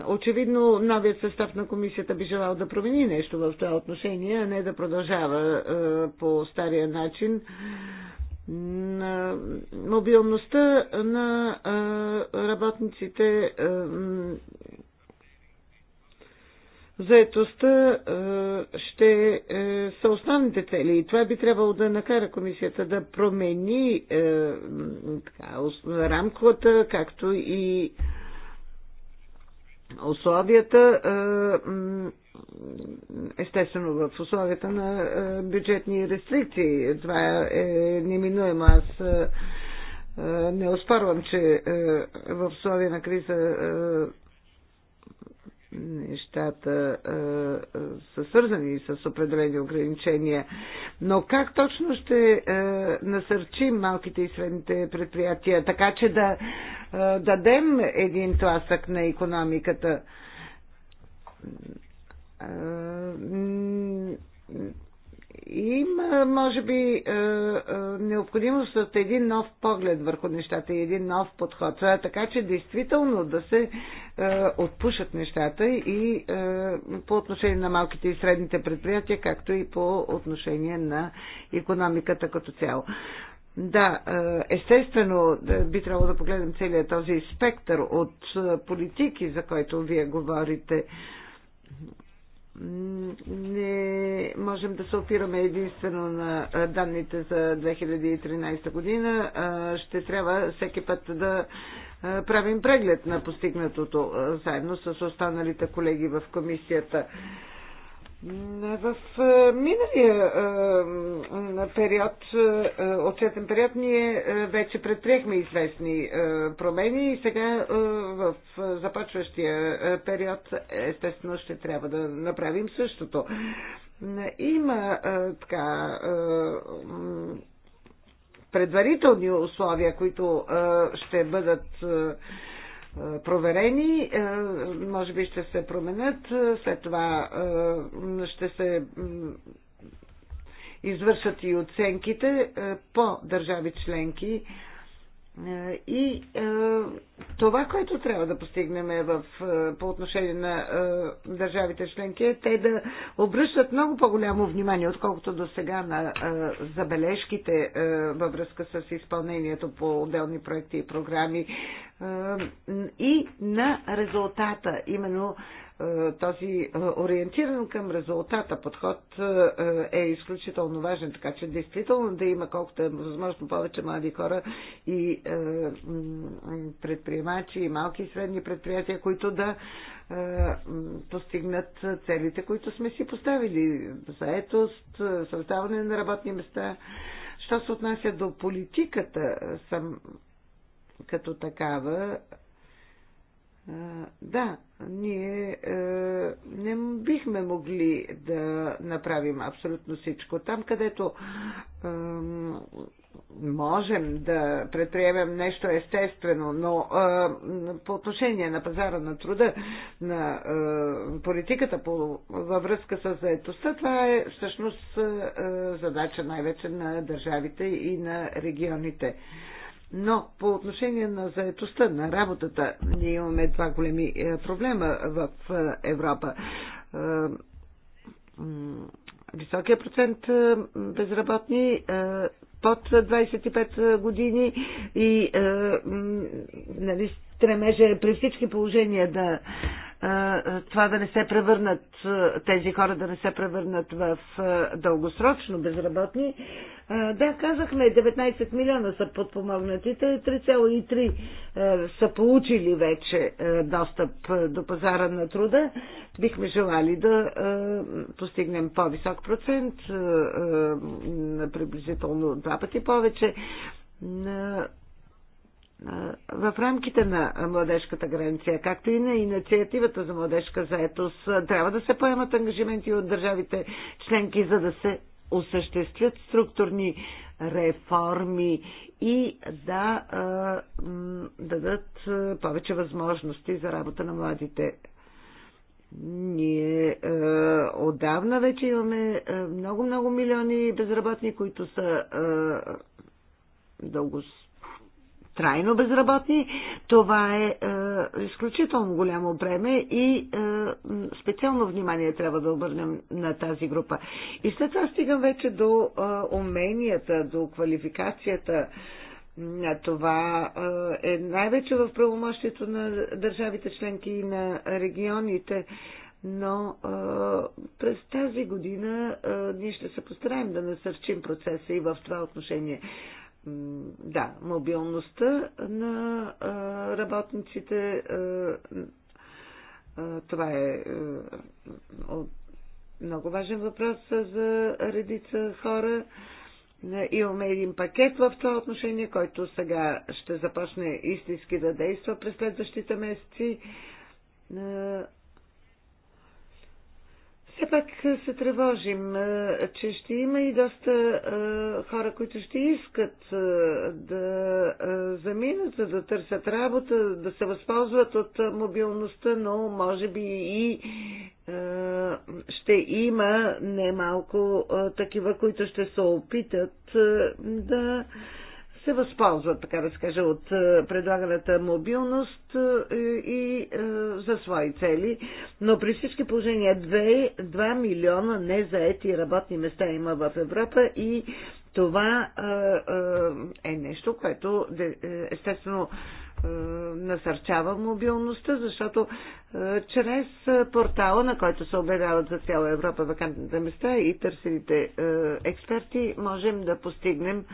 очевидно новият състав на комисията би желал да промени нещо в това отношение, а не да продължава е, по стария начин. Е, мобилността на е, работниците, заетостта ще са основните цели и това би трябвало да накара комисията да промени така, рамковата, както и условията, естествено в условията на бюджетни рестрикции. Това е неминуемо. Аз не оспорвам, че в условия на криза нещата а, са свързани с определени ограничения. Но как точно ще а, насърчим малките и средните предприятия, така че да а, дадем един тласък на економиката? А, има, може би, е, е, необходимост от един нов поглед върху нещата и един нов подход. Това е Така че, действително, да се е, отпушат нещата и по отношение на малките и средните предприятия, както и по отношение на економиката като цяло. Да, естествено би трябвало да погледнем целият този спектър от политики, за който вие говорите не можем да се опираме единствено на данните за 2013 година. Ще трябва всеки път да правим преглед на постигнатото заедно с останалите колеги в комисията. В е, миналия е, период, е, отчетен период, ние вече предприехме известни промени и сега в започващия период естествено ще трябва да направим същото. Има така предварителни условия, които ще бъдат е, проверени, е, може би ще се променят, е, след това ще се извършат и оценките по държави членки е, и е, това, което трябва да постигнем е в, е, по отношение на държавите членки е те да обръщат много по-голямо внимание, отколкото до сега на забележките във връзка с изпълнението по отделни проекти и програми и на резултата, именно е, този е, ориентиран към резултата подход е, е изключително важен, така че действително да има колкото е възможно повече млади хора и предприемачи, и малки и средни предприятия, които да постигнат целите, които сме си поставили. Заетост, създаване на работни места. Що се отнася до политиката, съм като такава, да, ние е, не бихме могли да направим абсолютно всичко. Там, където е, можем да предприемем нещо естествено, но е, по отношение на пазара на труда, на е, политиката по, във връзка с заетостта, това е всъщност е, задача най-вече на държавите и на регионите. Е, но по отношение на заетостта, на работата, ние имаме два големи е, проблема в е, Европа. Е, високия процент безработни под 25 години и нали, стремежа при всички положения да това да не се превърнат, тези хора да не се превърнат в дългосрочно безработни. Да, казахме, 19 милиона са подпомогнатите, 3,3 са получили вече достъп до пазара на труда. Бихме желали да постигнем по-висок процент, приблизително два пъти повече в рамките на младежката гаранция, както и на инициативата за младежка заетост, трябва да се поемат ангажименти от държавите членки, за да се осъществят структурни реформи и да дадат повече възможности за работа на младите. Ние е, отдавна вече имаме много-много милиони безработни, които са е, трайно безработни, това е, е изключително голямо бреме и е, специално внимание трябва да обърнем на тази група. И след това стигам вече до е, уменията, до квалификацията. Това е най-вече в правомощието на държавите членки и на регионите но е, през тази година е, ние ще се постараем да насърчим процеса и в това отношение да, мобилността на работниците, това е много важен въпрос за редица хора. Имаме един пакет в това отношение, който сега ще започне истински да действа през следващите месеци. Все пак е, се тревожим, е, че ще има и доста е, хора, които ще искат да заминат, да търсят работа, да се възползват от мобилността, но може би и ще има немалко такива, които ще се опитат да се възползват, така да се каже, от е, предлаганата мобилност е, и е, за свои цели. Но при всички положения 2, 2 милиона незаети работни места има в Европа и това е нещо, което естествено насърчава мобилността, защото чрез портала, на който се обявяват за цяла Европа вакантните места и търсените експерти, можем да постигнем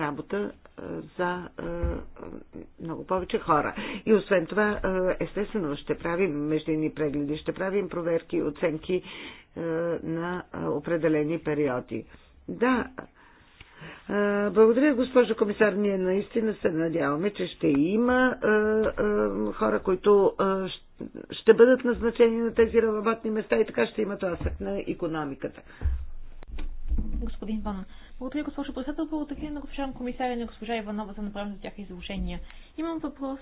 работа за много повече хора. И освен това, естествено, ще правим междинни прегледи, ще правим проверки, оценки на определени периоди. Да, благодаря, госпожо комисар. Ние наистина се надяваме, че ще има хора, които ще бъдат назначени на тези работни места и така ще имат ласък на економиката. Господин Бон, благодаря, госпожо председател. Благодаря на госпожа комисаря и на госпожа Иванова за направените тях изложения. Имам въпрос,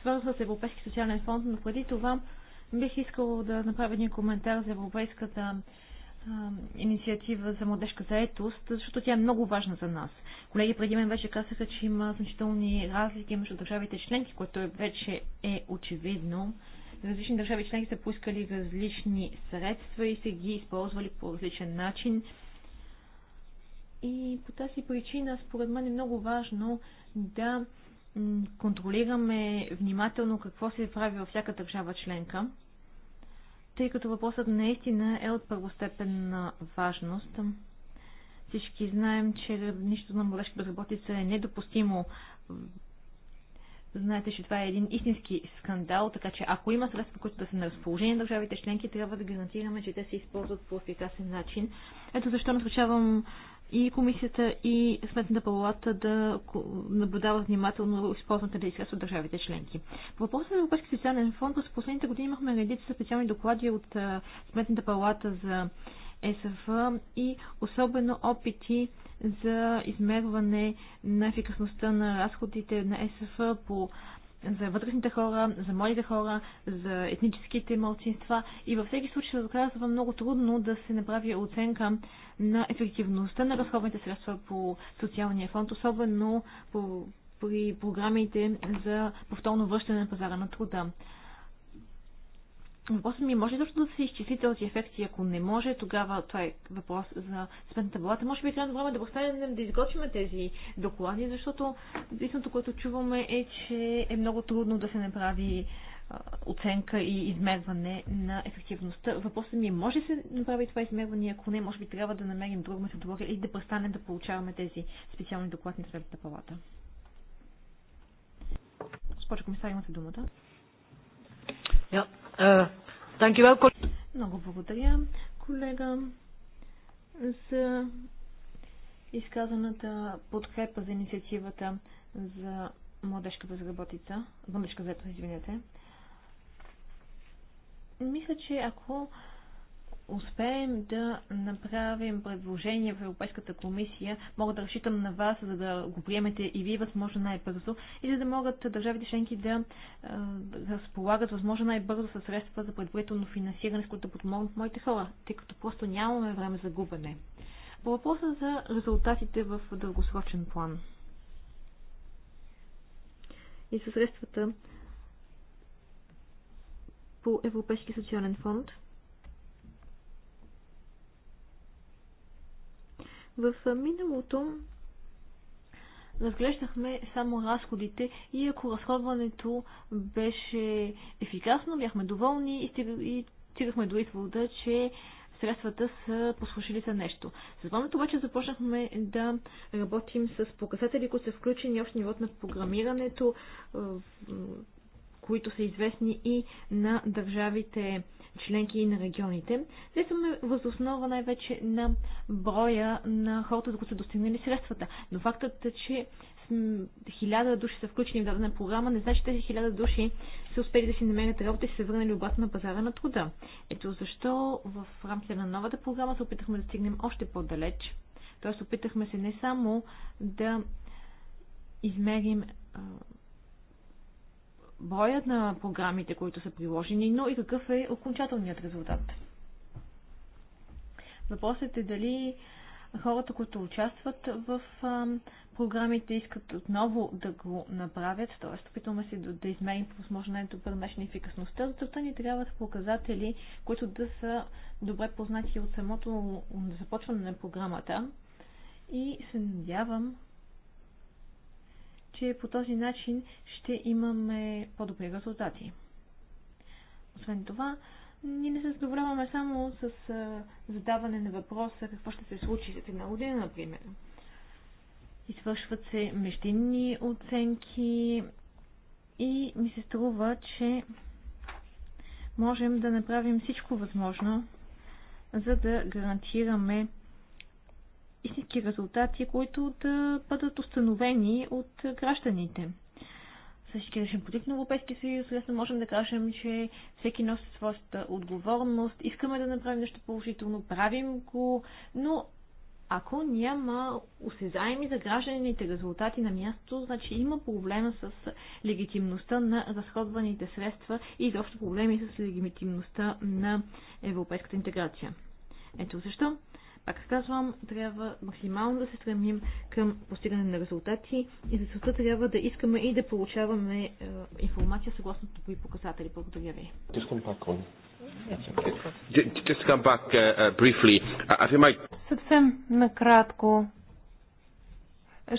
свързан с Европейски социален фонд, но преди това бих искал да направя един коментар за Европейската инициатива за младежка заетост, защото тя е много важна за нас. Колеги преди мен вече казаха, че има значителни разлики между държавите членки, което вече е очевидно. Различни държави членки са поискали различни средства и са ги използвали по различен начин. И по тази причина, според мен, е много важно да контролираме внимателно какво се прави във всяка държава членка, тъй като въпросът наистина е от първостепенна важност. Всички знаем, че нищо на младежка безработица е недопустимо. Знаете, че това е един истински скандал, така че ако има средства, които да са на разположение на държавите членки, трябва да гарантираме, че те се използват по ефикасен начин. Ето защо насочавам и комисията и сметната палата да наблюдават внимателно използваната ли изказ от държавите членки. По въпроса на Европейския социален фонд през последните години имахме редица специални доклади от сметната палата за ЕСФ и особено опити за измерване на ефикасността на разходите на ЕСФ по за вътрешните хора, за младите хора, за етническите малцинства и във всеки случай се оказва много трудно да се направи оценка на ефективността на разходните средства по социалния фонд, особено по, при програмите за повторно връщане на пазара на труда. Въпросът ми е, може точно да се изчисли този ефект и ако не може, тогава това е въпрос за сметната палата. Може би трябва е време да останем да изготвим тези доклади, защото единственото, което чуваме е, че е много трудно да се направи оценка и измерване на ефективността. Въпросът ми е, може да се направи това измерване, ако не, може би трябва да намерим друга методология и да престанем да получаваме тези специални доклади на Средната палата. Госпожо комисар, имате думата. Yeah. Е, Много благодаря, колега, за изказаната подкрепа за инициативата за младежка безработица, младежка заедност, извинете. Мисля, че ако успеем да направим предложение в Европейската комисия, мога да разчитам на вас, за да го приемете и вие възможно най-бързо, и за да могат държавите членки да, разполагат възможно най-бързо със средства за предварително финансиране, с които да подмогнат моите хора, тъй като просто нямаме време за губене. По въпроса за резултатите в дългосрочен план и със средствата по Европейски социален фонд – В миналото разглеждахме само разходите и ако разходването беше ефикасно, бяхме доволни и стигахме до извода, че средствата са послушали за нещо. С времето обаче започнахме да работим с показатели, които са включени общ нивото на програмирането, които са известни и на държавите членки и на регионите. Действаме възоснова най-вече на броя на хората, за които са достигнали средствата. Но фактът е, че хиляда души са включени в дадена програма, не значи, че тези хиляда души са успели да си намерят работа и са се върнали обратно на пазара на труда. Ето защо в рамките на новата програма се опитахме да стигнем още по-далеч. Тоест опитахме се не само да измерим броят на програмите, които са приложени, но и какъв е окончателният резултат. Въпросът е дали хората, които участват в а, програмите, искат отново да го направят, т.е. опитваме се да, да измерим по възможно най-добър начин ефикасността. Затова ни трябват показатели, които да са добре познати от самото започване на програмата. И се надявам, че по този начин ще имаме по-добри резултати. Освен това, ние не се задоволяваме само с задаване на въпроса какво ще се случи след една година, например. Извършват се междинни оценки и ми се струва, че можем да направим всичко възможно, за да гарантираме истински резултати, които да бъдат установени от гражданите. Всички решим политик на Европейския съюз, лесно можем да кажем, че всеки носи своята отговорност, искаме да направим нещо положително, правим го, но ако няма осезаеми за гражданите резултати на място, значи има проблема с легитимността на разходваните средства и изобщо проблеми с легитимността на европейската интеграция. Ето защо пак казвам, трябва максимално да се стремим към постигане на резултати и за целта трябва да искаме и да получаваме е, информация съгласно добри показатели. Благодаря ви. Uh, uh, uh, Съвсем накратко.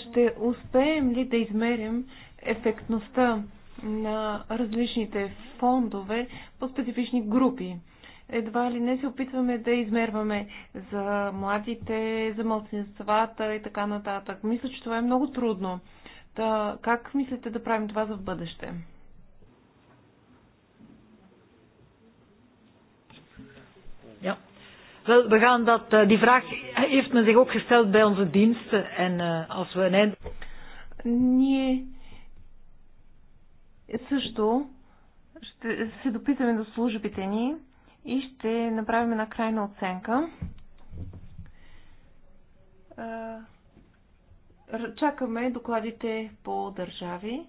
Ще успеем ли да измерим ефектността на различните фондове по специфични групи? едва ли не се опитваме да измерваме за младите, за младсинствата и така нататък. Мисля, че това е много трудно. Та, как мислите да правим това за в бъдеще? Ja. Wel, we gaan dat, uh, die vraag heeft men zich ook gesteld bij onze diensten. En uh, als we een eind... Ние също ще се допитаме до службите ни и ще направим една крайна оценка. Чакаме докладите по държави.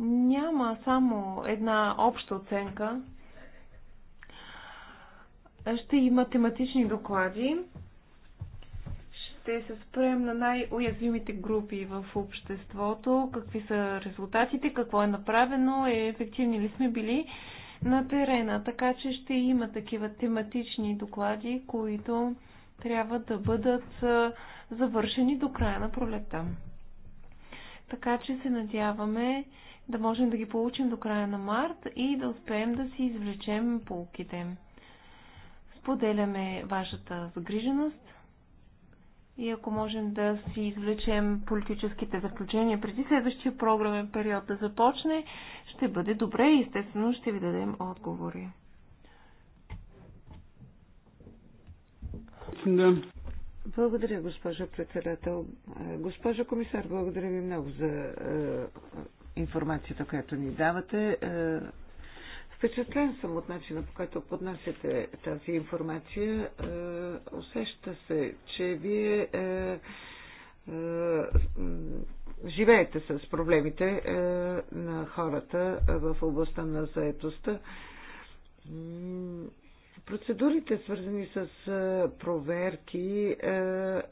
Няма само една обща оценка. Ще има тематични доклади. Ще се спрем на най-уязвимите групи в обществото, какви са резултатите, какво е направено, ефективни ли сме били на терена. Така че ще има такива тематични доклади, които трябва да бъдат завършени до края на пролета. Така че се надяваме да можем да ги получим до края на март и да успеем да си извлечем полките. Споделяме вашата загриженост и ако можем да си извлечем политическите заключения преди следващия програмен период да започне, ще бъде добре и естествено ще ви дадем отговори. Да. Благодаря, госпожа председател. Госпожа комисар, благодаря ви много за е, е информацията, която ни давате. Е, Впечатлен съм от начина по който поднасяте тази информация. Е, усеща се, че вие е, е, живеете с проблемите на хората в областта на заетостта. Процедурите, свързани с проверки,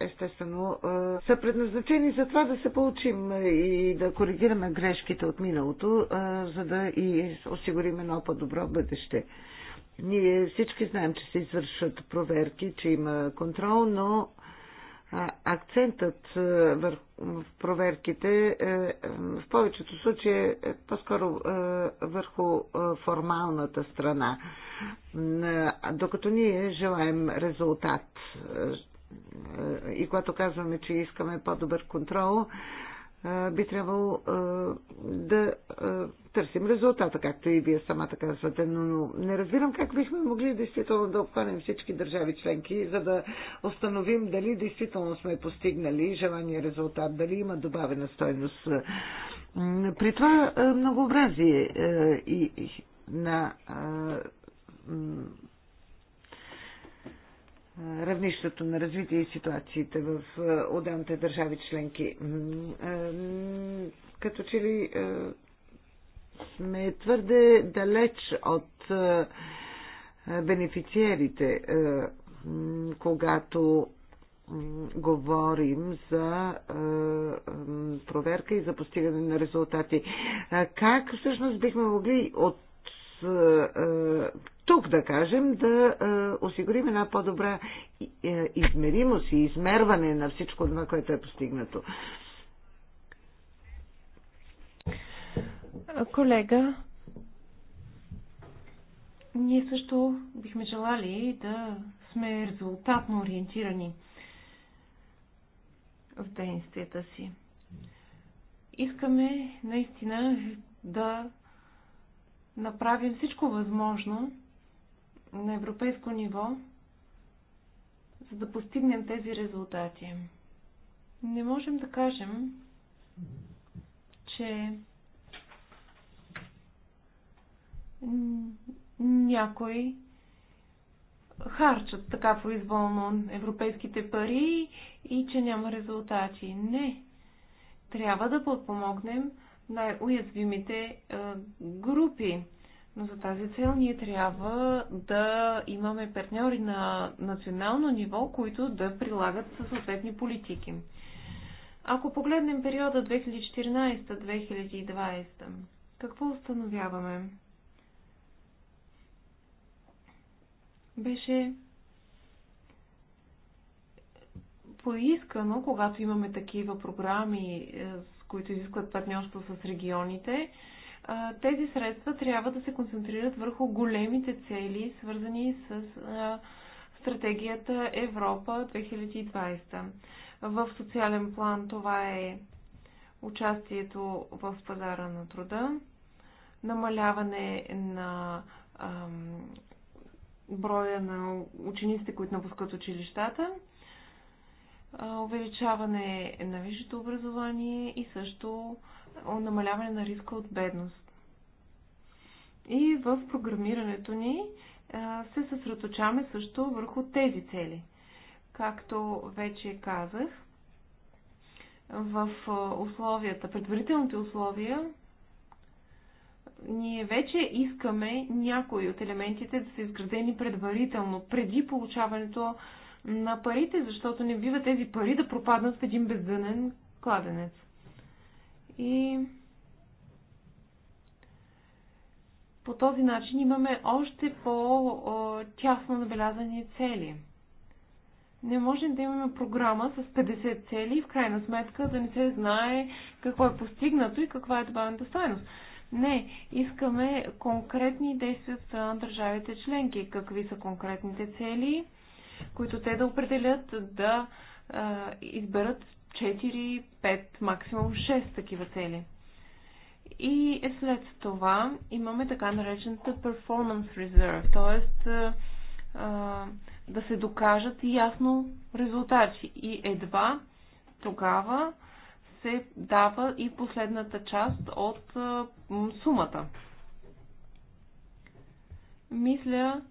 естествено, са предназначени за това да се получим и да коригираме грешките от миналото, за да и осигурим едно по-добро бъдеще. Ние всички знаем, че се извършват проверки, че има контрол, но акцентът е, в проверките е, е, в повечето случаи е по-скоро върху формалната страна. Докато ние желаем резултат и когато казваме, че искаме по-добър контрол, би трябвало да търсим резултата, както и вие самата казвате, но не разбирам как бихме могли действително да обхванем всички държави членки, за да установим дали действително сме постигнали желания резултат, дали има добавена стойност. При това многообразие и на равнището на развитие и ситуациите в отделните държави членки. Като че ли сме твърде далеч от бенефициерите, когато говорим за проверка и за постигане на резултати. Как всъщност бихме могли от е, е, тук, да кажем, да е, осигурим една по-добра измеримост и измерване на всичко това, което е постигнато. Колега, ние също бихме желали да сме резултатно ориентирани в действията си. Искаме наистина да направим всичко възможно на европейско ниво, за да постигнем тези резултати. Не можем да кажем, че някой харчат така произволно европейските пари и че няма резултати. Не. Трябва да подпомогнем най-уязвимите групи. Но за тази цел ние трябва да имаме партньори на национално ниво, които да прилагат съответни политики. Ако погледнем периода 2014-2020, какво установяваме? Беше поискано, когато имаме такива програми е, които изискват партньорство с регионите, тези средства трябва да се концентрират върху големите цели, свързани с стратегията Европа 2020. В социален план това е участието в пазара на труда, намаляване на ам, броя на учениците, които напускат училищата – увеличаване на висшето образование и също намаляване на риска от бедност. И в програмирането ни се съсредоточаваме също върху тези цели. Както вече казах, в условията, предварителните условия, ние вече искаме някои от елементите да са изградени предварително, преди получаването на парите, защото не бива тези пари да пропаднат в един бездънен кладенец. И по този начин имаме още по-тясно набелязани цели. Не можем да имаме програма с 50 цели и в крайна сметка да не се знае какво е постигнато и каква е добавената стоеност. Не, искаме конкретни действия от страна на държавите членки. Какви са конкретните цели? които те да определят да а, изберат 4, 5, максимум 6 такива цели. И е след това имаме така наречената performance reserve, т.е. да се докажат ясно резултати. И едва тогава се дава и последната част от сумата. Мисля,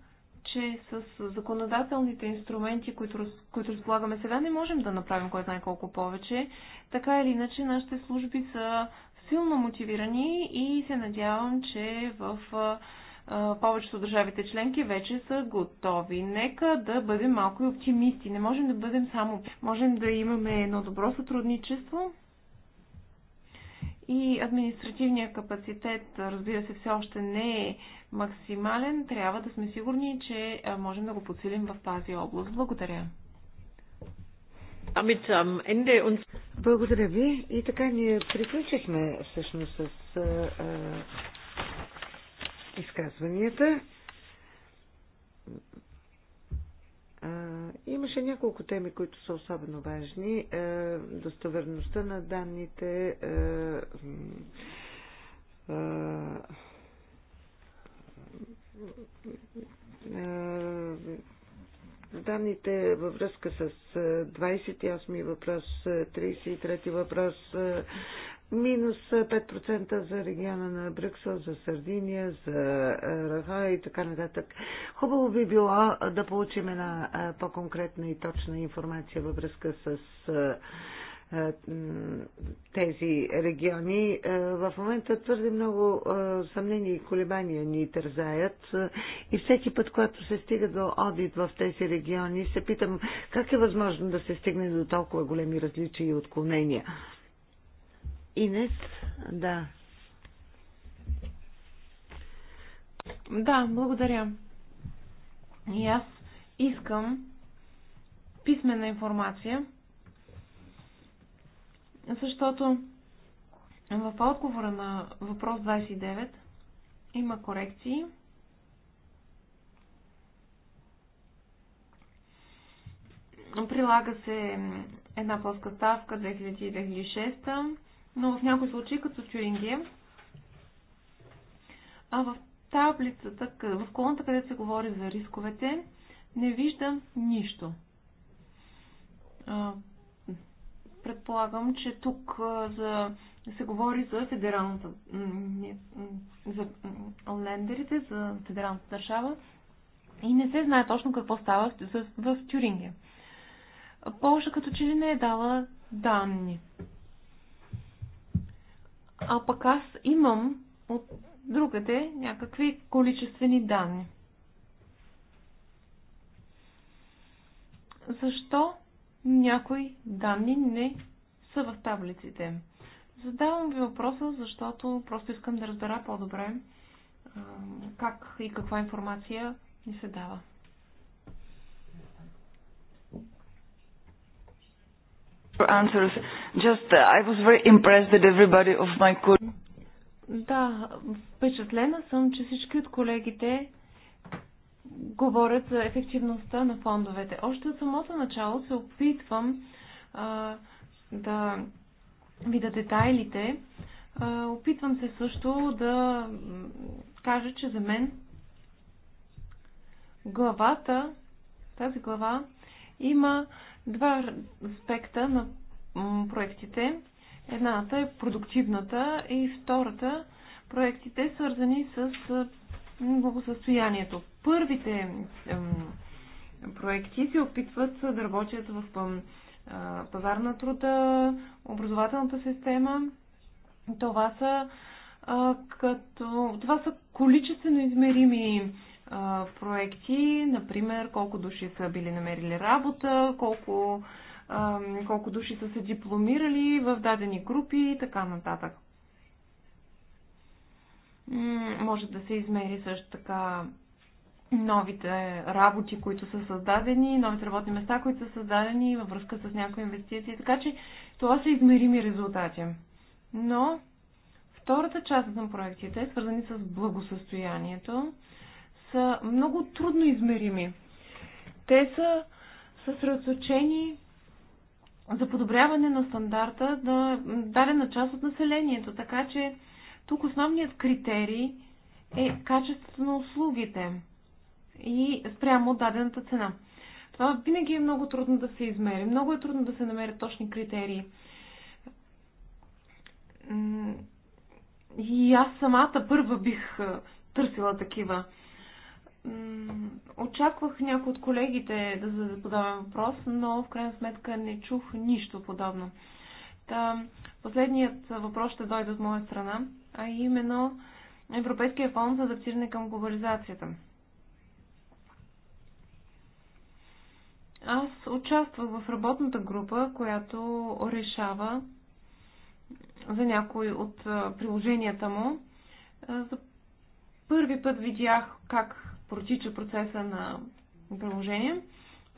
че с законодателните инструменти, които, които разполагаме сега, не можем да направим кой знае колко повече. Така или иначе, нашите служби са силно мотивирани и се надявам, че в повечето държавите членки вече са готови. Нека да бъдем малко и оптимисти. Не можем да бъдем само. Можем да имаме едно добро сътрудничество и административният капацитет, разбира се, все още не е максимален, трябва да сме сигурни, че можем да го подсилим в тази област. Благодаря. Благодаря ви. И така ние приключихме всъщност с а, а, изказванията. Имаше няколко теми, които са особено важни. Е, достоверността на данните, е, е, данните във връзка с 28 въпрос, 33 въпрос, минус 5% за региона на Брюксел, за Сардиния, за Раха и така нататък. Хубаво би било да получим една по-конкретна и точна информация във връзка с тези региони. В момента твърде много съмнения и колебания ни тързаят и всеки път, когато се стига до одит в тези региони, се питам как е възможно да се стигне до толкова големи различия и отклонения. Инес, да. Да, благодаря. И аз искам писмена информация, защото в отговора на въпрос 29 има корекции. Прилага се една плоска ставка 2000-2006 но в някои случаи, като Тюрингия, а в таблицата, в колонта, където се говори за рисковете, не виждам нищо. Предполагам, че тук за, се говори за федералната, за лендерите, за федералната държава и не се знае точно какво става в, в Тюрингия. Полша като че ли не е дала данни а пък аз имам от другаде някакви количествени данни. Защо някои данни не са в таблиците? Задавам ви въпроса, защото просто искам да разбера по-добре как и каква информация ни се дава. answers. Just, uh, I was very impressed that everybody of my colleagues. Да, впечатлена съм, че всички от колегите говорят за ефективността на фондовете. Още от самото начало се опитвам а, да видя детайлите. А, опитвам се също да кажа, че за мен главата, тази глава, има два аспекта на проектите. Едната е продуктивната и втората проектите свързани с благосъстоянието. Първите проекти се опитват да работят в пазар на труда, образователната система. Това са, като, това са количествено измерими проекти, например колко души са били намерили работа, колко, колко души са се дипломирали в дадени групи и така нататък. Може да се измери също така новите работи, които са създадени, новите работни места, които са създадени във връзка с някои инвестиции. Така че това са измерими резултати. Но втората част на проектите е свързани с благосъстоянието са много трудно измерими. Те са съсредоточени за подобряване на стандарта на дадена част от населението. Така че тук основният критерий е качеството на услугите и спрямо дадената цена. Това винаги е много трудно да се измери. Много е трудно да се намерят точни критерии. И аз самата първа бих търсила такива очаквах някои от колегите да зададе подобен въпрос, но в крайна сметка не чух нищо подобно. Та, последният въпрос ще дойде от моя страна, а именно Европейския фонд за адаптиране към глобализацията. Аз участвах в работната група, която решава за някои от приложенията му. За първи път видях как протича процеса на приложение.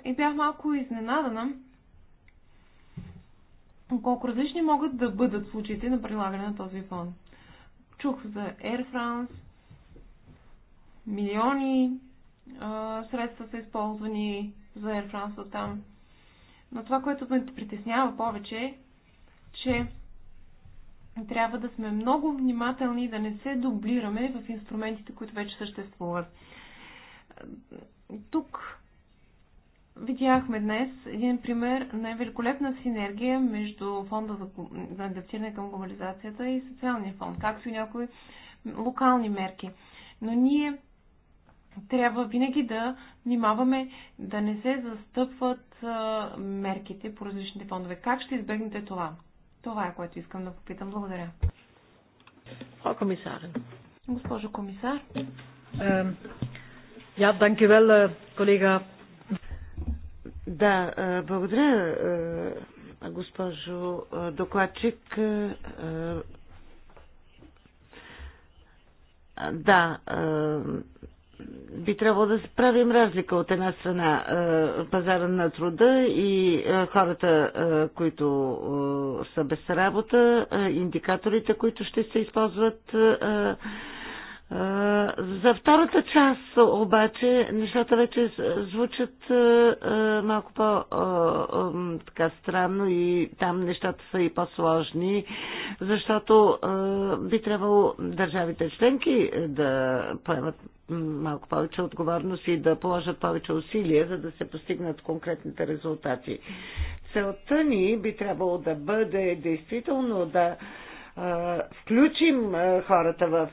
И бях малко изненадана колко различни могат да бъдат случаите на прилагане на този фон. Чух за Air France, милиони а, средства са използвани за Air France от там. Но това, което ме притеснява повече е, че трябва да сме много внимателни да не се дублираме в инструментите, които вече съществуват тук видяхме днес един пример на великолепна синергия между фонда за адаптиране към глобализацията и социалния фонд, както и някои локални мерки. Но ние трябва винаги да внимаваме да не се застъпват мерките по различните фондове. Как ще избегнете това? Това е което искам да попитам. Благодаря. комисар. Госпожо комисар. Ja, dankjewel, collega. Äh, да, э, благодаря, э, госпожо э, докладчик. Да, би трябвало да се правим разлика от една страна пазара на труда и хората, които са без работа, индикаторите, които ще се използват за втората част обаче нещата вече звучат малко по странно и там нещата са и по-сложни, защото би трябвало държавите членки е, да поемат малко повече отговорност и да положат повече усилия, за да се постигнат конкретните резултати. Целта ни би трябвало да бъде действително да включим хората в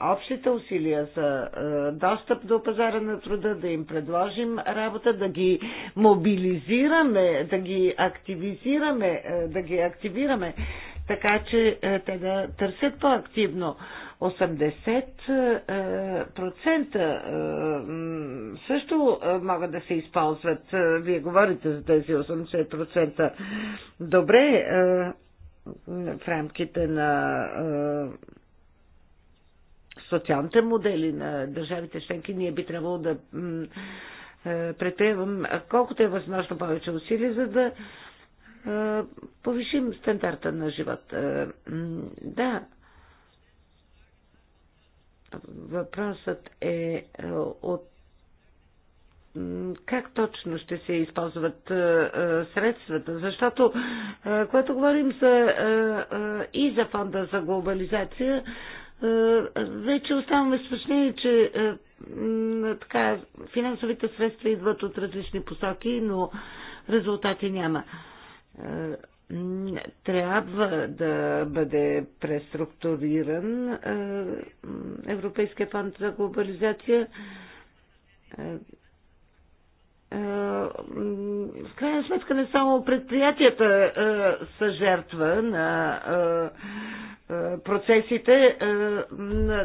общите усилия за достъп до пазара на труда, да им предложим работа, да ги мобилизираме, да ги активизираме, да ги активираме, така че те да търсят по-активно 80% е, е, също е, могат да се използват. Вие говорите за тези 80%. Добре, в рамките на социалните модели на държавите членки, ние би трябвало да предприемам колкото е възможно повече усилия, за да повишим стандарта на живот. Да, Въпросът е, е от как точно ще се използват е, е, средствата, защото когато говорим за, и за фонда за глобализация, вече оставаме с впечатление, че така, финансовите средства идват от различни посоки, но резултати няма трябва да бъде преструктуриран е, Европейския фонд за глобализация. Е, е, в крайна сметка не само предприятията са жертва на процесите,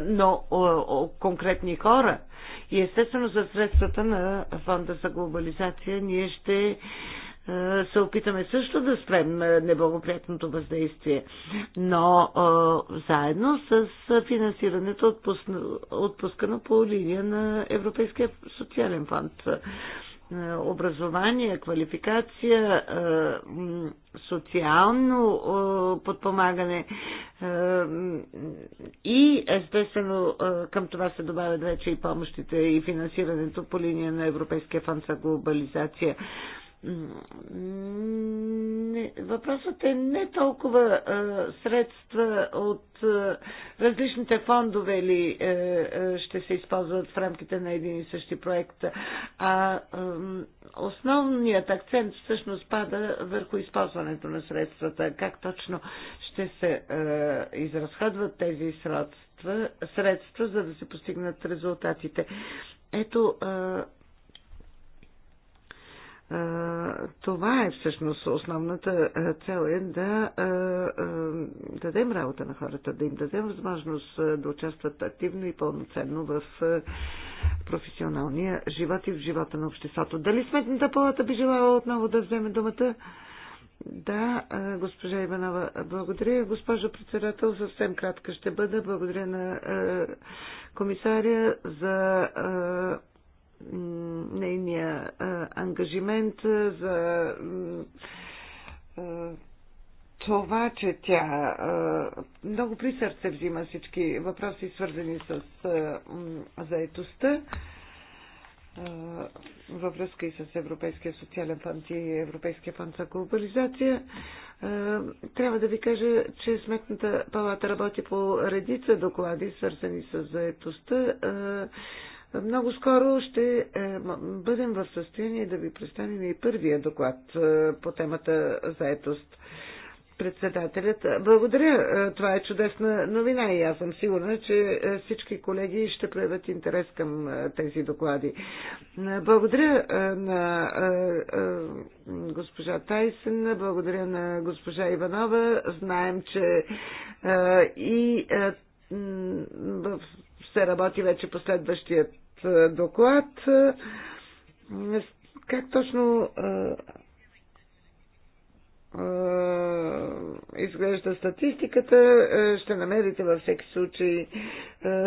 но конкретни хора. И естествено за средствата на фонда за глобализация ние ще е, се опитаме също да спрем е, неблагоприятното въздействие, но е, заедно с финансирането отпускано по линия на Европейския социален фонд. Образование, квалификация, социално подпомагане и естествено към това се добавят вече и помощите и финансирането по линия на Европейския фонд за глобализация. Въпросът е не толкова а, средства от а, различните фондове ли а, е, е, ще се използват в рамките на един и същи проект, а а, основният акцент всъщност пада върху използването на средствата. Как точно ще се а, изразходват тези средства, средства, за да се постигнат резултатите. Ето. А, това е всъщност основната цел е да дадем работа на хората, да им дадем възможност да участват активно и пълноценно в професионалния живот и в живота на обществото. Дали сметната палата би желала отново да вземе думата? Да, госпожа Иванова, благодаря. Госпожо председател, съвсем кратка ще бъда. Благодаря на комисаря за нейния ангажимент за това, че тя много при сърце взима всички въпроси, свързани с заетостта във връзка и с Европейския социален фонд и Европейския фонд за глобализация. Трябва да ви кажа, че Сметната палата работи по редица доклади, свързани с заетостта много скоро ще е, бъдем в състояние да ви представим и първия доклад е, по темата заетост. Председателят, е, благодаря. Това е чудесна новина и аз съм сигурна, че всички колеги ще проявят интерес към тези доклади. Благодаря на госпожа Тайсен, благодаря на госпожа Иванова. Знаем, че и в се работи вече последващият е, доклад. Е, как точно е, изглежда статистиката, ще намерите във всеки случай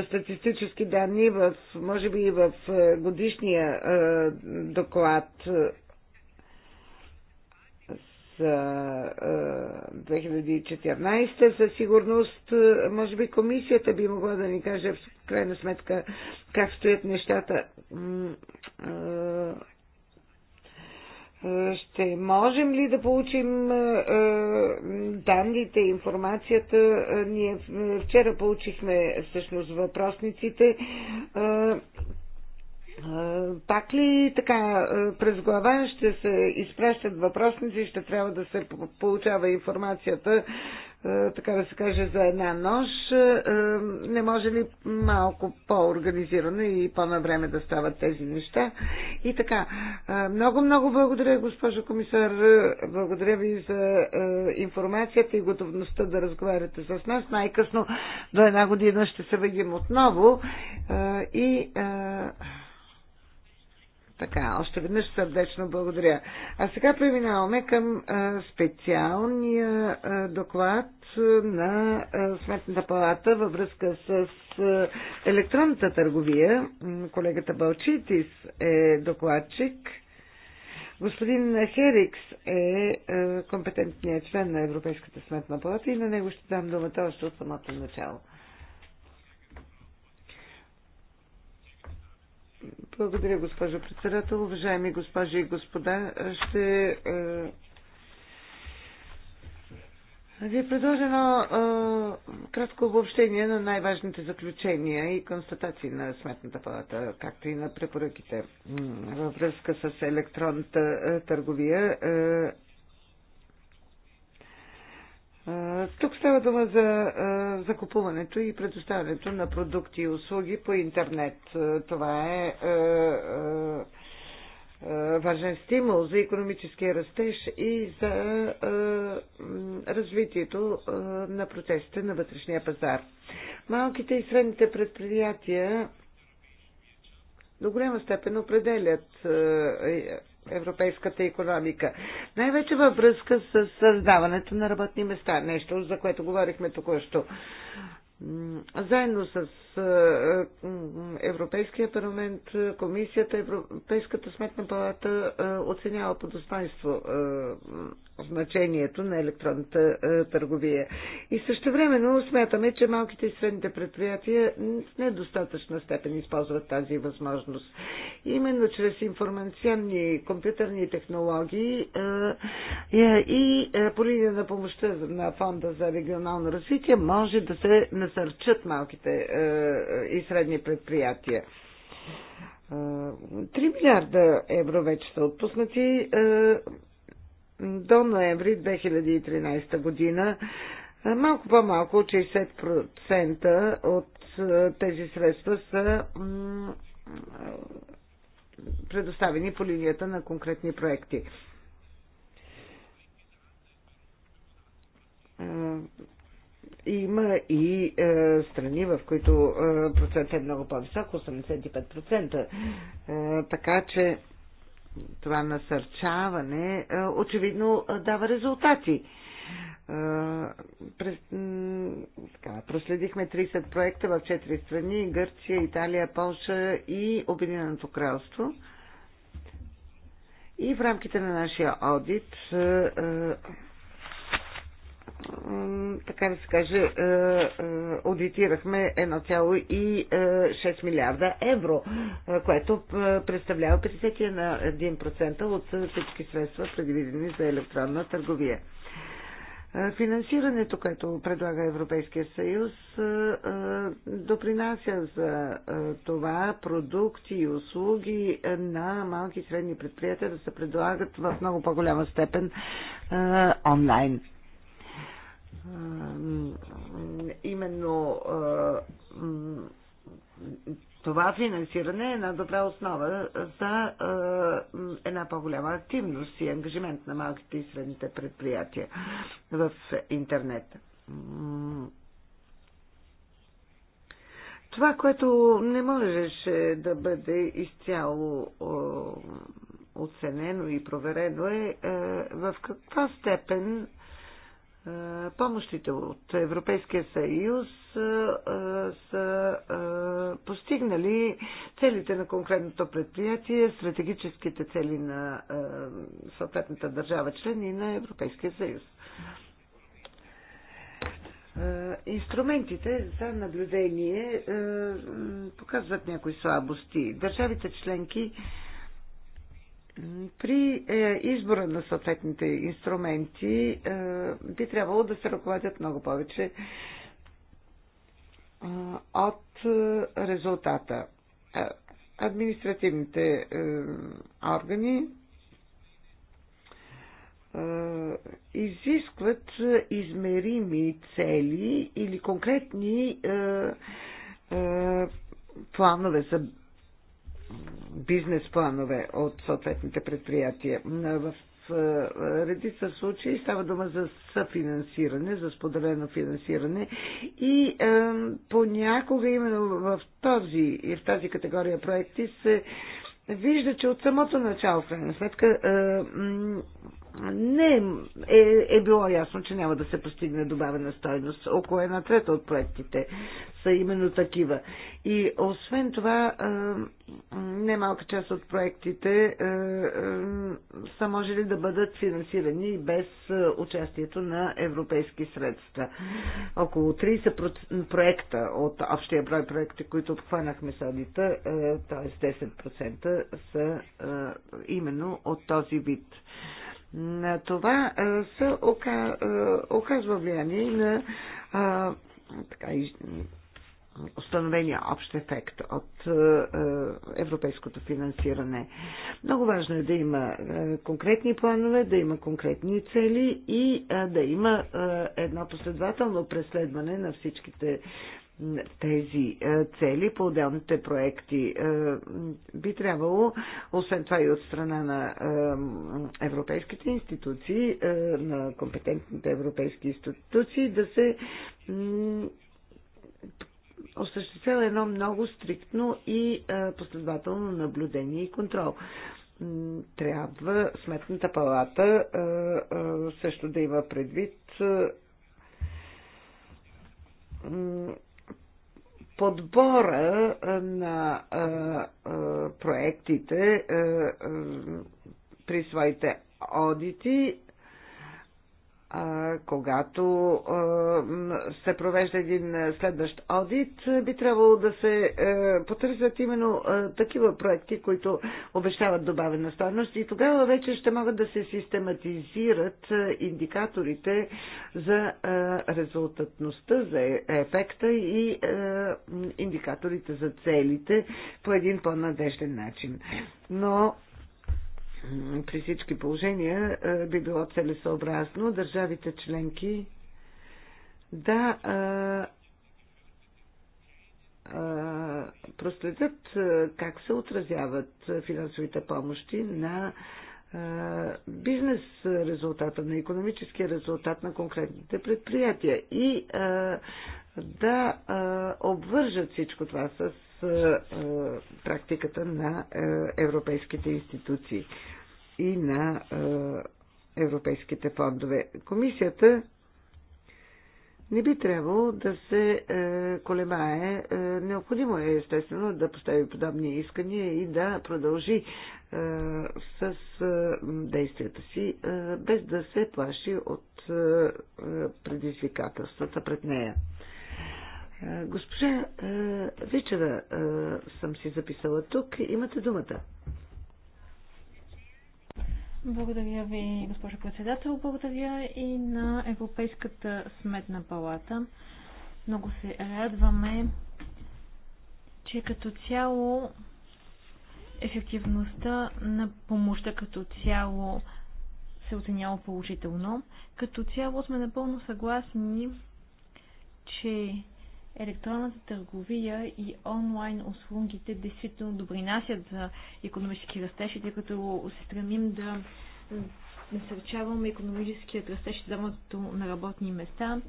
статистически данни, в, може би и в годишния доклад 2014 със сигурност, може би комисията би могла да ни каже в крайна сметка как стоят нещата. Ще можем ли да получим данните, информацията? Ние вчера получихме всъщност въпросниците пак ли така през глава ще се изпращат въпросници и ще трябва да се получава информацията, така да се каже, за една нощ? Не може ли малко по-организирано и по-на време да стават тези неща? И така, много-много благодаря, госпожо комисар. Благодаря ви за информацията и готовността да разговаряте с нас. Най-късно до една година ще се видим отново и така, още веднъж сърдечно благодаря. А сега преминаваме към специалния доклад на Сметната палата във връзка с електронната търговия. Колегата Балчитис е докладчик. Господин Херикс е компетентният член на Европейската сметна палата и на него ще дам думата още от самото начало. Благодаря, госпожо председател. Уважаеми госпожи и господа, ще е, ви предложа едно е, кратко обобщение на най-важните заключения и констатации на Сметната палата, както и на препоръките във връзка с електронната е, търговия Тук става дума за закупуването и предоставянето на продукти и услуги по интернет. Това е важен стимул за економическия растеж и за развитието на процесите на вътрешния пазар. Малките и средните предприятия до голяма степен определят европейската економика. Най-вече във връзка с създаването на работни места, нещо за което говорихме току-що. Заедно с е, е, Европейския парламент, Комисията, Европейската сметна палата е, оценява по достоинство значението на електронната е, търговия. И също времено смятаме, че малките и средните предприятия в недостатъчна степен използват тази възможност. Именно чрез информационни компютърни технологии е, е, и по линия на помощта на Фонда за регионално развитие може да се насърчат малките и средни предприятия. 3 милиарда евро вече са отпуснати до ноември 2013 година малко по-малко 60% от тези средства са предоставени по линията на конкретни проекти. Има и е, страни, в които е, процентът е много по-висок, 85%. Е, така че това насърчаване е, очевидно е, дава резултати. Е, през, така, проследихме 30 проекта в 4 страни Гърция, Италия, Полша и Обединеното кралство. И в рамките на нашия одит така да се каже, е, е, аудитирахме 1,6 е, милиарда евро, което представлява 51% от всички средства, предвидени за електронна търговия. Финансирането, което предлага Европейския съюз, допринася за това продукти и услуги на малки и средни предприятия да се предлагат в много по-голяма степен онлайн именно това финансиране е една добра основа за една по-голяма активност и ангажимент на малките и средните предприятия в интернет. Това, което не можеше да бъде изцяло оценено и проверено е в каква степен е, помощите от Европейския съюз е, е, са постигнали целите на конкретното предприятие, стратегическите цели на съответната държава член и на Европейския съюз. Инструментите за наблюдение показват някои слабости. Държавите членки при е, избора на съответните инструменти е, би трябвало да се ръководят много повече е, от резултата. Административните органи изискват измерими цели или конкретни планове за бизнес планове от съответните предприятия. В редица случаи става дума за съфинансиране, за споделено финансиране и е, понякога именно в, този, и в тази категория проекти се вижда, че от самото начало, в крайна сметка, е, не е, е било ясно, че няма да се постигне добавена стойност. Около една трета от проектите са именно такива. И освен това, немалка част от проектите са можели да бъдат финансирани без участието на европейски средства. Около 30 проекта от общия брой проекти, които обхванахме с одита, т.е. 10% са именно от този вид на това се оказва влияние на така, установения общ ефект от европейското финансиране. Много важно е да има конкретни планове, да има конкретни цели и да има едно последователно преследване на всичките тези е, цели по отделните проекти. Е, би трябвало, освен това и от страна на е, европейските институции, на компетентните европейски институции, да се осъществява едно много стриктно и последователно наблюдение и контрол трябва сметната палата също да има предвид подбора на проектите при своите одити когато се провежда един следващ одит, би трябвало да се е, потърсят именно е, такива проекти, които обещават добавена стойност и тогава вече ще могат да се систематизират е, индикаторите за резултатността, за ефекта и индикаторите за целите по един по-надежден начин. Но при всички положения би било целесообразно държавите членки да проследят как се отразяват финансовите помощи на бизнес резултата, на економическия резултат на конкретните предприятия и да обвържат всичко това с практиката на европейските институции и на европейските фондове. Комисията не би трябвало да се е, колебае. Е, необходимо е, естествено, да постави подобни искания и да продължи е, с е, действията си, е, без да се плаши от е, предизвикателствата пред нея. Е, госпожа е, Вичева е, съм си записала тук. Имате думата. Благодаря ви, госпожо председател. Благодаря и на Европейската сметна палата. Много се радваме, че като цяло ефективността на помощта като цяло се оценява положително. Като цяло сме напълно съгласни, че електронната търговия и онлайн услугите действително допринасят за економически растеж, тъй като се стремим да насърчаваме економическият растеж и създаването на работни места,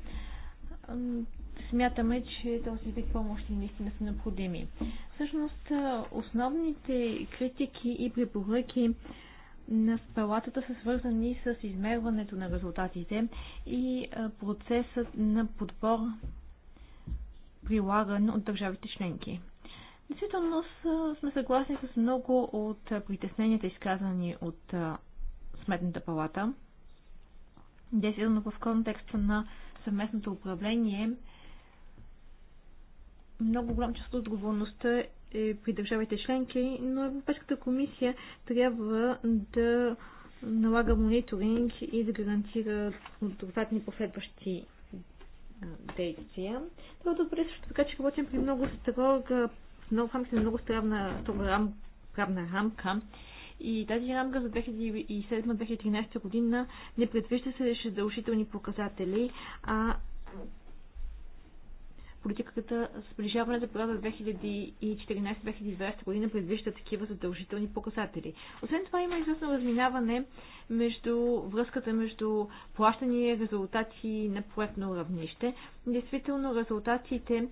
смятаме, че този вид помощи наистина са необходими. Всъщност, основните критики и препоръки на палатата са свързани с измерването на резултатите и процесът на подбор прилаган от държавите членки. Действително сме съгласни с много от притесненията, изказани от Сметната палата. Действително в контекста на съвместното управление много голям част от отговорността е при държавите членки, но Европейската комисия трябва да налага мониторинг и да гарантира адекватни последващи действия. Това е добре, също така, че работим при много строга, много в рамките на много строгна рам, правна рамка. И тази рамка за 2007-2013 година не предвижда се задължителни показатели, а политиката сближаване за периода 2014-2020 година предвижда такива задължителни показатели. Освен това има известно разминаване между връзката между и резултати на проектно равнище, действително резултатите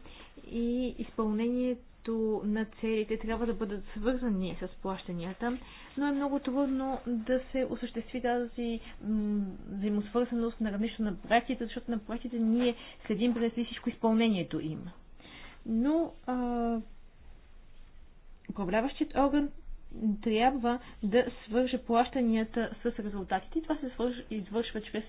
и изпълнението които на целите трябва да бъдат свързани с плащанията, но е много трудно да се осъществи тази взаимосвързаност на равнището на проектите, защото на проектите ние следим през всичко изпълнението им. Но управляващият орган трябва да свърже плащанията с резултатите. И това се извършва чрез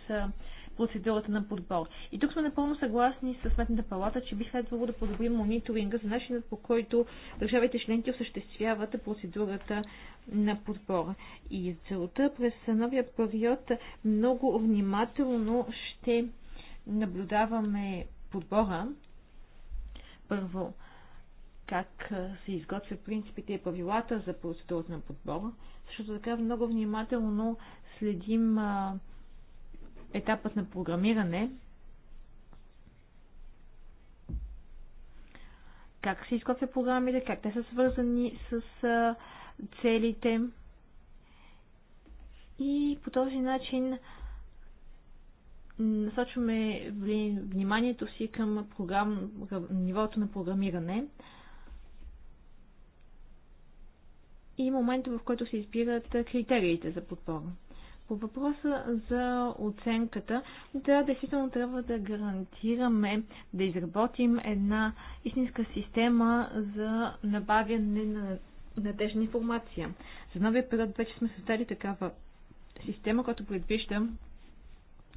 процедурата на подбор. И тук сме напълно съгласни с Сметната палата, че би следвало да подобрим мониторинга за начинът по който държавите членки осъществяват процедурата на подбора. И целта през новия период много внимателно ще наблюдаваме подбора. Първо, как се изготвя принципите и правилата за процедурата на подбора. Също така много внимателно следим етапът на програмиране, как се изготвя програмите, как те са свързани с целите. И по този начин насочваме вниманието си към програм... нивото на програмиране. И момента, в който се избират критериите за подпора. По въпроса за оценката, да, действително трябва да гарантираме да изработим една истинска система за набавяне на надежна информация. За новия период вече сме създали такава система, която предвижда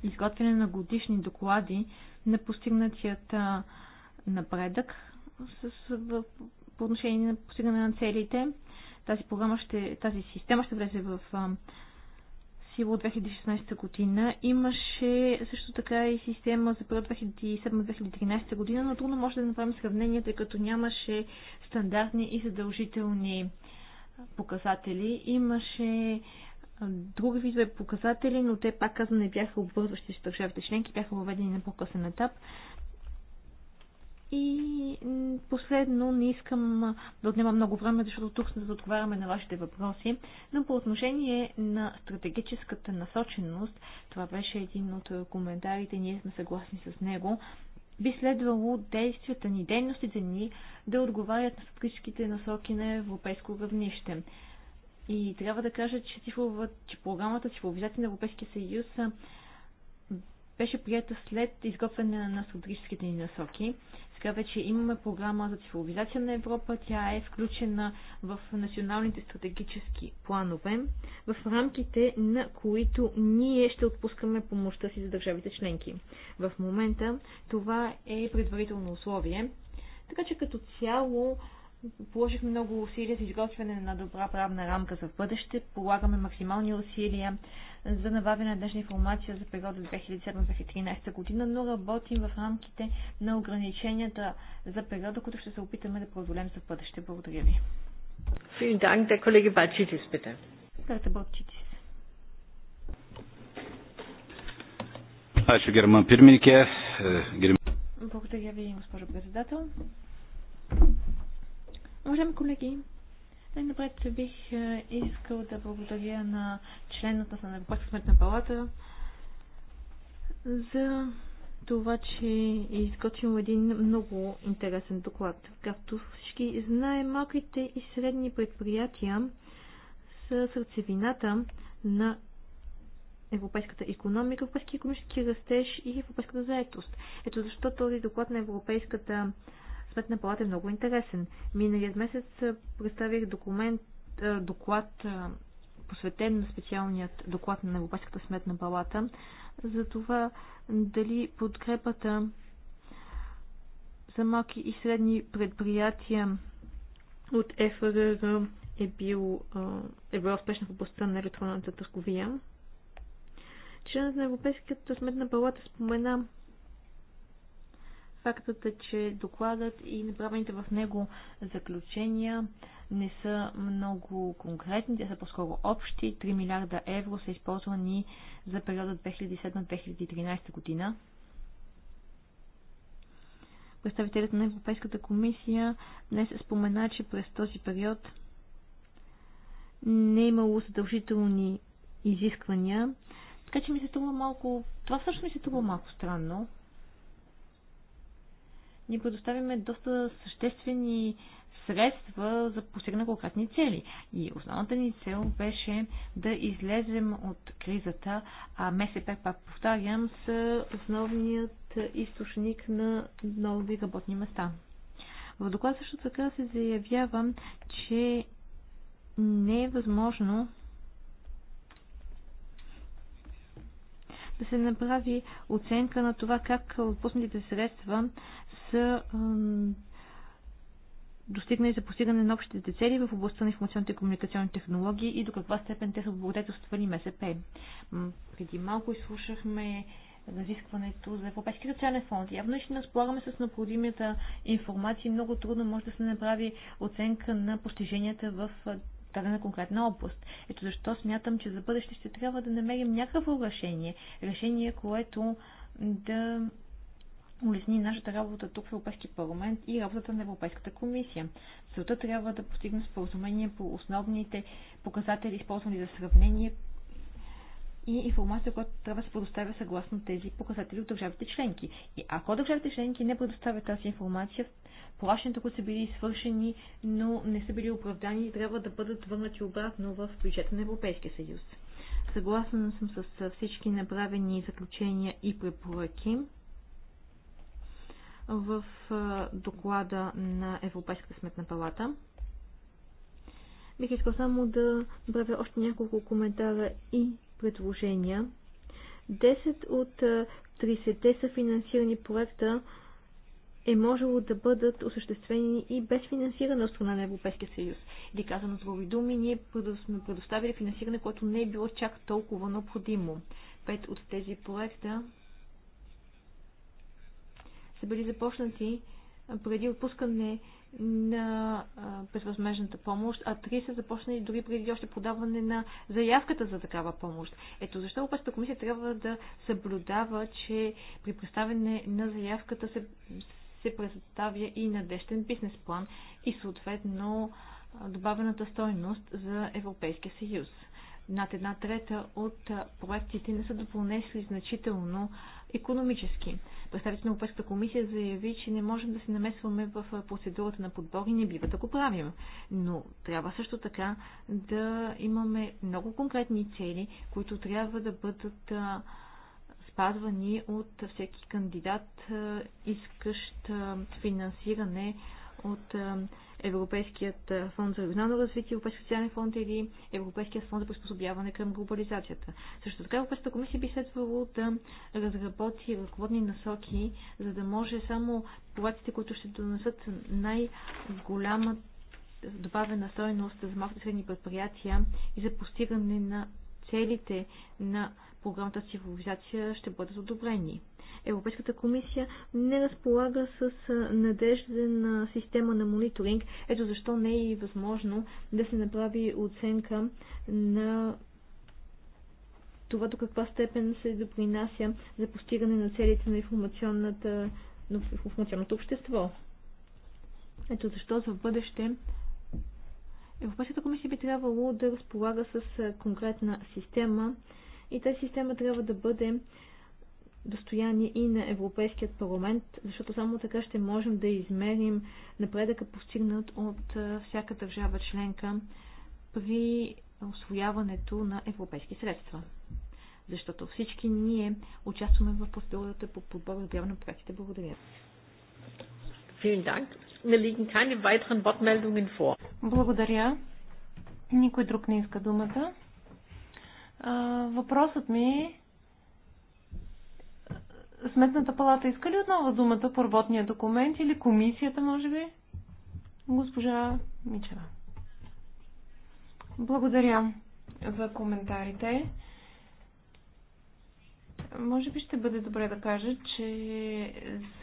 изготвяне на годишни доклади на постигнатият напредък с, в, по отношение на постигане на целите. Тази програма ще, тази система ще влезе в сила от 2016 година. Имаше също така и система за период 2007-2013 година, но трудно може да направим сравнение, тъй като нямаше стандартни и задължителни показатели. Имаше други видове показатели, но те пак казвам не бяха обвързващи с държавите членки, бяха въведени на по-късен етап. И последно, не искам да отнема много време, защото тук сме да отговаряме на вашите въпроси, но по отношение на стратегическата насоченост, това беше един от коментарите, ние сме съгласни с него, би следвало действията ни, дейностите ни да отговарят на стратегическите насоки на европейско равнище. И трябва да кажа, че, цифрова, че програмата цифровизация на Европейския съюз беше прията след изготвяне на стратегическите ни насоки. Сега вече имаме програма за цифровизация на Европа. Тя е включена в националните стратегически планове, в рамките на които ние ще отпускаме помощта си за държавите членки. В момента това е предварително условие. Така че като цяло Положихме много усилия за изготвяне на добра правна рамка за бъдеще. Полагаме максимални усилия за набавяне на днешна информация за периода 2007-2013 година, но работим в рамките на ограниченията за периода, които ще се опитаме да продолем за бъдеще. Благодаря ви. Vielen Dank, der Kollege bitte. Dr. E, Благодаря ви, госпожо председател. Уважаеми колеги, най-напред бих е, искал да благодаря на членната на Европейска сметна палата за това, че е изготвил един много интересен доклад. Както всички знаем, малките и средни предприятия са сърцевината на европейската економика, европейски економически растеж и европейската заетост. Ето защо този доклад на Европейската Сметна палата е много интересен. Миналият месец представих документ, доклад, посветен на специалният доклад на Европейската сметна палата за това дали подкрепата за малки и средни предприятия от ФРР е, бил, е била успешна в областта на електронната търговия. Членът на Европейската сметна палата спомена фактът е, че докладът и направените в него заключения не са много конкретни, те са по-скоро общи. 3 милиарда евро са използвани за периода 2007-2013 година. Представителят на Европейската комисия днес спомена, че през този период не е имало задължителни изисквания. Така че ми се струва малко... Това всъщност ми се струва малко странно ние предоставяме доста съществени средства за постигане конкретни цели. И основната ни цел беше да излезем от кризата, а МСП, пак повтарям, са основният източник на нови работни места. В доклад също така се заявява, че не е възможно да се направи оценка на това как отпуснатите средства са достигнали за постигане на общите цели в областта на информационните и комуникационни технологии и до каква степен те са благодетелствали МСП. Преди малко изслушахме разискването за Европейския социален фонд. Явно ще разполагаме с необходимата информация. Много трудно може да се направи оценка на постиженията в дадена конкретна област. Ето защо смятам, че за бъдеще ще трябва да намерим някакво решение. Решение, което да улесни нашата работа тук в Европейски парламент и работата на Европейската комисия. Целта трябва да постигне споразумение по основните показатели, използвани за сравнение и информация, която трябва да се предоставя съгласно тези показатели от държавите членки. И ако държавите членки не предоставят тази информация, плащането, които са били свършени, но не са били оправдани, трябва да бъдат върнати обратно в бюджета на Европейския съюз. Съгласна съм с всички направени заключения и препоръки в доклада на Европейската сметна палата. Бих искал само да правя още няколко коментара и предложения. 10 от 30-те са финансирани проекта е можело да бъдат осъществени и без финансиране от страна на Европейския съюз. Или казано с други думи, ние сме предоставили финансиране, което не е било чак толкова необходимо. Пет от тези проекта са били започнати преди отпускане на безвъзмежната помощ, а три са започнали дори преди още подаване на заявката за такава помощ. Ето защо Европейската комисия трябва да съблюдава, че при представяне на заявката се, се представя и надежден бизнес план и съответно добавената стойност за Европейския съюз. Над една трета от проектите не са допълнесли значително економически. Представителят на Европейската комисия заяви, че не можем да се намесваме в процедурата на подбор и не бива да го правим. Но трябва също така да имаме много конкретни цели, които трябва да бъдат спазвани от всеки кандидат, искащ финансиране от е, Европейският фонд за регионално развитие, Европейския социален фонд или Европейския фонд за приспособяване към глобализацията. Също така Европейската комисия би следвало да разработи ръководни насоки, за да може само проектите, които ще донесат най-голяма добавена стойност за малките средни предприятия и за постигане на целите на програмата цифровизация ще бъдат одобрени. Европейската комисия не разполага с на система на мониторинг. Ето защо не е и възможно да се направи оценка на това до каква степен се допринася за постигане на целите на, информационната, на информационното общество. Ето защо за бъдеще Европейската комисия би трябвало да разполага с конкретна система и тази система трябва да бъде достояние и на Европейският парламент, защото само така ще можем да измерим напредъка постигнат от всяка държава членка при освояването на европейски средства. Защото всички ние участваме в процедурата по подбор и на проектите. Благодаря. Благодаря. Никой друг не иска думата въпросът ми е Сметната палата иска ли отново думата по работния документ или комисията, може би? Госпожа Мичева. Благодаря за коментарите. Може би ще бъде добре да кажа, че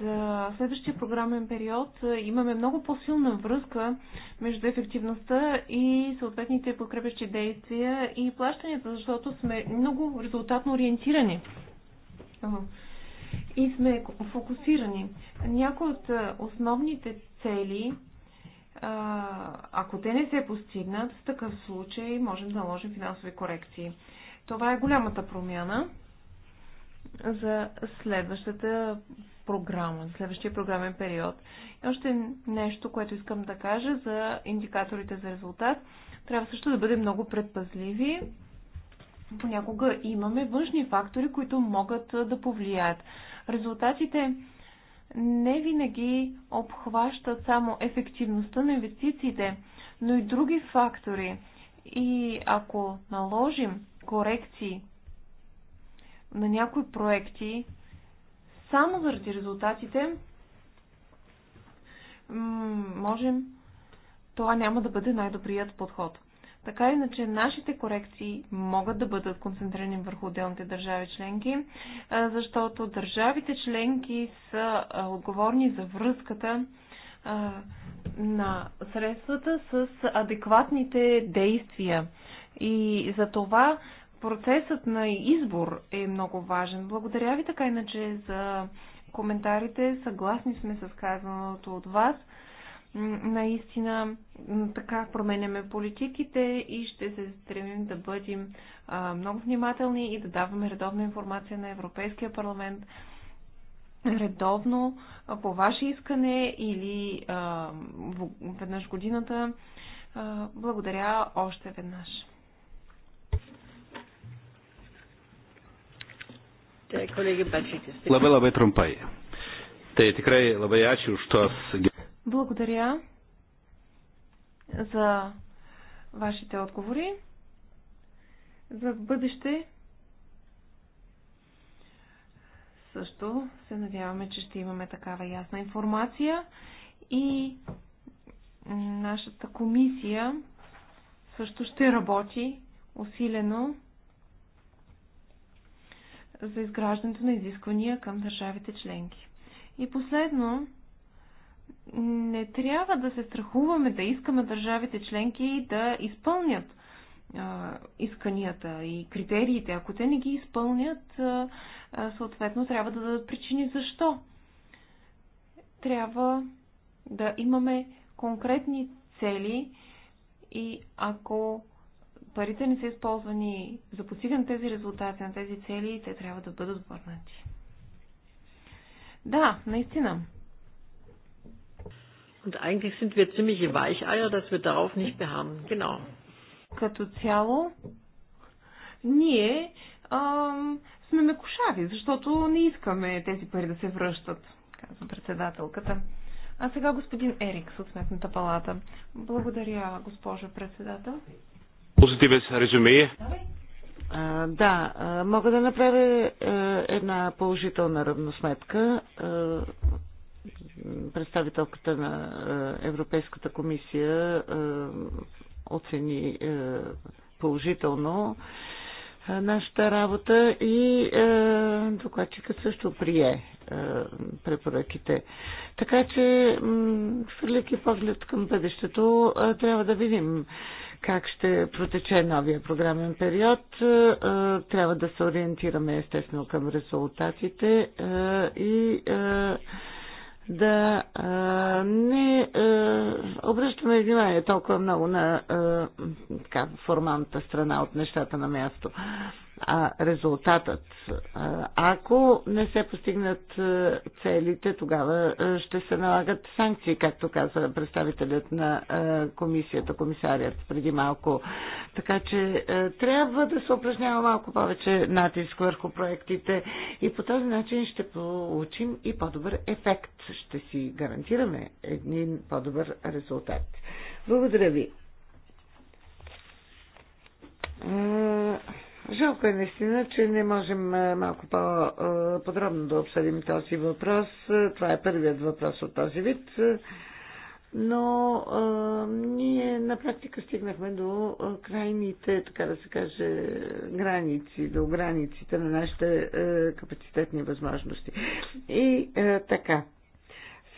за следващия програмен период имаме много по-силна връзка между ефективността и съответните подкрепящи действия и плащанията, защото сме много резултатно ориентирани и сме фокусирани. Някои от основните цели, ако те не се постигнат, в такъв случай можем да наложим финансови корекции. Това е голямата промяна за следващата програма, за следващия програмен период. И още нещо, което искам да кажа за индикаторите за резултат. Трябва също да бъдем много предпазливи. Понякога имаме външни фактори, които могат да повлияят. Резултатите не винаги обхващат само ефективността на инвестициите, но и други фактори. И ако наложим корекции на някои проекти, само заради резултатите, можем, това няма да бъде най-добрият подход. Така иначе нашите корекции могат да бъдат концентрирани върху отделните държави членки, защото държавите членки са отговорни за връзката на средствата с адекватните действия. И за това процесът на избор е много важен. Благодаря ви така иначе за коментарите. Съгласни сме с казаното от вас. Наистина така променяме политиките и ще се стремим да бъдем много внимателни и да даваме редовна информация на Европейския парламент редовно по ваше искане или а, веднъж годината. А, благодаря още веднъж. Labai labai trumpai. Tai tikrai labai ačiū už tos. Благодаря за вашите отговори. За бъдеще също се надяваме, че ще имаме такава ясна информация и нашата комисия също ще работи усилено за изграждането на изисквания към държавите членки. И последно, не трябва да се страхуваме да искаме държавите членки да изпълнят исканията и критериите. Ако те не ги изпълнят, съответно трябва да дадат причини защо. Трябва да имаме конкретни цели и ако парите не са използвани за постигане тези резултати, на тези цели те трябва да бъдат върнати. Да, наистина. Und eigentlich sind wir ziemliche Weicheier, dass wir darauf nicht beharren. Genau. Като цяло, ние ам, сме мекушави, защото не искаме тези пари да се връщат, казва председателката. А сега господин Ерикс от Сметната палата. Благодаря, госпожа председател. Позитивен резюме. Е? Да, мога да направя една положителна равносметка. Представителката на Европейската комисия оцени положително нашата работа и а, докладчикът също прие а, препоръките. Така че, хвърляйки поглед към бъдещето, трябва да видим как ще протече новия програмен период. Е, е, трябва да се ориентираме естествено към резултатите е, и да не обръщаме внимание толкова много на така, формалната страна от нещата на място а резултатът. Ако не се постигнат целите, тогава ще се налагат санкции, както каза представителят на комисията, комисарият преди малко. Така че трябва да се упражнява малко повече натиск върху проектите и по този начин ще получим и по-добър ефект. Ще си гарантираме един по-добър резултат. Благодаря ви. Жалко е наистина, че не можем малко по-подробно да обсъдим този въпрос. Това е първият въпрос от този вид. Но а, ние на практика стигнахме до крайните, така да се каже, граници, до границите на нашите а, капацитетни възможности. И а, така.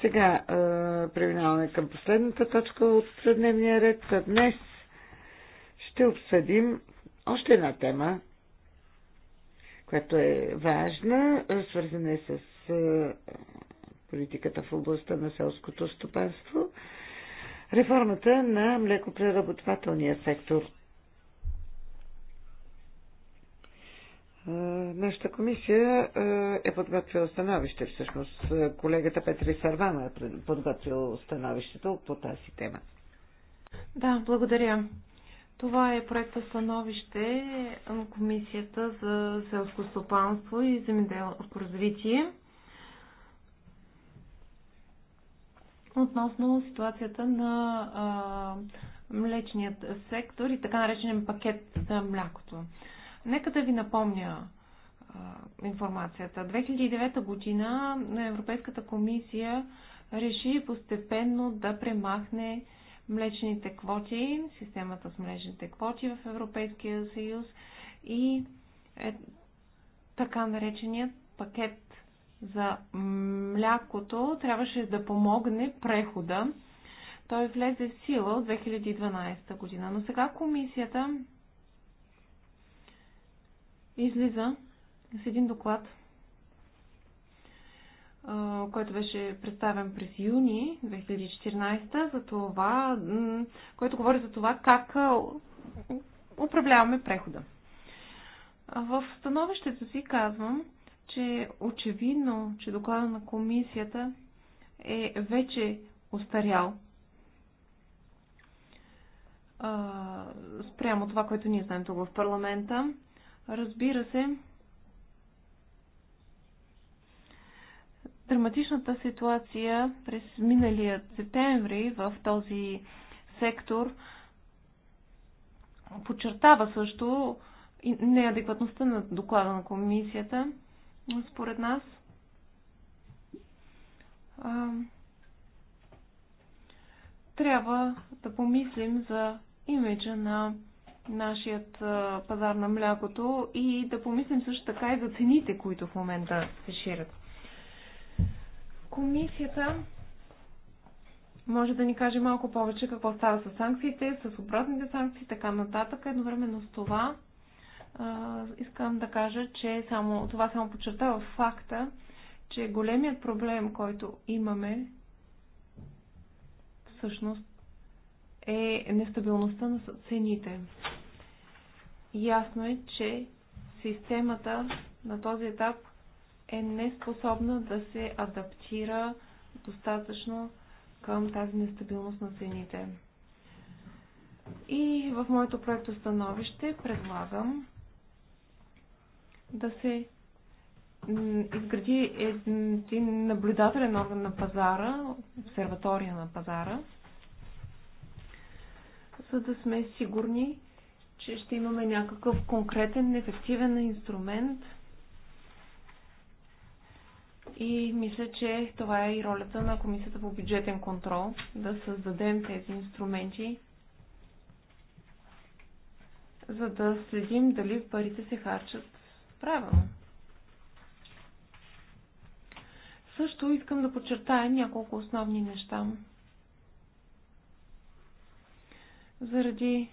Сега а, преминаваме към последната точка от дневния ред. Днес ще обсъдим още една тема, която е важна, е свързана е с политиката в областта на селското стопанство. Реформата на млекопреработвателния сектор. Е, нашата комисия е, е подготвила становище, всъщност колегата Петри Сарвана е подготвил становището по тази тема. Да, благодаря. Това е проекта становище на Комисията за селско стопанство и земеделско развитие относно ситуацията на а, млечният сектор и така наречен пакет за млякото. Нека да ви напомня а, информацията. 2009 година Европейската комисия реши постепенно да премахне а, млечните квоти, системата с млечните квоти в Европейския съюз и е, така нареченият пакет за млякото трябваше да помогне прехода. Той влезе в сила от 2012 година, но сега комисията излиза с един доклад – който беше представен през юни 2014, за това, който говори за това как управляваме прехода. В становището си казвам, че очевидно, че доклада на комисията е вече устарял спрямо това, което ние знаем тук в парламента. Разбира се, драматичната ситуация през миналия септември в този сектор подчертава също неадекватността на доклада на комисията, според нас. Трябва да помислим за имиджа на нашият пазар на млякото и да помислим също така и за цените, които в момента се ширят. Комисията може да ни каже малко повече какво става с санкциите, с обратните санкции, така нататък. Едновременно с това а, искам да кажа, че само, това само подчертава факта, че големият проблем, който имаме, всъщност е нестабилността на цените. Ясно е, че системата на този етап е неспособна да се адаптира достатъчно към тази нестабилност на цените. И в моето проекто становище предлагам да се изгради един наблюдателен орган на пазара, обсерватория на пазара, за да сме сигурни, че ще имаме някакъв конкретен, ефективен инструмент – и мисля, че това е и ролята на Комисията по бюджетен контрол да създадем тези инструменти, за да следим дали парите се харчат правилно. Също искам да подчертая няколко основни неща. Заради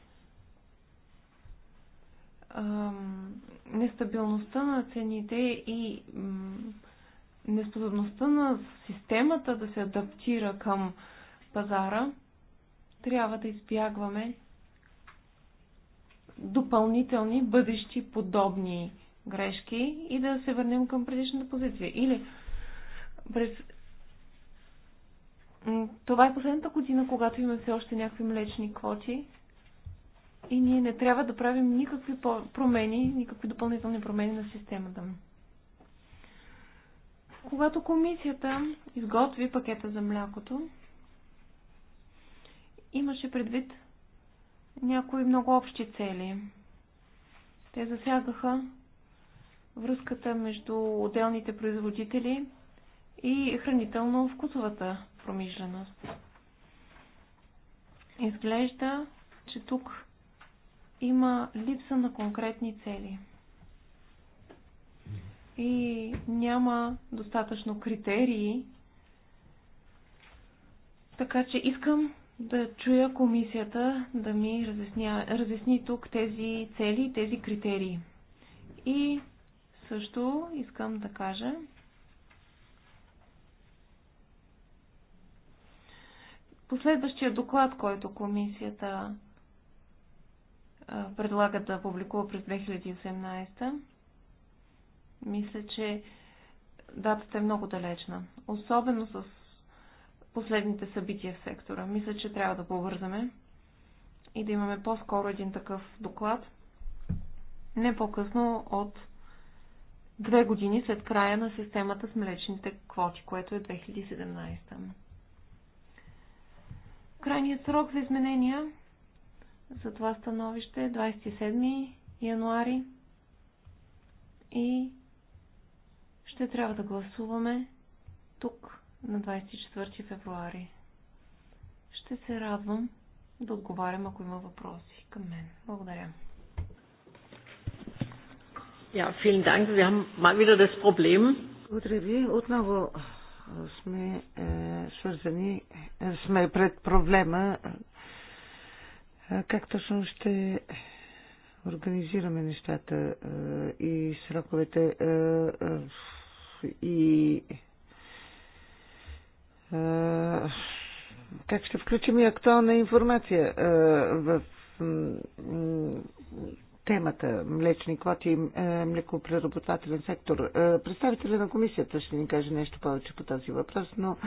нестабилността на цените и неспособността на системата да се адаптира към пазара, трябва да избягваме допълнителни бъдещи подобни грешки и да се върнем към предишната позиция. Или през това е последната година, когато имаме все още някакви млечни квоти и ние не трябва да правим никакви промени, никакви допълнителни промени на системата. Когато комисията изготви пакета за млякото, имаше предвид някои много общи цели. Те засягаха връзката между отделните производители и хранително-вкусовата промишленост. Изглежда, че тук има липса на конкретни цели – и няма достатъчно критерии. Така че искам да чуя комисията да ми разясня, разясни тук тези цели и тези критерии. И също искам да кажа, последващия доклад, който комисията предлага да публикува през 2018 мисля, че датата е много далечна. Особено с последните събития в сектора. Мисля, че трябва да повързаме и да имаме по-скоро един такъв доклад. Не по-късно от две години след края на системата с млечните квоти, което е 2017. Крайният срок за изменения за това становище е 27 януари и ще трябва да гласуваме тук на 24 февруари. Ще се радвам да отговарям, ако има въпроси към мен. Благодаря. Ja, vielen Dank. Wir haben mal wieder das Problem. Благодаря ви. Отново сме е, свързани, е, сме пред проблема е, как точно ще организираме нещата е, и сроковете. Е, е, и как ще включим и актуална информация в темата млечни квоти и млекопреработвателен сектор. Представителя на комисията ще ни каже нещо повече по този въпрос, но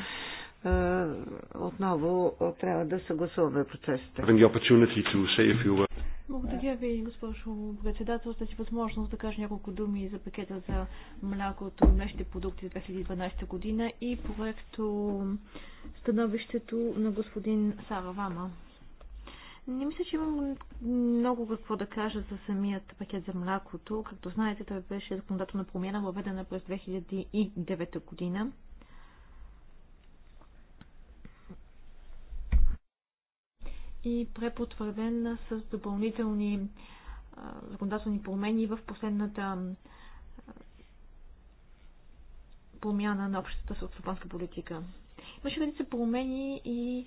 отново трябва да съгласуваме процесите. Благодаря ви, госпожо председател, за си възможност да кажа няколко думи за пакета за млякото и млечните продукти за 2012 година и проекто становището на господин Вама. Не мисля, че имам много какво да кажа за самият пакет за млякото. Както знаете, той беше законодателна промяна, въведена през 2009 година. и препотвърден с допълнителни законодателни промени в последната промяна на общата селскостопанска политика. Имаше редица промени и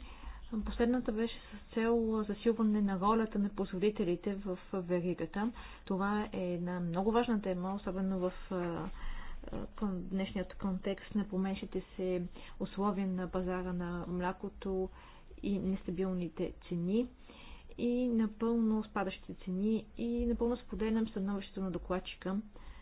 последната беше с цел засилване на ролята на производителите в веригата. Това е една много важна тема, особено в днешният контекст на поменшите се условия на пазара на млякото и нестабилните цени и напълно спадащите цени и напълно споделям становището на докладчика,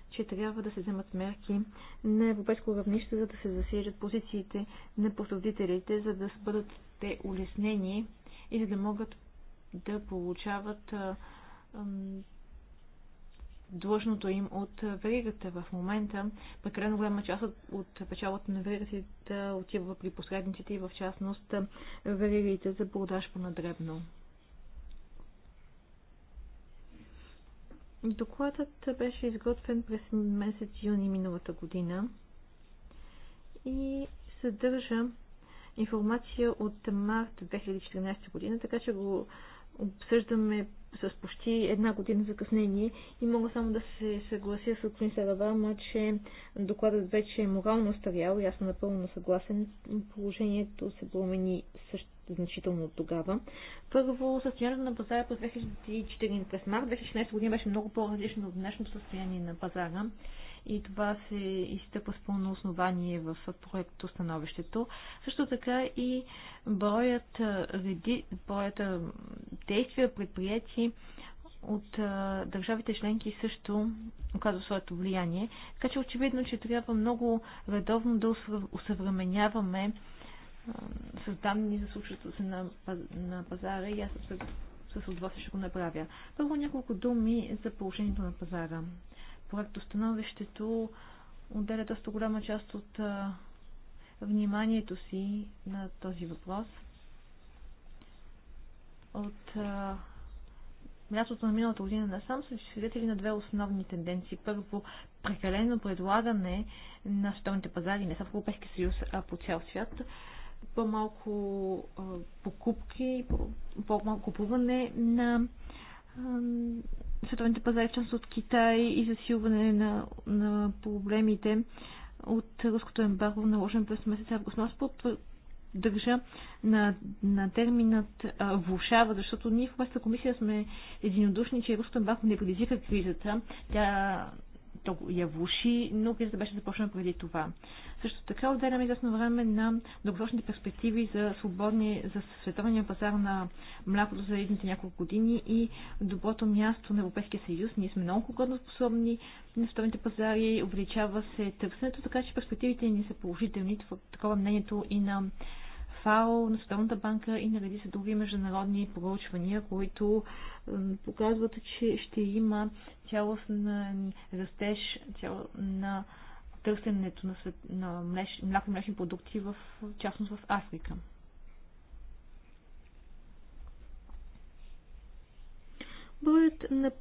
че трябва да се вземат мерки на европейско равнище, за да се засилят позициите на производителите, за да бъдат те улеснени и за да могат да получават длъжното им от веригата. В момента прекалено голяма част от, от печалата на веригата отива при посредниците и в частност веригите за продажба на дребно. Докладът беше изготвен през месец юни миналата година и съдържа информация от март 2014 година, така че го обсъждаме с почти една година закъснение и мога само да се съглася с господин Сарабама, че докладът вече е морално остарял и аз съм напълно съгласен. Положението се промени също значително от тогава. Първо, състоянието на пазара през 2014 през март 2016 година беше много по-различно от днешното състояние на пазара и това се изтъпва с пълно основание в проекто становището. Също така и броят, реди, броят действия предприяти от а, държавите членки също оказва своето влияние. Така че очевидно, че трябва много редовно да усъвременяваме а, с данни за случващото се на, на пазара и аз с, с удоволствие ще го направя. Първо няколко думи за положението на пазара проектостановището отделя доста голяма част от вниманието си на този въпрос. От мястото на миналата година насам са свидетели на две основни тенденции. Първо, прекалено предлагане на световните пазари, не само в Европейския съюз, а по цял свят. По-малко покупки, по-малко купуване на световните пазари, в част от Китай и засилване на, на проблемите от руското ембарго, наложен през месец август. Но аз държа на, на терминът а, влушава, защото ние в Местната комисия сме единодушни, че руското ембарго не предизвика кризата. Тя то я влуши, но кризата беше започнала преди това. Също така отделяме известно време на дългосрочните перспективи за свободни, за световния пазар на млякото за едните няколко години и доброто място на Европейския съюз. Ние сме много годно способни на световните пазари, увеличава се търсенето, така че перспективите ни са положителни. Такова мнението и на ФАО, на Световната банка и на редица други международни проучвания, които показват, че ще има цялостен растеж цяло, на търсенето на, свет, на млеч, мляко млечни продукти, в частност в Африка. Броят на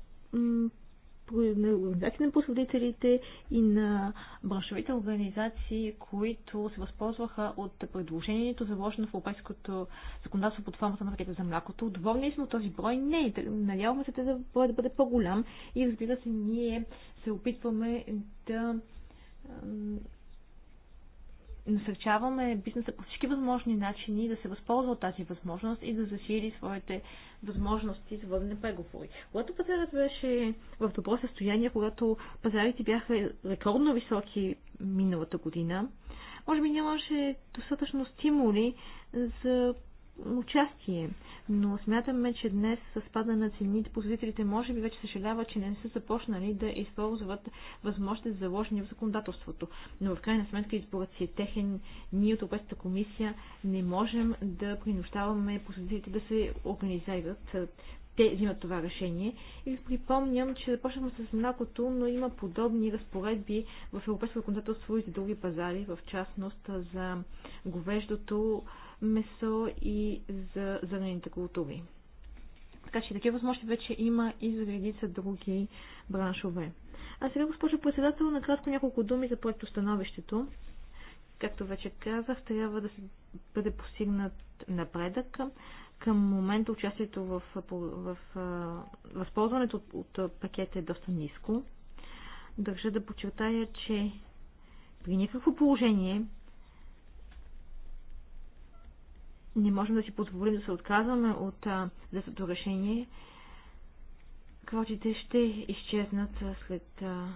на организации на производителите и на браншовите организации, които се възползваха от предложението, заложено в европейското законодателство под формата на пакета за млякото. Доволни сме от този брой? Не. Надяваме се да бъде, да бъде по-голям и разбира се, ние се опитваме да насърчаваме бизнеса по всички възможни начини да се възползва от тази възможност и да засили своите възможности за водене преговори. Когато пазарът беше в добро състояние, когато пазарите бяха рекордно високи миналата година, може би нямаше достатъчно стимули за участие, но смятаме, че днес с пада на цените производителите може би вече съжаляват, че не са започнали да използват възможности заложени в законодателството. Но в крайна сметка изборът си е техен. Ние от Обестата комисия не можем да принуждаваме производителите да се организират. Те взимат това решение. И ви припомням, че започнахме с млякото, но има подобни разпоредби в европейското законодателство и за други пазари, в частност за говеждото, месо и за зърнените култури. Така че такива възможности вече има и за редица други браншове. А сега, госпожо председател, накратко няколко думи за проектостановището. Както вече казах, трябва да се бъде постигнат напредък. Към момента участието в, в, в възползването от, от пакета е доста ниско. Държа да подчертая, че при никакво положение не можем да си позволим да се отказваме от взетото решение. Квотите ще изчезнат след а,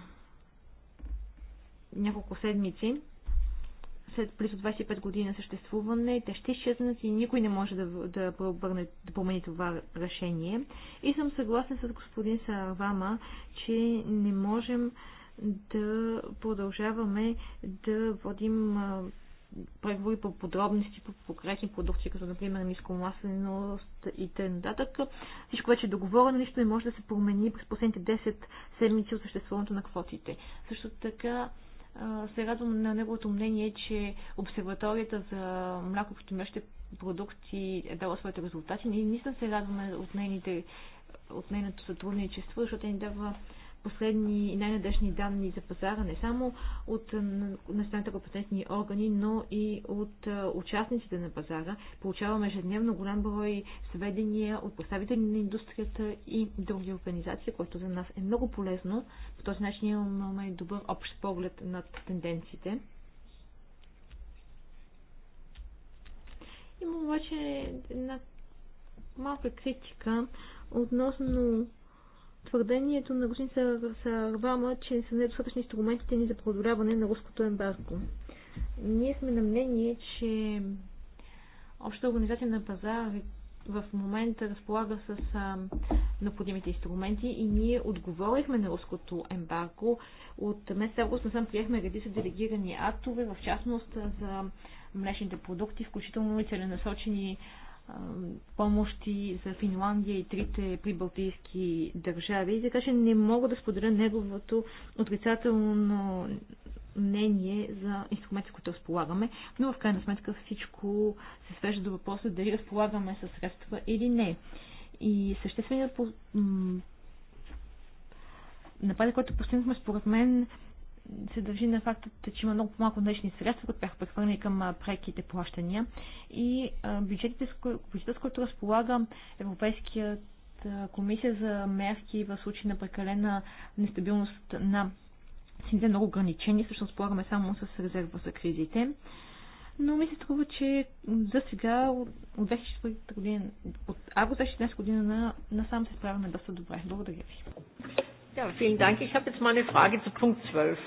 няколко седмици. След близо 25 години съществуване, те ще изчезнат и никой не може да, да, да промени това решение. И съм съгласен с господин Сарвама, че не можем да продължаваме да водим преговори по подробности по конкретни продукти, като например нискомасленост и т.н. Всичко вече е договорено, нищо не може да се промени през последните 10 седмици от съществуването на квотите. Също така се радвам на неговото мнение, че обсерваторията за млякопротомящите продукти е дала своите резултати. Ние наистина се радваме от, нейните, от нейното сътрудничество, защото ни дава последни и най-надежни данни за пазара не само от националните компетентни органи, но и от участниците на пазара. Получаваме ежедневно голям брой сведения от представители на индустрията и други организации, което за нас е много полезно. По този начин имаме и добър общ поглед над тенденциите. Има обаче една малка критика относно твърдението на господин Сарвама, че са недостатъчни инструментите ни за преодоляване на руското ембарго. Ние сме на мнение, че Общата организация на пазара в момента разполага с а, необходимите инструменти и ние отговорихме на руското ембарго. От месец август насам приехме редица делегирани актове, в частност за млечните продукти, включително и целенасочени помощи за Финландия и трите прибалтийски държави, така че не мога да споделя неговото отрицателно мнение за инструмента, които разполагаме, но в крайна сметка всичко се свежда до въпроса дали разполагаме със средства или не. И същественият напад, който постигнахме според мен се държи на факта, че има много по малко днешни средства, които бяха прехвърлени към преките плащания и бюджетите, бюджетът, с който разполага Европейският комисия за мерки в случай на прекалена нестабилност на цените много ограничени, всъщност полагаме само с резерва за кризите. Но ми се струва, че за сега от 2004 година, от август 2016 година на, насам се справяме доста добре. Благодаря ви. Ja, vielen Dank. Ich habe jetzt mal eine Frage zu Punkt 12.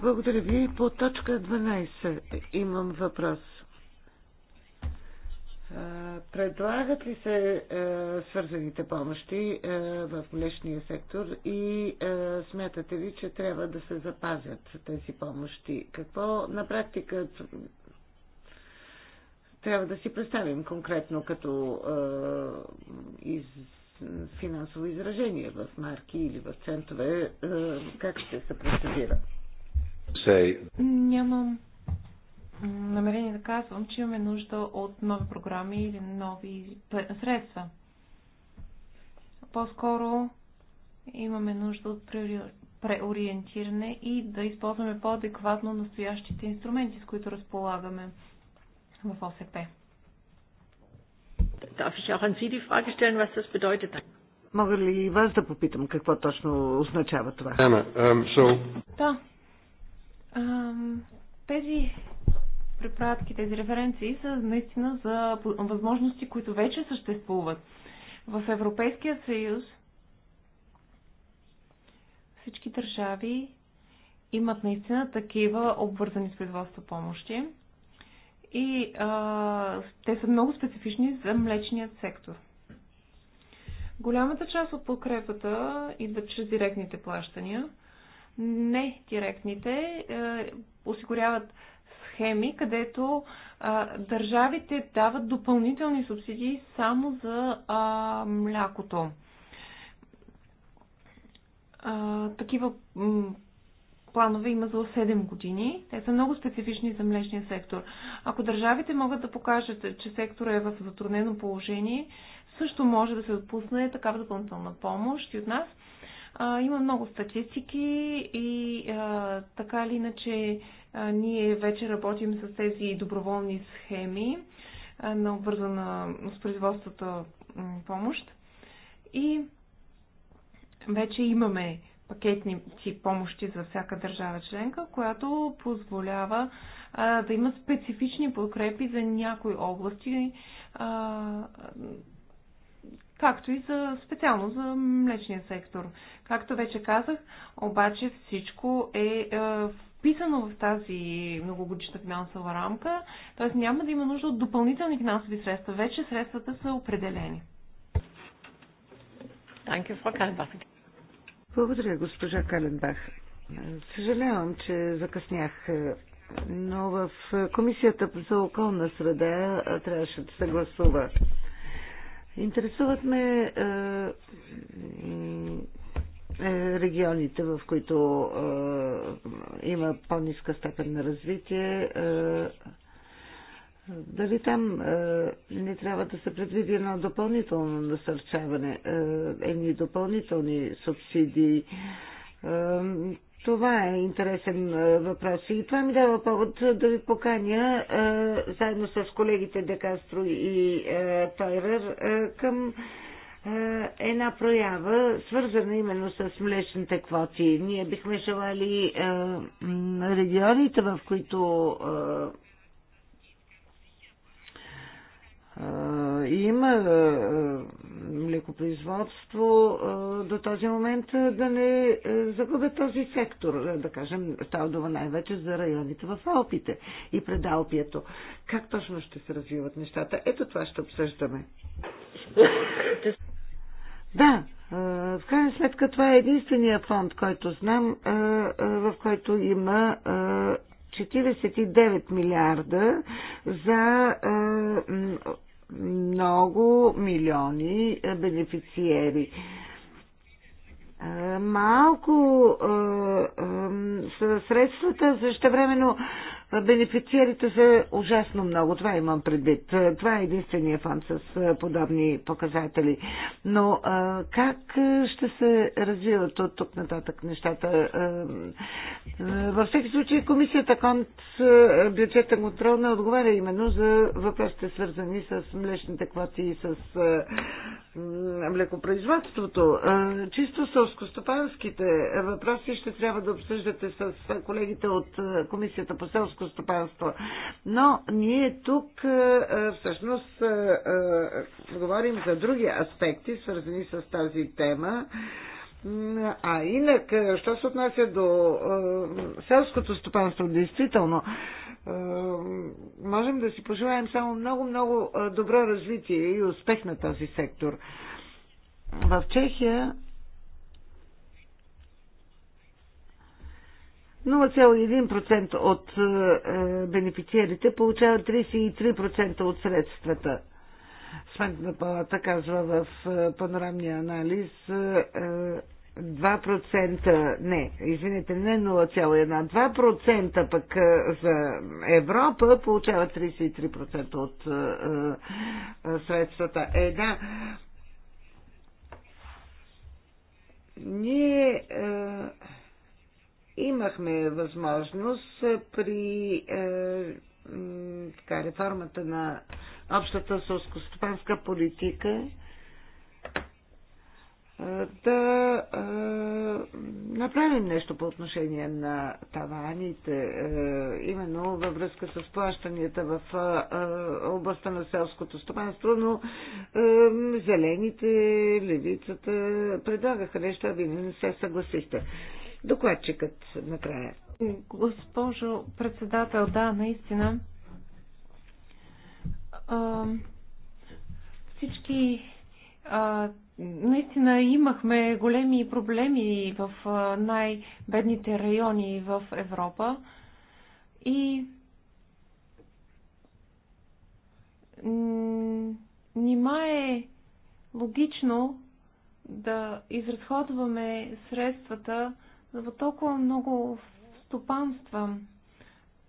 Благодаря ви. По точка 12 имам въпрос. Предлагат ли се свързаните помощи в млечния сектор и смятате ли, че трябва да се запазят тези помощи? Какво на практика трябва да си представим конкретно като из финансово изражение в марки или в центове, е, как ще се процедира? Say. Нямам намерение да казвам, че имаме нужда от нови програми или нови средства. По-скоро имаме нужда от преориентиране и да използваме по-адекватно настоящите инструменти, с които разполагаме в ОСП. Darf ich auch an Sie die Frage stellen, was das bedeutet? Мога ли и вас да попитам какво точно означава това? Anna, um, so... Да. Um, тези препратки, тези референции са наистина за възможности, които вече съществуват. В Европейския съюз всички държави имат наистина такива обвързани с производство помощи и а, те са много специфични за млечният сектор. Голямата част от подкрепата идва чрез директните плащания. Не директните а, е, осигуряват схеми, където а, държавите дават допълнителни субсидии само за а, млякото. А, такива планове има за 7 години. Те са много специфични за млечния сектор. Ако държавите могат да покажат, че сектора е в затруднено положение, също може да се отпусне такава допълнителна помощ и от нас. А, има много статистики и а, така или иначе а, ние вече работим с тези доброволни схеми а, на обвързана с производствата помощ. И вече имаме пакетни тип помощи за всяка държава членка, която позволява а, да има специфични подкрепи за някои области, а, както и за специално за млечния сектор. Както вече казах, обаче всичко е а, е, вписано в тази многогодишна финансова рамка, т.е. няма да има нужда от допълнителни финансови средства. Вече средствата са определени. for coming back. Благодаря, госпожа Каленбах. Съжалявам, че закъснях, е, но в Комисията за околна среда е, трябваше да се гласува. Интересуват ме е, регионите, в които е, има по-ниска степен на развитие, е, дали там е, не трябва да се предвиди едно допълнително насърчаване, е, едни допълнителни субсидии? Е, това е интересен въпрос и това ми дава повод да ви поканя заедно с колегите Декастро и Тойрер към една проява, свързана именно с млечните квоти. Ние бихме желали регионите, в които е, има е, е, млекопроизводство до този момент да не загубят този сектор. Да кажем, става дума най-вече за районите в Алпите и пред Алпието. Как точно ще се развиват нещата? Ето това ще обсъждаме. Да, в крайна сметка това е единствения фонд, който знам, в който има 49 милиарда за много милиони е, бенефициери. Е, малко е, средствата, също времено бенефициерите са ужасно много. Това имам предвид. Е, това е единствения фонд с е, подобни показатели. Но как е, ще се развиват от тук нататък нещата? Във всеки случай комисията Конт бюджетен контрол не отговаря именно за въпросите свързани с млечните квоти и с млекопроизводството. Чисто сълскостопанските въпроси ще трябва да обсъждате с колегите от Комисията по селско селско стопанство. Но ние тук е, е, всъщност е, говорим за други аспекти, свързани с тази тема. А инак, що се отнася до селското стопанство, действително, можем да си пожелаем само много-много добро развитие и успех на този сектор. В Чехия 0,1% от е, е, бенефициерите получават 33% от средствата. Сметна палата казва в е, панорамния анализ 2%, не, извинете, не 0,1, 2% пък за Европа получава 33% от средствата. Е, да, ние Имахме възможност при е, така, реформата на общата сълскостопанска политика е, да е, направим нещо по отношение на таваните, е, именно във връзка с плащанията в е, е областта на селското стопанство, но е, зелените, левицата предлагаха нещо, а вие не се съгласихте. Докладчикът накрая. Госпожо председател, да, наистина. А, всички а, наистина имахме големи проблеми в най-бедните райони в Европа и нима е логично да изразходваме средствата в толкова много стопанства.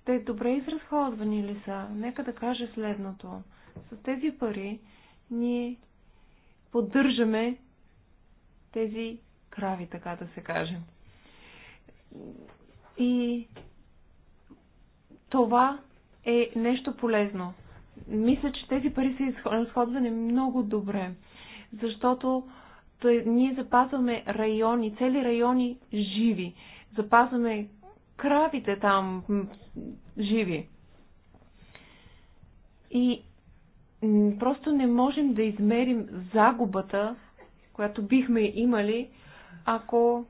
Те добре изразходвани ли са? Нека да кажа следното. С тези пари ние поддържаме тези крави, така да се каже. И това е нещо полезно. Мисля, че тези пари са изразходвани много добре, защото Та ние запазваме райони, цели райони живи. Запазваме кравите там живи. И просто не можем да измерим загубата, която бихме имали, ако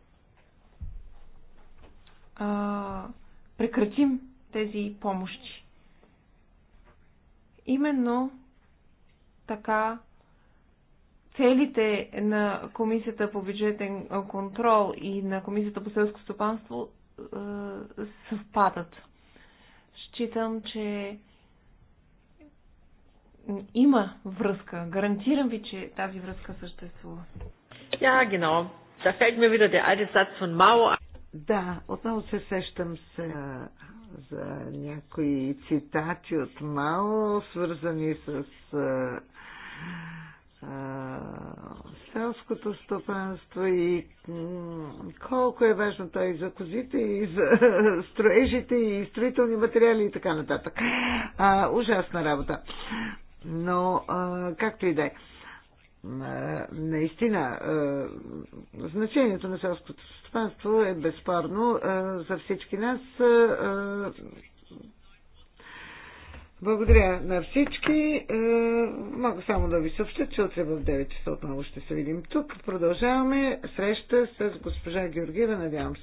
а, прекратим тези помощи. Именно така целите на Комисията по бюджетен контрол и на Комисията по селско стопанство е, съвпадат. Считам, че има връзка. Гарантирам ви, че тази връзка съществува. Ja, genau. Da fällt mir wieder der alte Satz von Mao Да, отново се сещам се за някои цитати от Мао, свързани с селското стопанство и колко е важно той и за козите, и за строежите, и строителни материали и така нататък. А, ужасна работа. Но, а, както и да е, наистина, а, значението на селското стопанство е безспорно а, за всички нас. А, благодаря на всички. Е, мога само да ви съобща, че утре в 9 часа отново ще се видим тук. Продължаваме среща с госпожа Георгиева. Надявам се,